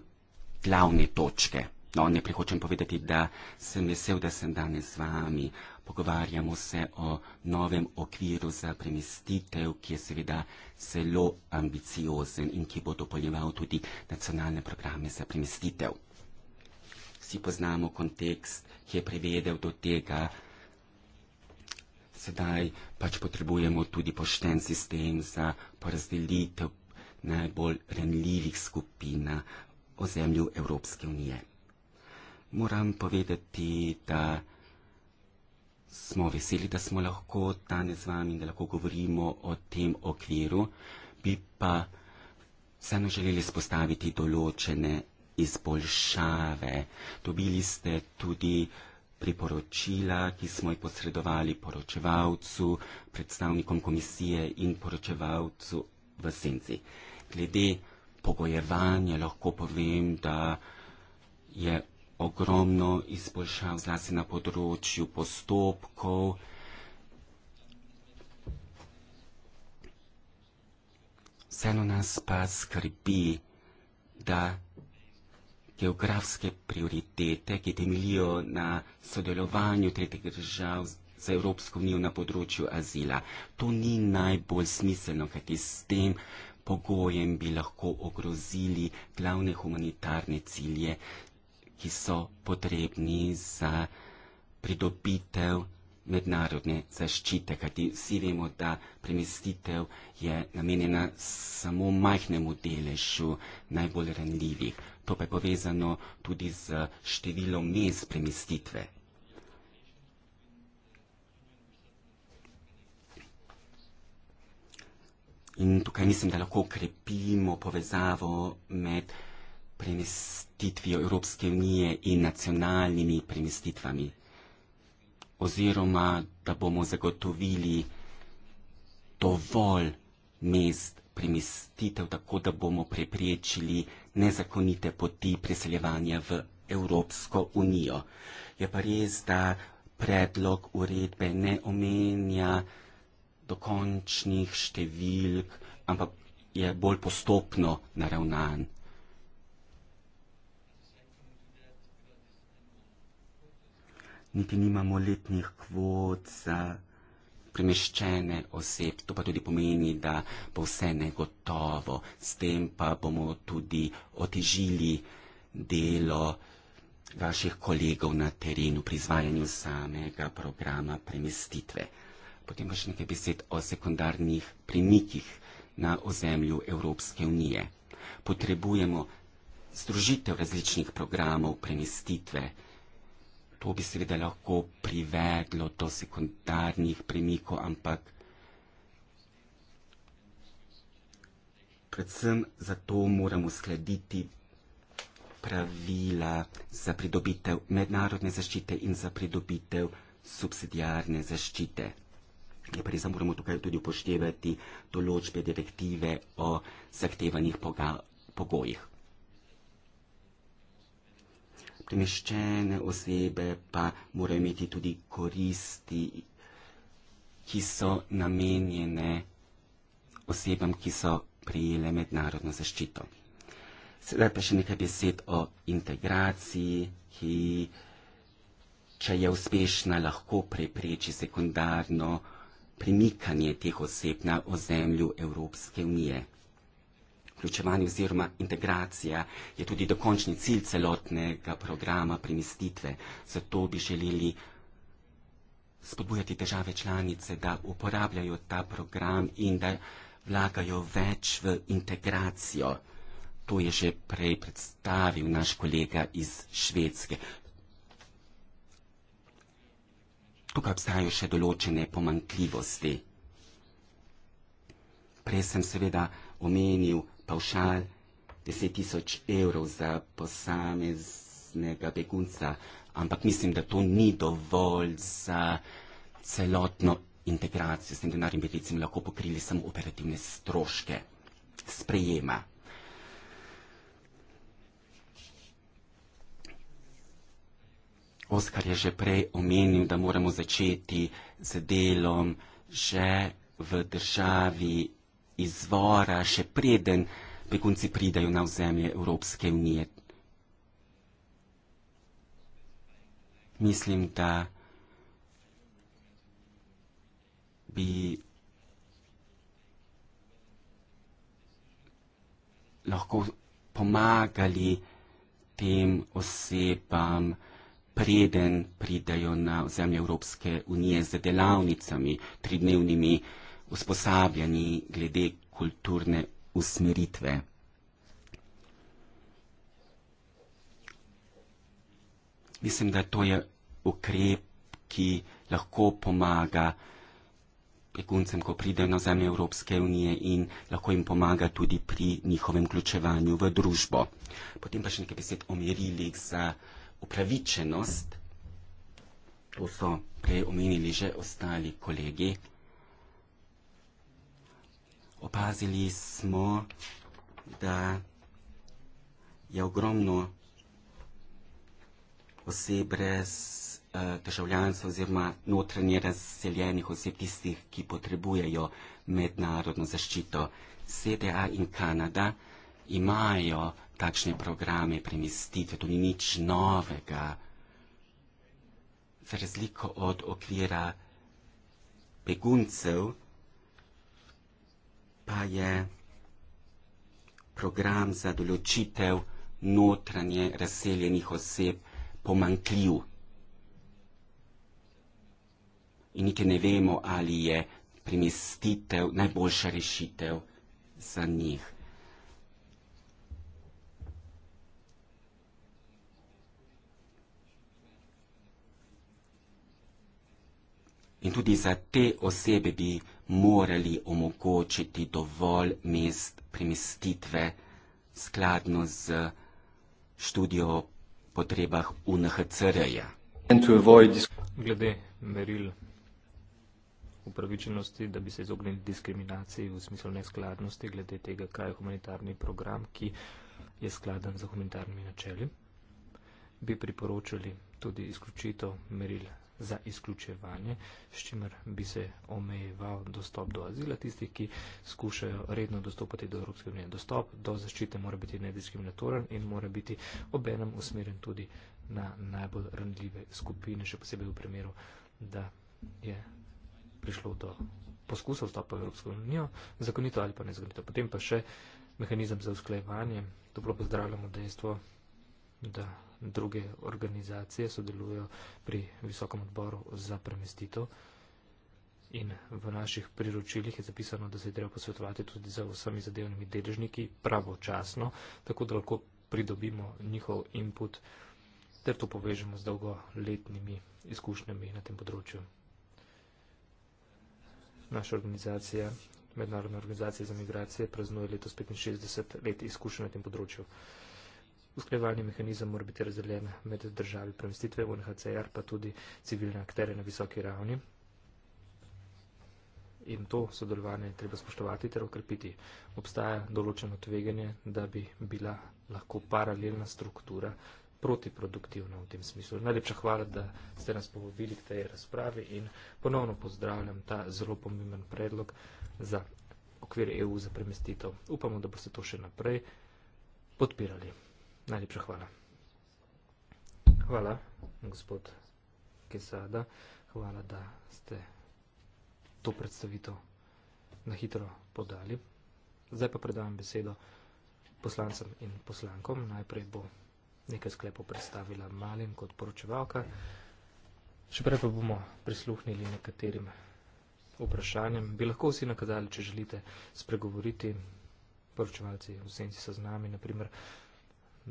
glavne točke. No, najprej hočem povedati, da sem vesel, da sem danes z vami. Pogovarjamo se o novem okviru za premestitev, ki je seveda zelo ambiciozen in ki bo dopolnjeval tudi nacionalne programe za premestitev. Vsi poznamo kontekst, ki je privedel do tega. Sedaj pač potrebujemo tudi pošten sistem za porazdelitev najbolj renljivih skupin na ozemlju Evropske unije moram povedati, da smo veseli, da smo lahko danes z vami in da lahko govorimo o tem okviru. Bi pa vseeno želeli spostaviti določene izboljšave. Dobili ste tudi priporočila, ki smo jih posredovali poročevalcu, predstavnikom komisije in poročevalcu v senci. Glede pogojevanja lahko povem, da je ogromno izboljšav, zlasti na področju postopkov. Vseeno nas pa skrbi, da geografske prioritete, ki temelijo na sodelovanju tretjih držav z Evropsko unijo na področju azila, to ni najbolj smiselno, kajti s tem pogojem bi lahko ogrozili glavne humanitarne cilje, ki so potrebni za pridobitev mednarodne zaščite, kajti vsi vemo, da premestitev je namenjena samo majhnemu deležu najbolj ranljivih. To pa je povezano tudi z številom mest premestitve. In tukaj mislim, da lahko krepimo povezavo med premestitvijo Evropske unije in nacionalnimi premestitvami oziroma da bomo zagotovili dovolj mest premestitev, tako da bomo preprečili nezakonite poti preseljevanja v Evropsko unijo. Je pa res, da predlog uredbe ne omenja dokončnih številk, ampak je bolj postopno naravnan. niti nimamo letnih kvot za premeščene osebe. To pa tudi pomeni, da bo vse negotovo, s tem pa bomo tudi otežili delo vaših kolegov na terenu pri izvajanju samega programa premestitve. Potem pa še nekaj besed o sekundarnih premikih na ozemlju Evropske unije. Potrebujemo združitev različnih programov premestitve to bi seveda lahko privedlo do sekundarnih premikov, ampak predvsem zato moramo skladiti pravila za pridobitev mednarodne zaščite in za pridobitev subsidijarne zaščite. Preza moramo tukaj tudi upoštevati določbe direktive o zahtevanih pogojih meščene osebe pa morajo imeti tudi koristi, ki so namenjene osebam, ki so prijele mednarodno zaščito. Sedaj pa še nekaj besed o integraciji, ki, če je uspešna, lahko prepreči sekundarno premikanje teh oseb na ozemlju Evropske unije vključevanje oziroma integracija je tudi dokončni cilj celotnega programa premestitve. Zato bi želeli spodbujati države članice, da uporabljajo ta program in da vlagajo več v integracijo. To je že prej predstavil naš kolega iz Švedske. Tukaj obstajajo še določene pomankljivosti. Prej sem seveda omenil pavšal 10 tisoč evrov za posameznega begunca, ampak mislim, da to ni dovolj za celotno integracijo. S tem denarjem bi recimo lahko pokrili samo operativne stroške sprejema. Oskar je že prej omenil, da moramo začeti z delom že v državi izvora, še preden begunci pridajo na ozemlje Evropske unije. Mislim, da bi lahko pomagali tem osebam, preden pridajo na ozemlje Evropske unije z delavnicami, tridnevnimi delavnicami usposabljanji glede kulturne usmeritve. Mislim, da to je ukrep, ki lahko pomaga beguncem, ko pridejo na zemlje Evropske unije in lahko jim pomaga tudi pri njihovem vključevanju v družbo. Potem pa še nekaj besed o merilih za upravičenost. To so prej omenili že ostali kolegi opazili smo, da je ogromno oseb brez eh, državljanstva oziroma notranje razseljenih oseb tistih, ki potrebujejo mednarodno zaščito. ZDA in Kanada imajo takšne programe premestitve, to ni nič novega. Za razliko od okvira beguncev, pa je program za določitev notranje razseljenih oseb pomankljiv. In niti ne vemo, ali je primestitev najboljša rešitev za njih. In tudi za te osebe bi morali omogočiti dovolj mest premestitve skladno z študijo potrebah UNHCR-ja. Glede meril upravičenosti, da bi se izognili diskriminaciji v smislu neskladnosti glede tega, kaj je humanitarni program, ki je skladen z humanitarnimi načeli, bi priporočili tudi izključitev meril za izključevanje, s čimer bi se omejeval dostop do azila tistih, ki skušajo redno dostopati do Evropske unije. Dostop do zaščite mora biti nediskriminatoren in mora biti obenem usmerjen tudi na najbolj randljive skupine, še posebej v primeru, da je prišlo do poskusa vstopa v Evropsko unijo, zakonito ali pa nezakonito. Potem pa še mehanizem za usklajevanje. Dobro pozdravljamo dejstvo, da druge organizacije sodelujejo pri visokem odboru za premestitev. In v naših priročilih je zapisano, da se je treba posvetovati tudi za vsemi zadevnimi deležniki pravočasno, tako da lahko pridobimo njihov input ter to povežemo z dolgoletnimi izkušnjami na tem področju. Naša organizacija, Mednarodna organizacija za migracije, praznuje letos 65 let izkušenj na tem področju usklajevalni mehanizem mora biti razdeljen med državi premestitve v NHCR, pa tudi civilne akterje na visoki ravni. In to sodelovanje je treba spoštovati ter okrepiti. Obstaja določeno tveganje, da bi bila lahko paralelna struktura protiproduktivna v tem smislu. Najlepša hvala, da ste nas povabili k tej razpravi in ponovno pozdravljam ta zelo pomemben predlog za okvir EU za premestitev. Upamo, da boste to še naprej podpirali. Najlepša hvala. Hvala, gospod Kesada. Hvala, da ste to predstavitev na hitro podali. Zdaj pa predavam besedo poslancem in poslankom. Najprej bo nekaj sklepov predstavila Malin kot poročevalka. Še prej pa bomo prisluhnili nekaterim vprašanjem. Bi lahko vsi nakazali, če želite spregovoriti, poročevalci v senci so z nami, naprimer,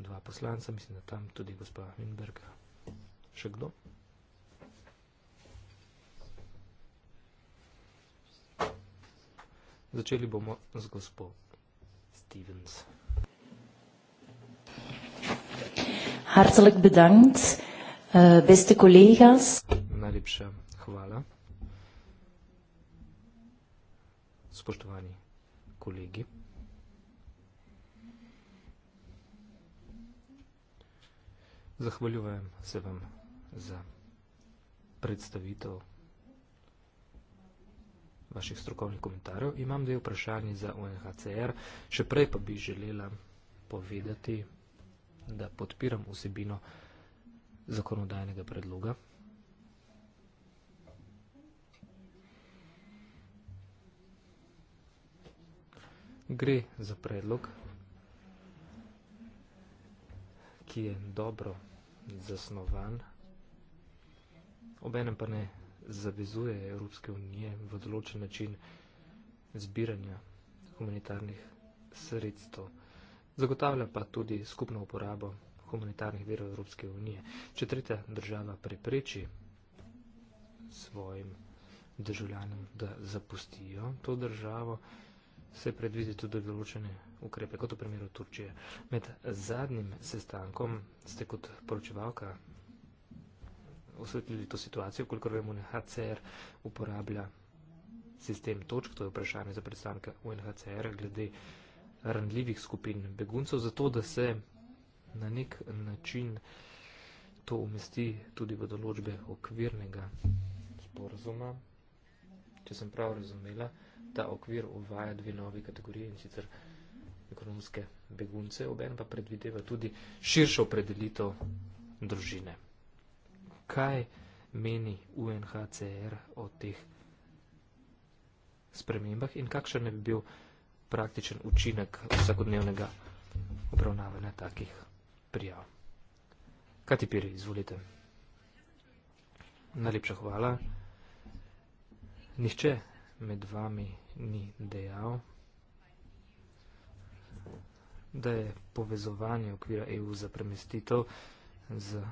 dva poslanca, mislim, da tam tudi gospa Winberga. Še kdo? Začeli bomo z gospo Stevens. Hartelijk bedankt, eh, beste kolegas. Najlepša hvala, spoštovani kolegi. Zahvaljujem se vam za predstavitev vaših strokovnih komentarjev. Imam dve vprašanje za UNHCR. Še prej pa bi želela povedati, da podpiram vsebino zakonodajnega predloga. Gre za predlog, ki je dobro zasnovan, obenem pa ne zavezuje Evropske unije v določen način zbiranja humanitarnih sredstev. Zagotavlja pa tudi skupno uporabo humanitarnih verov Evropske unije. Če tretja država prepreči svojim državljanom, da zapustijo to državo, se predvidi tudi določene ukrepe, kot v primeru Turčije. Med zadnjim sestankom ste kot poročevalka osvetljili to situacijo, koliko vemo, UNHCR uporablja sistem točk, to je vprašanje za predstavnika UNHCR glede randljivih skupin beguncev, zato da se na nek način to umesti tudi v določbe okvirnega sporazuma, če sem prav razumela ta okvir uvaja dve novi kategorije in sicer ekonomske begunce, oben pa predvideva tudi širšo opredelitev družine. Kaj meni UNHCR o teh spremembah in kakšen ne bi bil praktičen učinek vsakodnevnega obravnavanja takih prijav? Kati Piri, izvolite. Najlepša hvala. Nihče med vami ni dejal, da je povezovanje okvira EU za premestitev z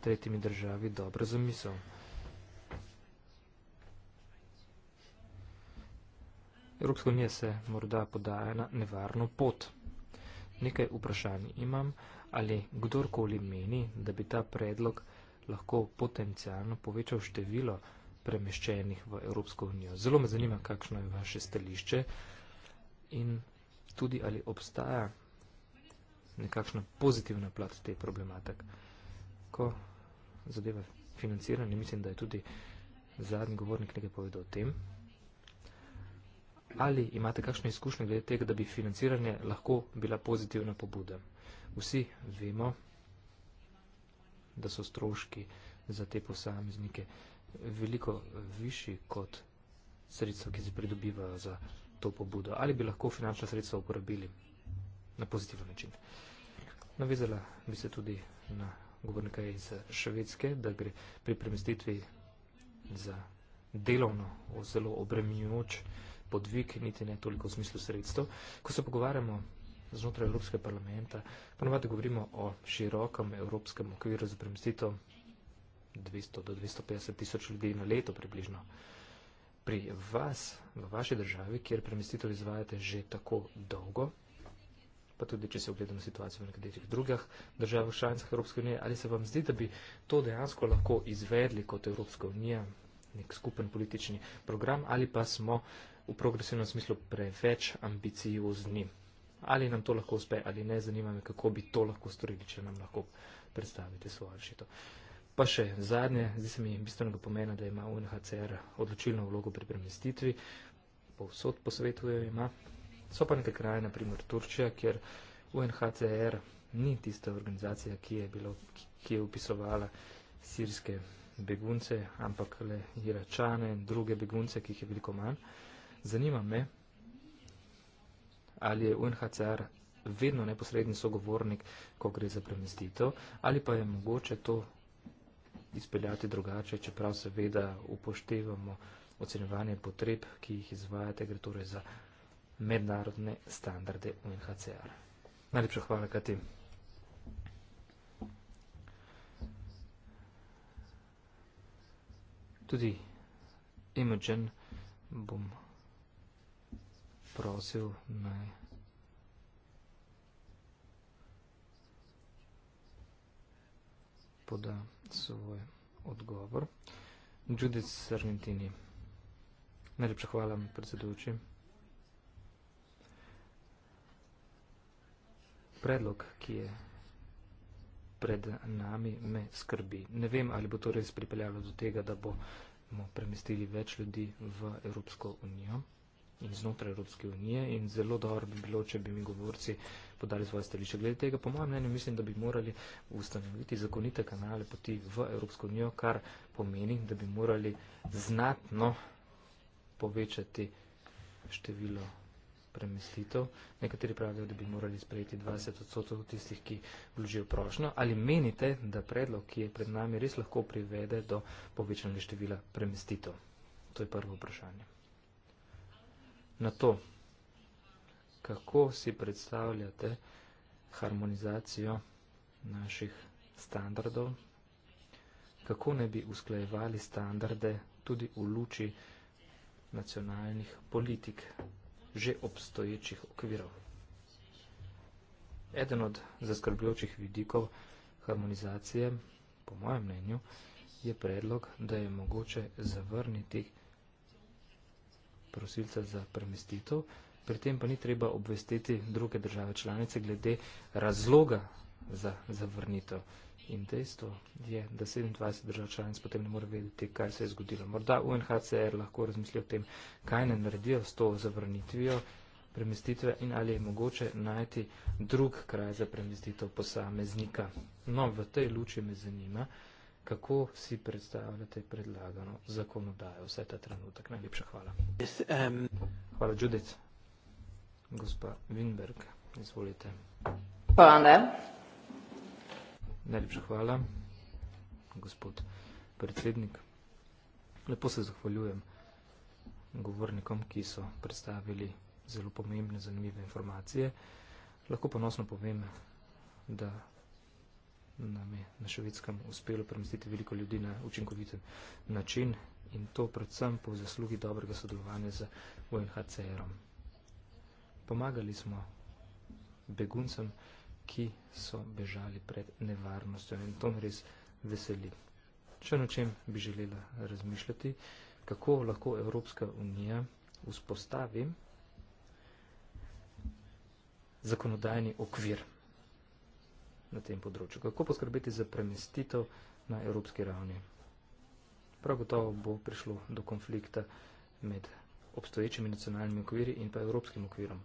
tretjimi državi dobro zamisel. Evropska unija se morda podaja na nevarno pot. Nekaj vprašanj imam, ali kdorkoli meni, da bi ta predlog lahko potencijalno povečal število premeščenih v Evropsko unijo. Zelo me zanima, kakšno je vaše stališče in tudi ali obstaja nekakšna pozitivna plat te problematik. Ko zadeva financiranje, mislim, da je tudi zadnji govornik nekaj povedal o tem. Ali imate kakšne izkušnje glede tega, da bi financiranje lahko bila pozitivna pobuda? Vsi vemo, da so stroški za te posameznike veliko višji kot sredstva, ki se pridobivajo za to pobudo. Ali bi lahko finančna sredstva uporabili na pozitiven način? Navezala bi se tudi na govornika iz Švedske, da gre pri premestitvi za delovno zelo obremenjujoč podvik, niti ne toliko v smislu sredstev. Ko se pogovarjamo znotraj Evropskega parlamenta, ponovadi govorimo o širokem evropskem okviru za premestitev 200 do 250 tisoč ljudi na leto približno. Pri vas, v vaši državi, kjer premestitev izvajate že tako dolgo, pa tudi če se ogledamo situacijo v nekaterih drugih državah članicah Evropske unije, ali se vam zdi, da bi to dejansko lahko izvedli kot Evropska unija, nek skupen politični program, ali pa smo v progresivnem smislu preveč ambiciozni? Ali nam to lahko uspe ali ne, zanima me, kako bi to lahko storili, če nam lahko predstavite svojo rešitev. Pa še zadnje, zdi se mi bistvenega pomena, da ima UNHCR odločilno vlogo pri premestitvi, povsod po svetu jo ima. So pa nekaj kraje, naprimer Turčija, kjer UNHCR ni tista organizacija, ki je, bilo, ki je upisovala sirske begunce, ampak le iračane in druge begunce, ki jih je veliko manj. Zanima me, ali je UNHCR vedno neposredni sogovornik, ko gre za premestitev, ali pa je mogoče to izpeljati drugače, čeprav seveda upoštevamo ocenjevanje potreb, ki jih izvajate, gre torej za mednarodne standarde UNHCR. Najlepša hvala, Kati. Tudi Imogen bom prosil naj. Poda svoj odgovor. Judith z Argentini. Najlepša hvala, predsedujoči. Predlog, ki je pred nami, me skrbi. Ne vem, ali bo to res pripeljalo do tega, da bomo premestili več ljudi v Evropsko unijo in znotraj Evropske unije in zelo dobro bi bilo, če bi mi govorci podali svoje stališče. Glede tega, po mojem mnenju, mislim, da bi morali ustanoviti zakonite kanale poti v Evropsko unijo, kar pomeni, da bi morali znatno povečati število premestitev. Nekateri pravijo, da bi morali sprejeti 20 odstotkov tistih, ki vložijo prošnjo. Ali menite, da predlog, ki je pred nami, res lahko privede do povečanega števila premestitev? To je prvo vprašanje na to, kako si predstavljate harmonizacijo naših standardov, kako ne bi usklajevali standarde tudi v luči nacionalnih politik, že obstoječih okvirov. Eden od zaskrbljujočih vidikov harmonizacije, po mojem mnenju, je predlog, da je mogoče zavrniti prosilca za premestitev, pri tem pa ni treba obvestiti druge države članice glede razloga za zavrnitev. In dejstvo je, da 27 držav članic potem ne more vedeti, kaj se je zgodilo. Morda UNHCR lahko razmisli o tem, kaj ne naredijo s to zavrnitvijo premestitve in ali je mogoče najti drug kraj za premestitev posameznika. No, v tej luči me zanima, kako si predstavljate predlagano zakonodajo vse ta trenutek. Najlepša hvala. Um, hvala, Judith. Gospa Winberg, izvolite. Hvala, ne. Najlepša hvala, gospod predsednik. Lepo se zahvaljujem govornikom, ki so predstavili zelo pomembne, zanimive informacije. Lahko ponosno povem, da nam je na Švedskem uspelo premestiti veliko ljudi na učinkoviten način in to predvsem po zaslugi dobrega sodelovanja z UNHCR-om. Pomagali smo beguncem, ki so bežali pred nevarnostjo in to me res veseli. Če na čem bi želela razmišljati, kako lahko Evropska unija vzpostavi zakonodajni okvir na tem področju. Kako poskrbeti za premestitev na evropski ravni? Prav gotovo bo prišlo do konflikta med obstoječimi nacionalnimi okviri in pa evropskim okvirom.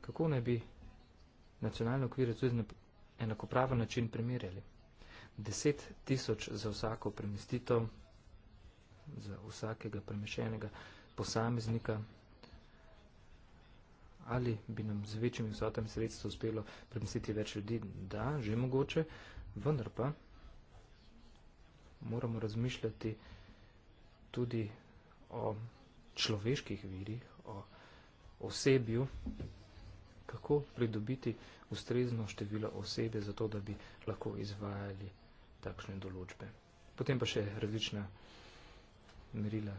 Kako naj bi nacionalne okvire tudi na enakopraven način primerjali? 10 tisoč za vsako premestitev, za vsakega premešenega posameznika ali bi nam z večjimi vsotami sredstva uspelo premestiti več ljudi. Da, že mogoče, vendar pa moramo razmišljati tudi o človeških virih, o osebju, kako pridobiti ustrezno število osebe, zato da bi lahko izvajali takšne določbe. Potem pa še različna merila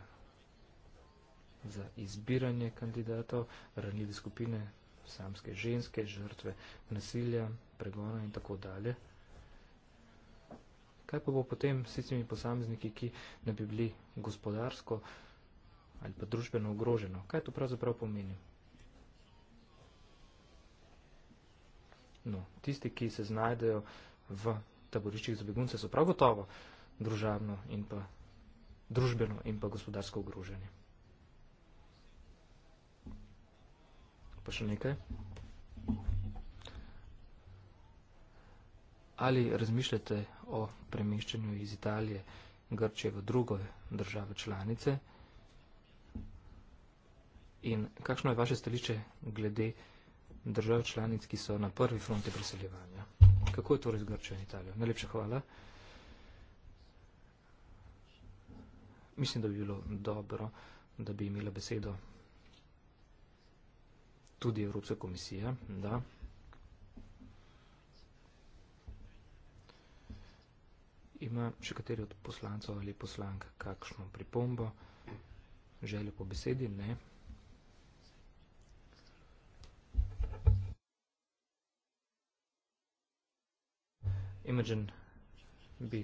za izbiranje kandidatov, ranjive skupine, samske ženske, žrtve nasilja, pregona in tako dalje. Kaj pa bo potem s tistimi posamezniki, ki ne bi bili gospodarsko ali pa družbeno ogroženo? Kaj to pravzaprav pomeni? No, tisti, ki se znajdejo v taboriščih za begunce, so prav gotovo družabno in pa družbeno in pa gospodarsko ogroženi. pa še nekaj. Ali razmišljate o premeščanju iz Italije, Grče v drugo države članice? In kakšno je vaše stališče glede držav članic, ki so na prvi fronti preseljevanja? Kako je torej z Grčjo in Italijo? Najlepša hvala. Mislim, da bi bilo dobro, da bi imela besedo tudi Evropske komisije, da ima še kateri od poslancov ali poslank kakšno pripombo, željo po besedi, ne. Imogen bi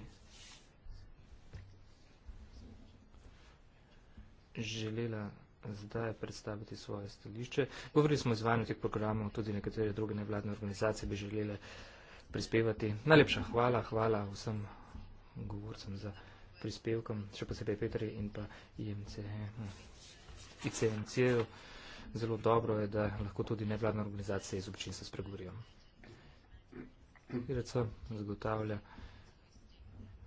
želela zdaj predstaviti svoje stališče. Govorili smo o izvajanju teh programov, tudi nekatere druge nevladne organizacije bi želele prispevati. Najlepša hvala, hvala vsem govorcem za prispevkom, še posebej Petri in pa ICMC-ju. Zelo dobro je, da lahko tudi nevladne organizacije iz občinstva spregovorijo. Irca zagotavlja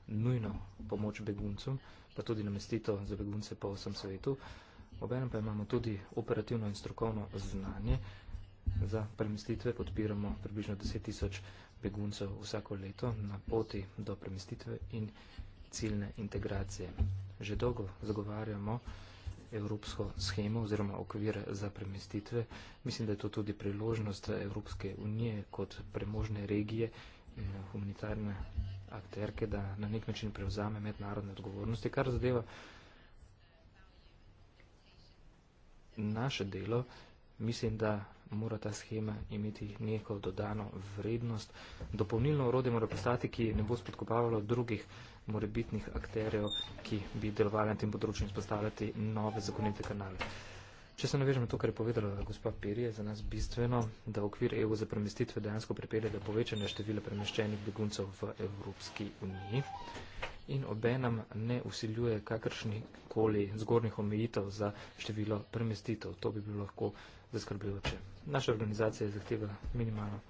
nujno pomoč beguncem, pa tudi namestito za begunce po vsem svetu obenem pa imamo tudi operativno in strokovno znanje. Za premestitve podpiramo približno 10 tisoč beguncev vsako leto na poti do premestitve in ciljne integracije. Že dolgo zagovarjamo evropsko schemo oziroma okvir za premestitve. Mislim, da je to tudi priložnost Evropske unije kot premožne regije in humanitarne akterke, da na nek način prevzame mednarodne odgovornosti, kar zadeva naše delo, mislim, da mora ta schema imeti neko dodano vrednost. Dopolnilno urode mora postati, ki ne bo spodkopavalo drugih morebitnih akterjev, ki bi delovali na tem področju in spostavljati nove zakonite kanale. Če se navežem na to, kar je povedala gospa Peri, je za nas bistveno, da okvir EU za premestitve dejansko pripelje do povečanja števila premeščenih beguncev v Evropski uniji in obenem ne usiljuje kakršnih koli zgornjih omejitev za število premestitev. To bi bilo lahko zaskrbljujoče. Naša organizacija je zahteva minimalno.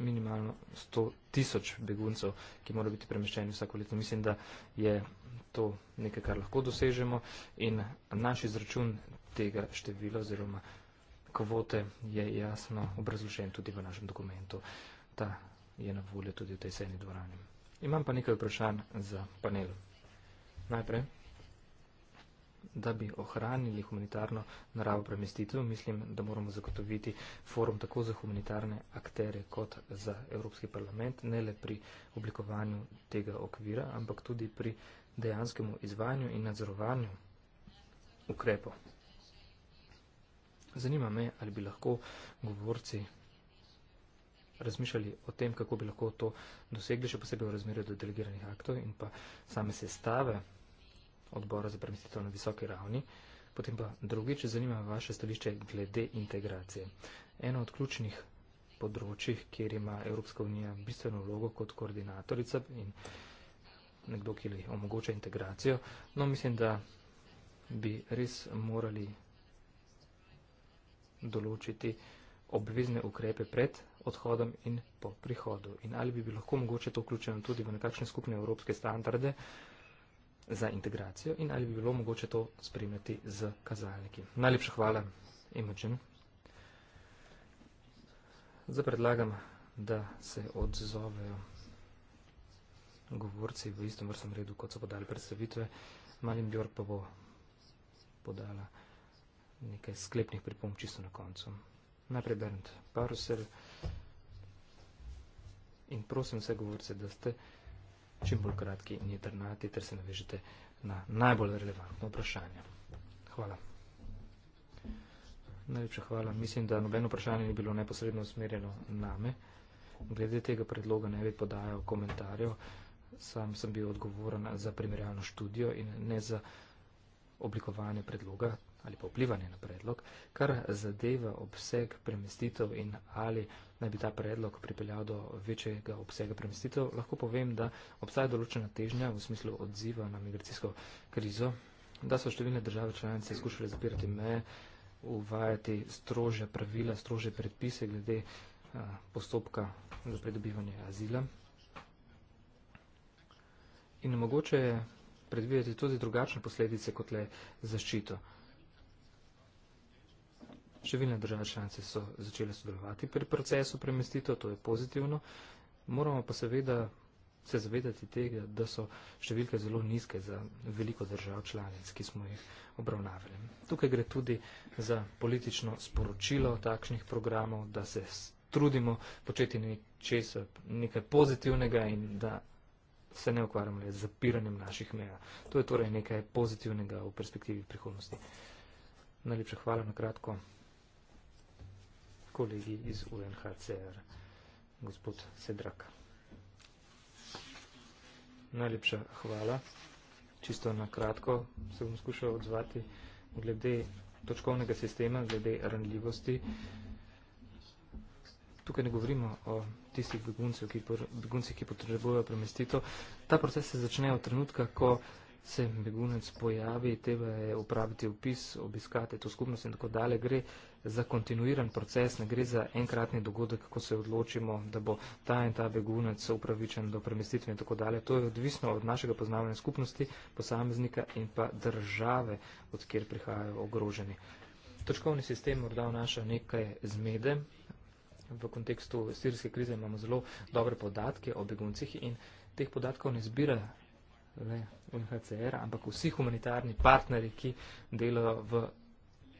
minimalno 100 tisoč beguncev, ki mora biti premeščeni vsako leto. Mislim, da je to nekaj, kar lahko dosežemo in naš izračun tega števila oziroma kvote je jasno obrazložen tudi v našem dokumentu. Ta je na voljo tudi v tej sejni dvorani. Imam pa nekaj vprašanj za panel. Najprej, da bi ohranili humanitarno naravo premestitev, mislim, da moramo zagotoviti forum tako za humanitarne akterje kot za Evropski parlament, ne le pri oblikovanju tega okvira, ampak tudi pri dejanskemu izvajanju in nadzorovanju ukrepov. Zanima me, ali bi lahko govorci razmišljali o tem, kako bi lahko to dosegli, še posebej v razmerju do delegiranih aktov in pa same sestave odbora za premestitev na visoki ravni. Potem pa drugič, zanima me vaše stališče glede integracije. Eno od ključnih področjih, kjer ima Evropska unija bistveno vlogo kot koordinatorica in nekdo, ki omogoča integracijo. No, mislim, da bi res morali določiti obvezne ukrepe pred odhodom in po prihodu. In ali bi bilo lahko mogoče to vključeno tudi v nekakšne skupne evropske standarde za integracijo in ali bi bilo mogoče to spremljati z kazalniki. Najlepša hvala, Imogen. Zdaj predlagam, da se odzovejo govorci v istem vrstnem redu, kot so podali predstavitve. Malin Bjork pa bo podala predstavitve nekaj sklepnih pripomb čisto na koncu. Najprej Bernd Parusel in prosim vse govorce, da ste čim bolj kratki in jedrnati, ter se navežete na najbolj relevantno vprašanje. Hvala. Najlepša hvala. Mislim, da nobeno vprašanje ni bilo neposredno usmerjeno name. Glede tega predloga ne bi podajal komentarjev. Sam sem bil odgovoren za primerjalno študijo in ne za oblikovanje predloga ali pa vplivanje na predlog, kar zadeva obseg premestitev in ali naj bi ta predlog pripeljal do večjega obsega premestitev, lahko povem, da obstaja določena težnja v smislu odziva na migracijsko krizo, da so številne države članice skušale zapirati meje, uvajati strože pravila, strože predpise glede eh, postopka za predobivanje azila. In mogoče je predvideti tudi drugačne posledice kot le zaščito. Številne države članice so začele sodelovati pri procesu premestitev, to je pozitivno. Moramo pa seveda se zavedati tega, da so številke zelo nizke za veliko držav članic, ki smo jih obravnavali. Tukaj gre tudi za politično sporočilo takšnih programov, da se trudimo početi nečesa, nekaj pozitivnega in da se ne ukvarjamo le z zapiranjem naših meja. To je torej nekaj pozitivnega v perspektivi prihodnosti. Najlepša hvala na kratko kolegi iz UNHCR. Gospod Sedrak. Najlepša hvala. Čisto na kratko se bom skušal odzvati glede točkovnega sistema, glede ranljivosti. Tukaj ne govorimo o tistih beguncih, ki, ki potrebujejo premestito. Ta proces se začne od trenutka, ko se begunec pojavi, treba je upraviti upis, obiskati to skupnost in tako dalje. Gre za kontinuiran proces, ne gre za enkratni dogodek, ko se odločimo, da bo ta in ta begunec upravičen do premestitve in tako dalje. To je odvisno od našega poznavanja skupnosti, posameznika in pa države, od kjer prihajajo ogroženi. Točkovni sistem morda vnaša nekaj zmede. V kontekstu sirske krize imamo zelo dobre podatke o beguncih in teh podatkov ne zbira le UNHCR, ampak vsi humanitarni partnerji, ki delajo v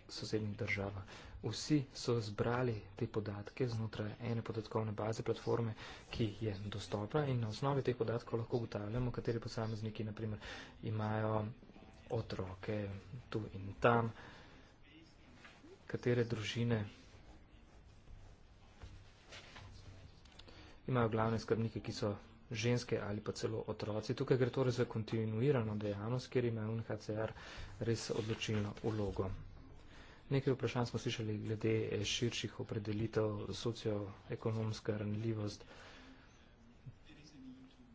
sosednjih državah. Vsi so zbrali te podatke znotraj ene podatkovne baze platforme, ki je dostopna in na osnovi teh podatkov lahko ugotavljamo, kateri posamezniki naprimer imajo otroke tu in tam, katere družine imajo glavne skrbnike, ki so ženske ali pa celo otroci. Tukaj gre torej za kontinuirano dejavnost, kjer ima UNHCR res odločilno ulogo. Nekaj vprašanj smo slišali glede širših opredelitev, socioekonomska ranljivost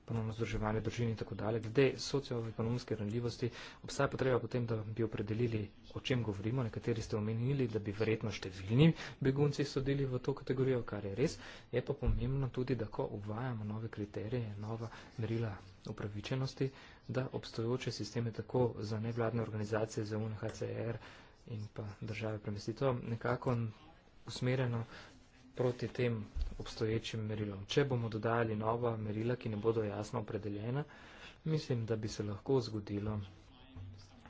ponovno združevanje družin in tako dalje. Glede socioekonomske ranljivosti obstaja potreba potem, da bi opredelili, o čem govorimo. Nekateri ste omenili, da bi verjetno številni begunci sodili v to kategorijo, kar je res. Je pa pomembno tudi, da ko uvajamo nove kriterije, nova merila upravičenosti, da obstojoče sisteme tako za nevladne organizacije, za UNHCR in pa države premestitev nekako usmerjeno proti tem obstoječim merilom. Če bomo dodajali nova merila, ki ne bodo jasno opredeljena, mislim, da bi se lahko zgodilo,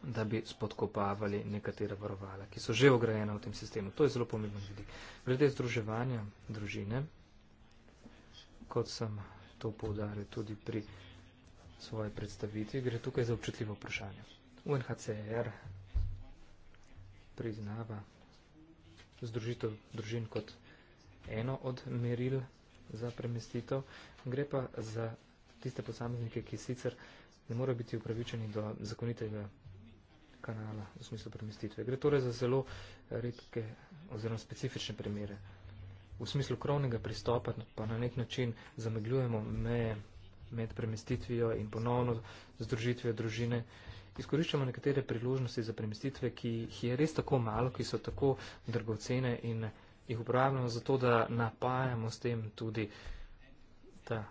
da bi spodkopavali nekatera varovala, ki so že ograjena v tem sistemu. To je zelo pomembno vidi. Glede združevanja družine, kot sem to povdaril tudi pri svoji predstavitvi, gre tukaj za občutljivo vprašanje. UNHCR priznava združitev družin kot eno od meril za premestitev, gre pa za tiste posameznike, ki sicer ne morejo biti upravičeni do zakonitega kanala v smislu premestitve. Gre torej za zelo redke oziroma specifične primere. V smislu krovnega pristopa pa na nek način zamegljujemo meje med premestitvijo in ponovno združitvijo družine. Izkoriščamo nekatere priložnosti za premestitve, ki jih je res tako malo, ki so tako drgocene in jih uporabljamo zato, da napajamo s tem tudi ta,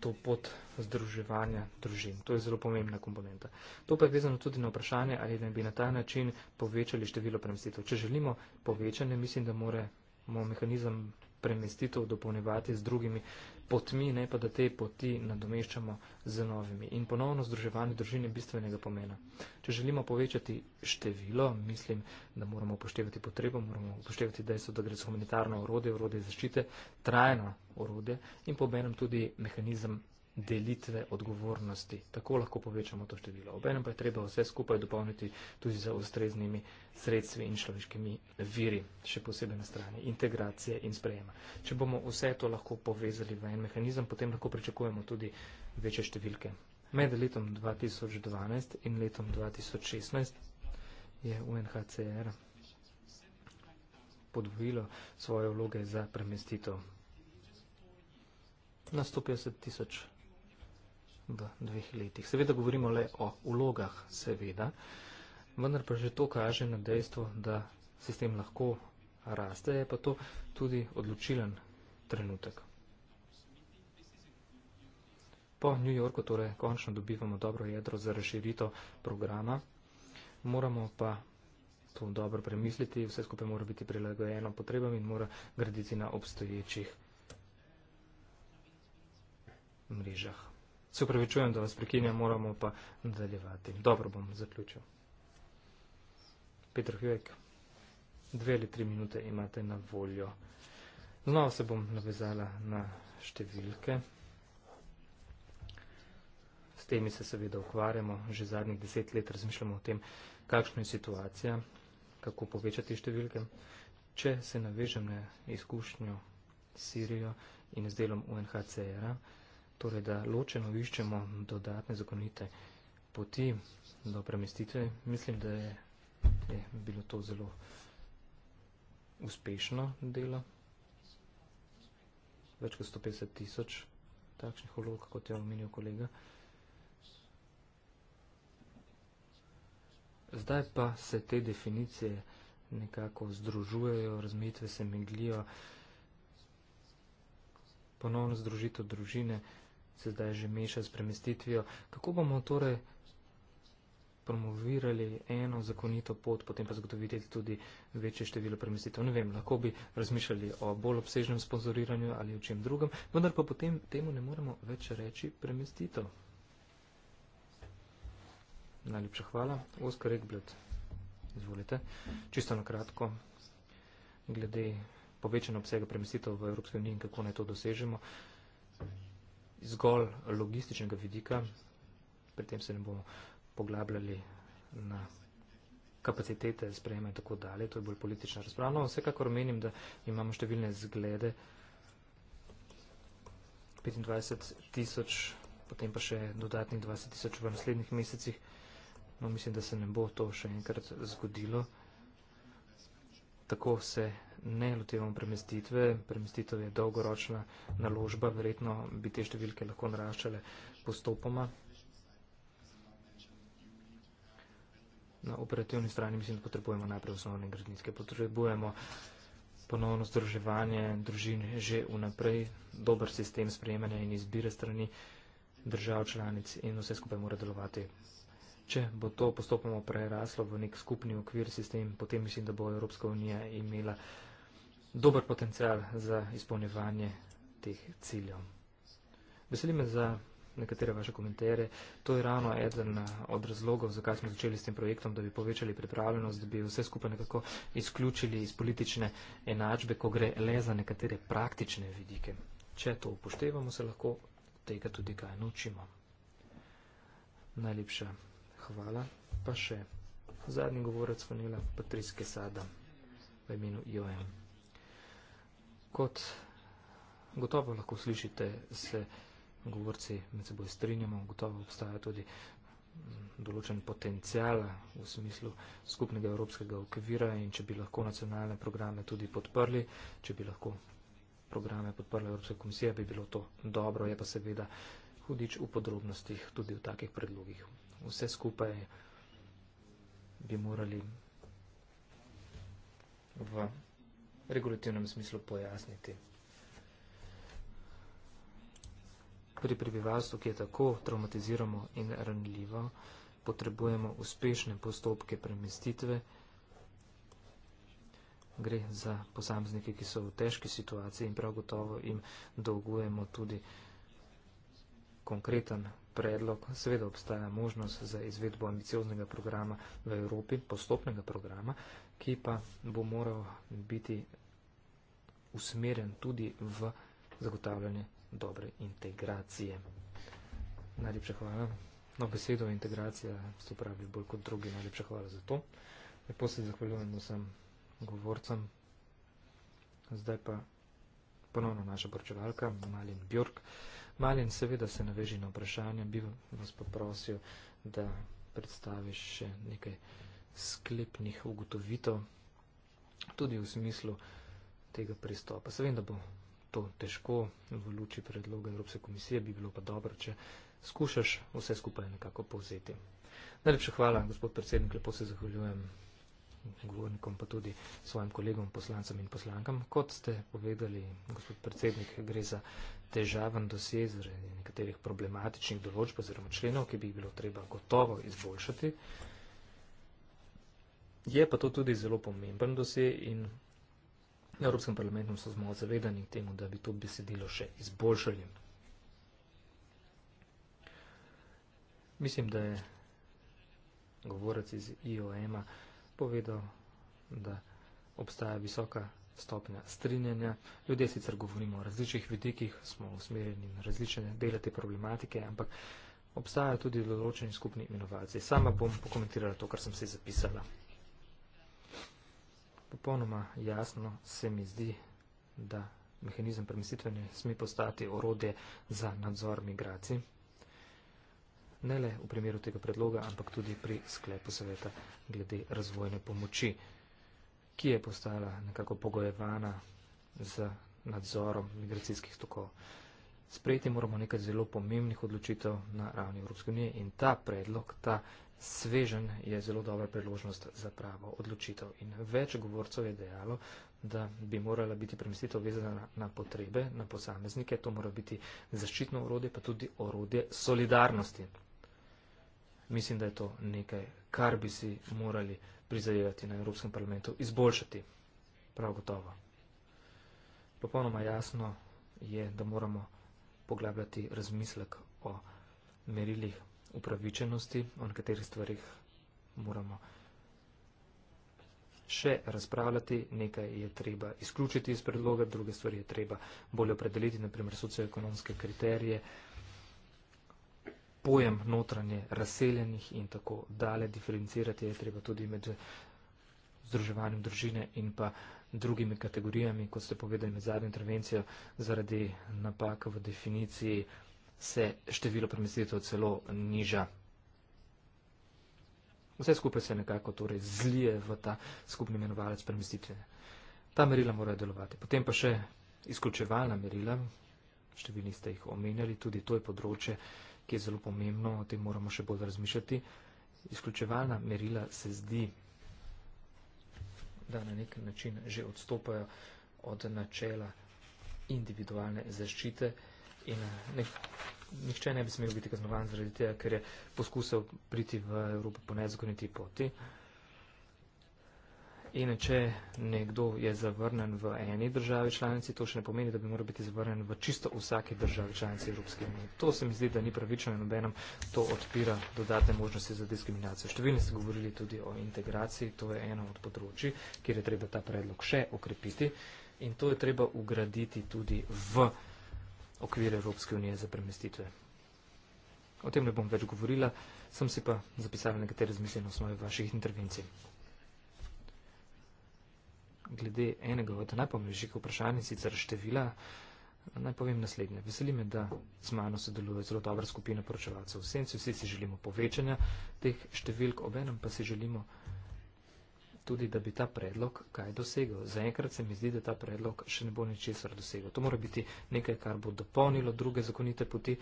to pot združevanja družin. To je zelo pomembna komponenta. To pa je vezano tudi na vprašanje, ali da bi na ta način povečali število premestitev. Če želimo povečanje, mislim, da moramo mehanizem premestitev dopolnevati z drugimi potmi, ne pa da te poti nadomeščamo z novimi. In ponovno združevanje družine je bistvenega pomena. Če želimo povečati število, mislim, da moramo upoštevati potrebo, moramo upoštevati dejstvo, da gre za humanitarno orodje, orodje zaščite, trajno orodje in pomenem tudi mehanizem delitve odgovornosti. Tako lahko povečamo to število. Obenem pa je treba vse skupaj dopolniti tudi za ustreznimi sredstvi in človeškimi viri, še posebej na strani integracije in sprejema. Če bomo vse to lahko povezali v en mehanizem, potem lahko pričakujemo tudi večje številke. Med letom 2012 in letom 2016 je UNHCR podvojilo svoje vloge za premestitev. Na 150 tisoč v dveh letih. Seveda govorimo le o vlogah, seveda, vendar pa že to kaže na dejstvo, da sistem lahko raste, je pa to tudi odločilen trenutek. Po New Yorku torej končno dobivamo dobro jedro za razširito programa, moramo pa to dobro premisliti, vse skupaj mora biti prilagojeno potrebam in mora graditi na obstoječih mrežah. Se upravičujem, da vas prekinjam, moramo pa nadaljevati. Dobro bom zaključil. Petr Hjuek, dve ali tri minute imate na voljo. Znova se bom navezala na številke. S temi se seveda ukvarjamo, že zadnjih deset let razmišljamo o tem, kakšna je situacija, kako povečati številke. Če se navežem na izkušnjo Sirijo in z delom UNHCR-a, torej da ločeno iščemo dodatne zakonite poti do premestitve. Mislim, da je, je bilo to zelo uspešno delo. Več kot 150 tisoč takšnih olog, kot je omenil kolega. Zdaj pa se te definicije nekako združujejo, razmejitve se meglijo, ponovno združitev družine se zdaj že meša s premestitvijo. Kako bomo torej promovirali eno zakonito pot, potem pa zagotoviti tudi večje število premestitev? Ne vem, lahko bi razmišljali o bolj obsežnem sponzoriranju ali o čem drugem, vendar pa potem temu ne moremo več reči premestitev. Najlepša hvala. Oskar Ekblet, izvolite. Čisto na kratko, glede povečanja obsega premestitev v Evropski uniji in kako naj to dosežemo. Uh, zgolj logističnega vidika, pri tem se ne bomo poglabljali na kapacitete sprejema in tako dalje, to je bolj politična razprava. No, vsekakor menim, da imamo številne zglede, 25 tisoč, potem pa še dodatnih 20 tisoč v naslednjih mesecih, no, mislim, da se ne bo to še enkrat zgodilo. Tako se ne lotevamo premestitve. Premestitev je dolgoročna naložba, verjetno bi te številke lahko naraščale postopoma. Na operativni strani mislim, da potrebujemo najprej osnovne gradnitke. Potrebujemo ponovno združevanje družin že vnaprej, dober sistem sprejemanja in izbire strani držav članic in vse skupaj mora delovati. Če bo to postopoma preraslo v nek skupni okvir sistem, potem mislim, da bo Evropska unija imela dober potencial za izpolnjevanje teh ciljev. Veselim me za nekatere vaše komentarje. To je ravno eden od razlogov, zakaj smo začeli s tem projektom, da bi povečali pripravljenost, da bi vse skupaj nekako izključili iz politične enačbe, ko gre le za nekatere praktične vidike. Če to upoštevamo, se lahko tega tudi kaj naučimo. Najlepša hvala. Pa še zadnji govorec Vanila Patrice Kesada v imenu IOM. Kot gotovo lahko slišite, se govorci med seboj strinjamo, gotovo obstaja tudi mm, določen potencial v smislu skupnega evropskega okvira in če bi lahko nacionalne programe tudi podprli, če bi lahko programe podprla Evropska komisija, bi bilo to dobro, je pa seveda hudič v podrobnostih tudi v takih predlogih. Vse skupaj bi morali v regulativnem smislu pojasniti. Pri prebivalstvu, ki je tako traumatizirano in ranljivo, potrebujemo uspešne postopke premestitve. Gre za posameznike, ki so v težki situaciji in prav gotovo jim dolgujemo tudi konkreten predlog. Seveda obstaja možnost za izvedbo ambicioznega programa v Evropi, postopnega programa, ki pa bo moral biti usmerjen tudi v zagotavljanje dobre integracije. Najlepša hvala. No, besedo integracija se uporablja bolj kot drugi. Najlepša hvala za to. Lepo se zahvaljujem vsem govorcem. Zdaj pa ponovno naša poročevalka, Malin Bjork. Malin seveda se naveži na vprašanje, bi vas pa prosil, da predstaviš še nekaj vprašanje sklepnih ugotovitev, tudi v smislu tega pristopa. Se vem, da bo to težko v luči predloga Evropske komisije, bi bilo pa dobro, če skušaš vse skupaj nekako povzeti. Najlepša hvala, gospod predsednik, lepo se zahvaljujem govornikom, pa tudi svojim kolegom, poslancem in poslankam. Kot ste povedali, gospod predsednik, gre za težaven dosje zaradi nekaterih problematičnih določb oziroma členov, ki bi jih bilo treba gotovo izboljšati. Je pa to tudi zelo pomemben dosej in Evropskem parlamentu so zelo zavedani temu, da bi to besedilo še izboljšali. Mislim, da je govorec iz IOM-a povedal, da obstaja visoka stopnja strinjanja. Ljudje sicer govorimo o različnih vidikih, smo usmerjeni na različne dele te problematike, ampak obstajajo tudi določeni skupni inovacije. Sama bom pokomentirala to, kar sem se zapisala popolnoma jasno se mi zdi, da mehanizem premestitve ne sme postati orodje za nadzor migracij. Ne le v primeru tega predloga, ampak tudi pri sklepu sveta glede razvojne pomoči, ki je postala nekako pogojevana z nadzorom migracijskih tokov. Sprejeti moramo nekaj zelo pomembnih odločitev na ravni Evropske unije in ta predlog, ta Svežen je zelo dobra priložnost za pravo odločitev in več govorcev je dejalo, da bi morala biti premestitev vezana na potrebe, na posameznike, to mora biti zaščitno urode, pa tudi urode solidarnosti. Mislim, da je to nekaj, kar bi si morali prizadevati na Evropskem parlamentu izboljšati. Prav gotovo. Popolnoma jasno je, da moramo poglabljati razmislek o merilih upravičenosti, o nekaterih stvarih moramo še razpravljati, nekaj je treba izključiti iz predloga, druge stvari je treba bolje opredeliti, naprimer socioekonomske kriterije, pojem notranje razseljenih in tako dalje, diferencirati je treba tudi med združevanjem družine in pa drugimi kategorijami, kot ste povedali med zadnjo intervencijo, zaradi napaka v definiciji se število premestitev celo niža. Vse skupaj se nekako torej zlije v ta skupni imenovalec premestitve. Ta merila morajo delovati. Potem pa še izključevalna merila, številni ste jih omenjali, tudi to je področje, ki je zelo pomembno, o tem moramo še bolj razmišljati. Izključevalna merila se zdi, da na nek način že odstopajo od načela individualne zaščite in nek, nihče ne bi smel biti kaznovan zaradi tega, ker je poskusil priti v Evropo po nezakoniti poti. In če nekdo je zavrnen v eni državi članici, to še ne pomeni, da bi moral biti zavrnen v čisto vsaki državi članici Evropske unije. To se mi zdi, da ni pravično in obenem to odpira dodatne možnosti za diskriminacijo. Številni ste govorili tudi o integraciji, to je eno od področji, kjer je treba ta predlog še okrepiti in to je treba ugraditi tudi v okvire Evropske unije za premestitve. O tem ne bom več govorila, sem si pa zapisala nekatere zmisli na osnovi vaših intervencij. Glede enega od najpomembnejših vprašanj, sicer števila, naj povem naslednje. Veseli me, da z mano sodeluje zelo dobra skupina poročevalcev v Senci. Vsi si želimo povečanja teh številk, obenem pa si želimo povečanja tudi, da bi ta predlog kaj dosegel. Zaenkrat se mi zdi, da ta predlog še ne bo ničesar dosegel. To mora biti nekaj, kar bo dopolnilo druge zakonite poti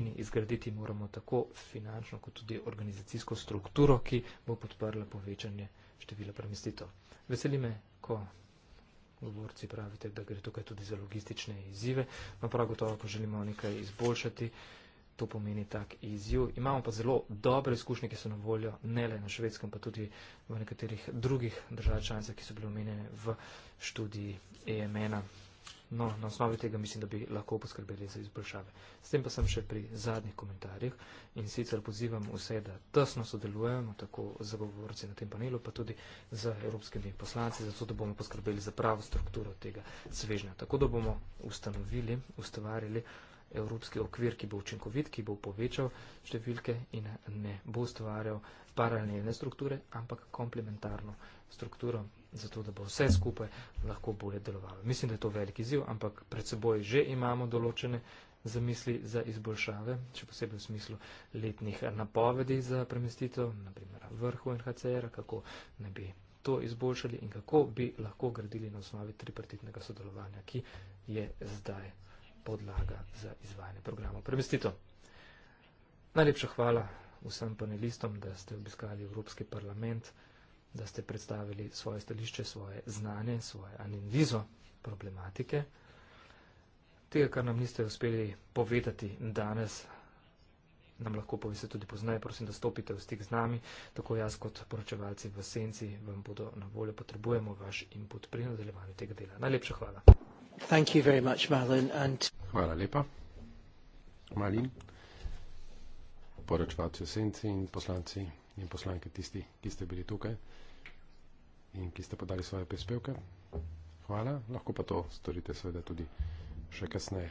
in izgraditi moramo tako finančno kot tudi organizacijsko strukturo, ki bo podprla povečanje števila premestitev. Veseli me, ko govorci pravite, da gre tukaj tudi za logistične izzive, no prav gotovo, ko želimo nekaj izboljšati to pomeni tak izziv. Imamo pa zelo dobre izkušnje, ki so na voljo, ne le na švedskem, pa tudi v nekaterih drugih držav članicah, ki so bile omenjene v študiji EMN. No, na osnovi tega mislim, da bi lahko poskrbeli za izboljšave. S tem pa sem še pri zadnjih komentarjih in sicer pozivam vse, da tesno sodelujemo, tako zagovorci na tem panelu, pa tudi z evropskimi poslanci, zato da bomo poskrbeli za pravo strukturo tega svežnja. Tako da bomo ustanovili, ustvarili evropski okvir, ki bo učinkovit, ki bo povečal številke in ne bo ustvarjal paralelne strukture, ampak komplementarno strukturo, zato da bo vse skupaj lahko bolje delovalo. Mislim, da je to veliki ziv, ampak pred seboj že imamo določene zamisli za izboljšave, še posebej v smislu letnih napovedi za premestitev, naprimer vrhu NHCR, kako ne bi to izboljšali in kako bi lahko gradili na osnovi tripartitnega sodelovanja, ki je zdaj podlaga za izvajanje programov. Premestito. Najlepša hvala vsem panelistom, da ste obiskali Evropski parlament, da ste predstavili svoje stališče, svoje znanje, svoje analizo problematike. Tega, kar nam niste uspeli povedati danes, nam lahko poveste tudi poznaje. Prosim, da stopite v stik z nami. Tako jaz kot poročevalci v Senci vam bodo na voljo. Potrebujemo vaš input pri nadaljevanju tega dela. Najlepša hvala. Thank you very much, Marlon. And... Hvala lepa. Malin, poročevalci v senci in poslanci in poslanke tisti, ki ste bili tukaj in ki ste podali svoje prispevke. Hvala, lahko pa to storite seveda tudi še kasneje.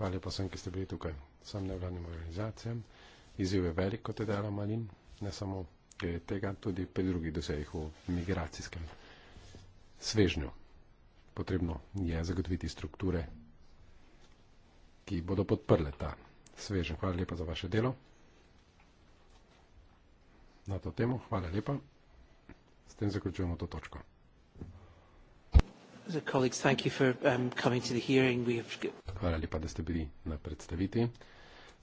Hvala pa vsem, ki ste bili tukaj. Sem nevladnim organizacijam. Izjiv je velik, kot je dala Malin, ne samo tega, tudi pri drugih dosejih v migracijskem svežnju. Potrebno je zagotoviti strukture ki bodo podprle ta svežen. Hvala lepa za vaše delo. Na to temo, hvala lepa. S tem zaključujemo to točko. Um, hvala lepa, da ste bili na predstaviti.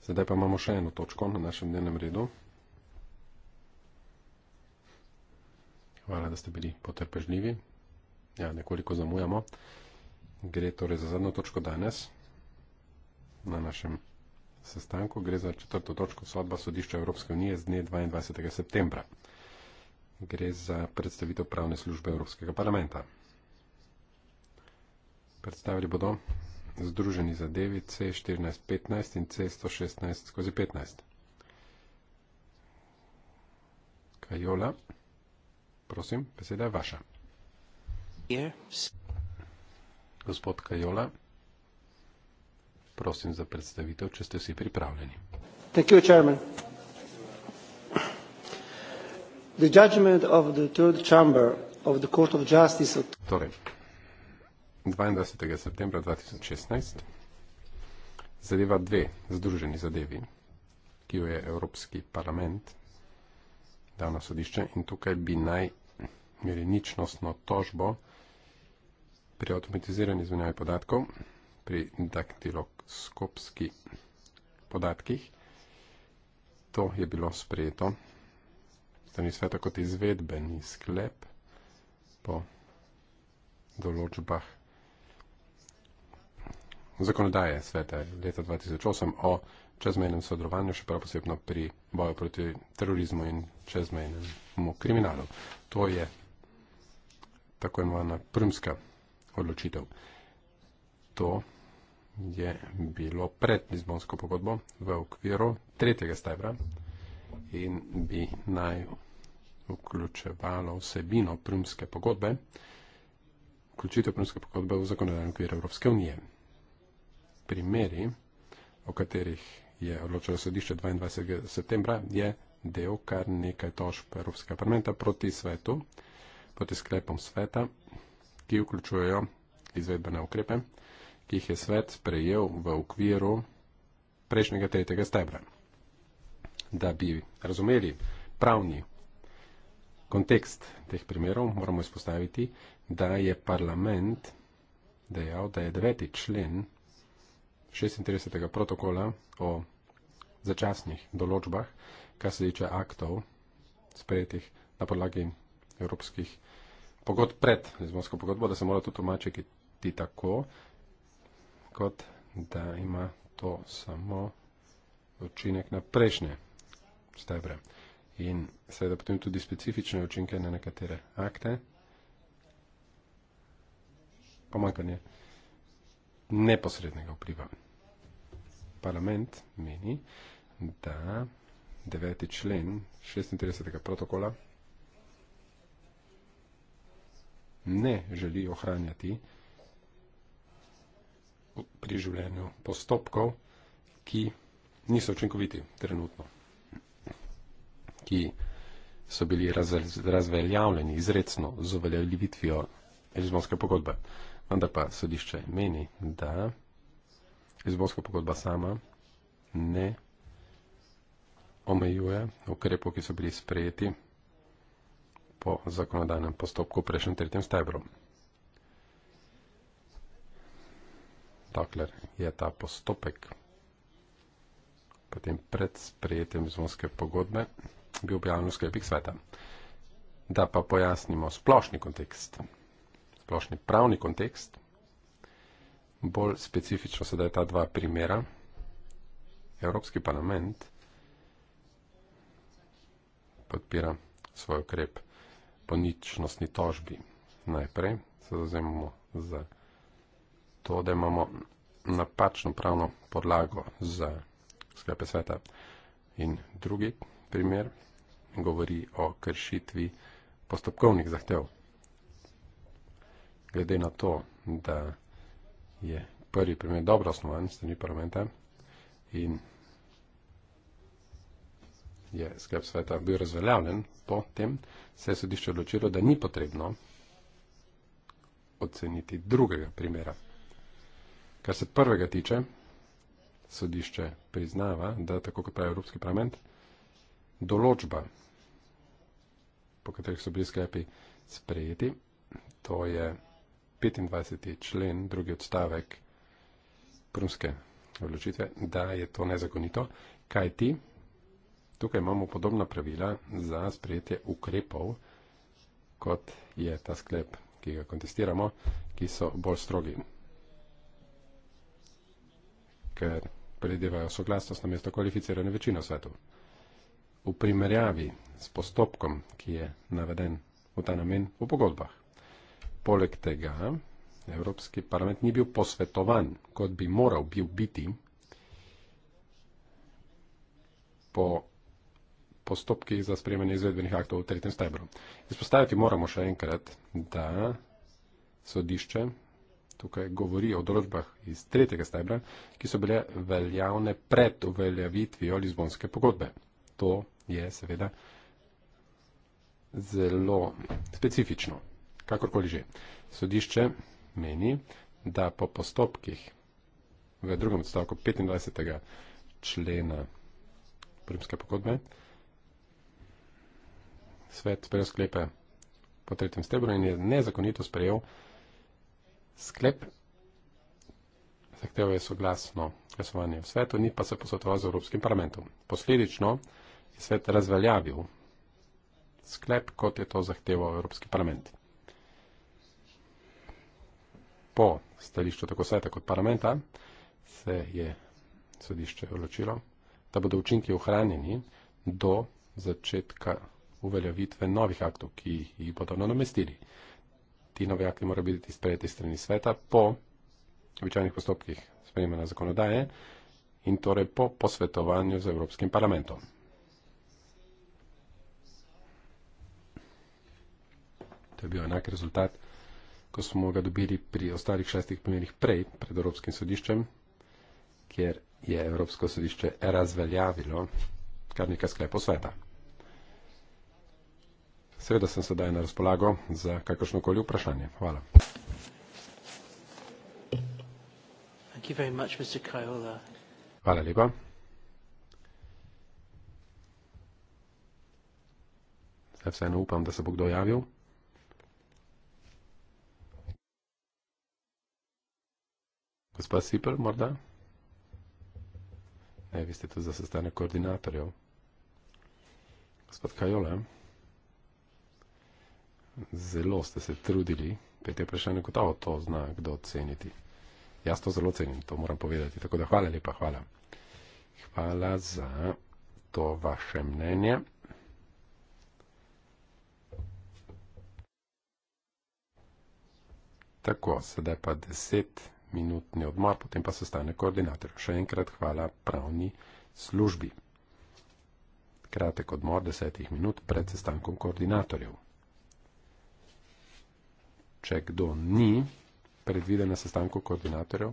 Zdaj pa imamo še eno točko na našem dnevnem redu. Hvala, da ste bili potrpežljivi. Ja, nekoliko zamujamo. Gre torej za zadnjo točko danes na našem sestanku. Gre za četrto točko sodba sodišča Evropske unije z dne 22. septembra. Gre za predstavitev pravne službe Evropskega parlamenta. Predstavili bodo združeni zadevi C1415 in C116 skozi 15. Kajola, prosim, beseda je vaša. Gospod Kajola. Prosim za predstavitev, če ste vsi pripravljeni. Thank you, Chairman. The judgment of the third chamber of the Court of Justice of torej, 22. septembra 2016 zadeva dve združeni zadevi, ki jo je Evropski parlament dal na sodišče in tukaj bi naj imeli ničnostno tožbo pri avtomatiziranju izmenjave podatkov pri daktiloskopski podatkih. To je bilo sprejeto strani sveta kot izvedbeni sklep po določbah zakonodaje sveta leta 2008 o čezmejnem sodelovanju, še prav posebno pri boju proti terorizmu in čezmejnemu kriminalu. To je tako imenovana prmska odločitev to je bilo pred Lizbonsko pogodbo v okviru tretjega stebra in bi naj vključevalo vsebino prumske pogodbe, vključitev prumske pogodbe v zakonodajni okvir Evropske unije. Primeri, o katerih je odločilo sodišče 22. septembra, je del kar nekaj tožb Evropskega parlamenta proti svetu, proti sklepom sveta, ki vključujejo izvedbene ukrepe ki jih je svet prejel v okviru prejšnjega tretjega stebra. Da bi razumeli pravni kontekst teh primerov, moramo izpostaviti, da je parlament dejal, da je deveti člen 36. protokola o začasnih določbah, kar se tiče aktov sprejetih na podlagi evropskih pogodb pred Lizbonsko pogodbo, da se mora to tolmačiti tako, kot da ima to samo učinek na prejšnje stebre. In seveda potem tudi specifične učinke na nekatere akte. Pomankanje neposrednega vpliva. Parlament meni, da 9. člen 36. protokola ne želi ohranjati pri življenju postopkov, ki niso učinkoviti trenutno, ki so bili razveljavljeni izredno z uveljavitvijo Lizbonske pogodbe. Vendar pa sodišče meni, da Lizbonska pogodba sama ne omejuje ukrepov, ki so bili sprejeti po zakonodajnem postopku v prejšnjem tretjem stebru. dokler je ta postopek potem pred sprejetjem zvonske pogodbe bil objavljen v sklepih sveta. Da pa pojasnimo splošni kontekst, splošni pravni kontekst, bolj specifično sedaj ta dva primera. Evropski parlament podpira svoj ukrep po ničnostni tožbi. Najprej se zazemamo za to, da imamo napačno pravno podlago za sklepe sveta. In drugi primer govori o kršitvi postopkovnih zahtev. Glede na to, da je prvi primer dobro osnovan strani parlamenta in je sklep sveta bil razveljavljen po tem, se je sodišče odločilo, da ni potrebno oceniti drugega primera. Kar se prvega tiče, sodišče priznava, da tako kot pravi Evropski parlament, določba, po katerih so bili sklepi sprejeti, to je 25. člen, drugi odstavek prunske odločitve, da je to nezakonito, kaj ti, tukaj imamo podobna pravila za sprejetje ukrepov, kot je ta sklep, ki ga kontestiramo, ki so bolj strogi ker predevajo soglasnost na mesto kvalificirane večine v svetu. V primerjavi s postopkom, ki je naveden v ta namen v pogodbah. Poleg tega, Evropski parlament ni bil posvetovan, kot bi moral bil biti, po postopkih za sprejemanje izvedbenih aktov v tretjem stebru. Izpostaviti moramo še enkrat, da sodišče tukaj govori o določbah iz tretjega stebra, ki so bile veljavne pred uveljavitvijo Lizbonske pogodbe. To je seveda zelo specifično, kakorkoli že. Sodišče meni, da po postopkih v drugem odstavku 25. člena Primske pogodbe svet sprejel sklepe po tretjem stebru in je nezakonito sprejel Sklep. Zahteval je soglasno glasovanje v svetu, ni pa se posvetoval z Evropskim parlamentom. Posledično je svet razveljavil sklep, kot je to zahteval Evropski parlament. Po stališču tako sveta kot parlamenta se je sodišče odločilo, da bodo učinki ohranjeni do začetka uveljavitve novih aktov, ki jih bodo nadomestili. No ti novi akti morajo biti sprejeti strani sveta po običajnih postopkih sprejemanja zakonodaje in torej po posvetovanju z Evropskim parlamentom. To je bil enak rezultat, ko smo ga dobili pri ostalih šestih primerih prej pred Evropskim sodiščem, kjer je Evropsko sodišče razveljavilo kar nekaj sklepov sveta. Seveda sem sedaj na razpolago za kakršno koli vprašanje. Hvala. Hvala lepa. Zdaj vseeno upam, da se bo kdo javil. Gospa Sipel, morda? Ne, vi ste tu za sestanek koordinatorjev. Gospod Kajola zelo ste se trudili, pet je vprašanje, gotovo to zna kdo ceniti. Jaz to zelo cenim, to moram povedati. Tako da hvala lepa, hvala. Hvala za to vaše mnenje. Tako, sedaj pa deset minutni odmor, potem pa se stane koordinator. Še enkrat hvala pravni službi. Kratek odmor desetih minut pred sestankom koordinatorjev če kdo ni predviden na sestanku koordinatorjev,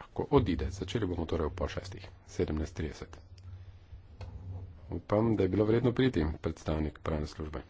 lahko odide. Začeli bomo torej v pol šestih, 17.30. Upam, da je bilo vredno priti predstavnik pravne službe.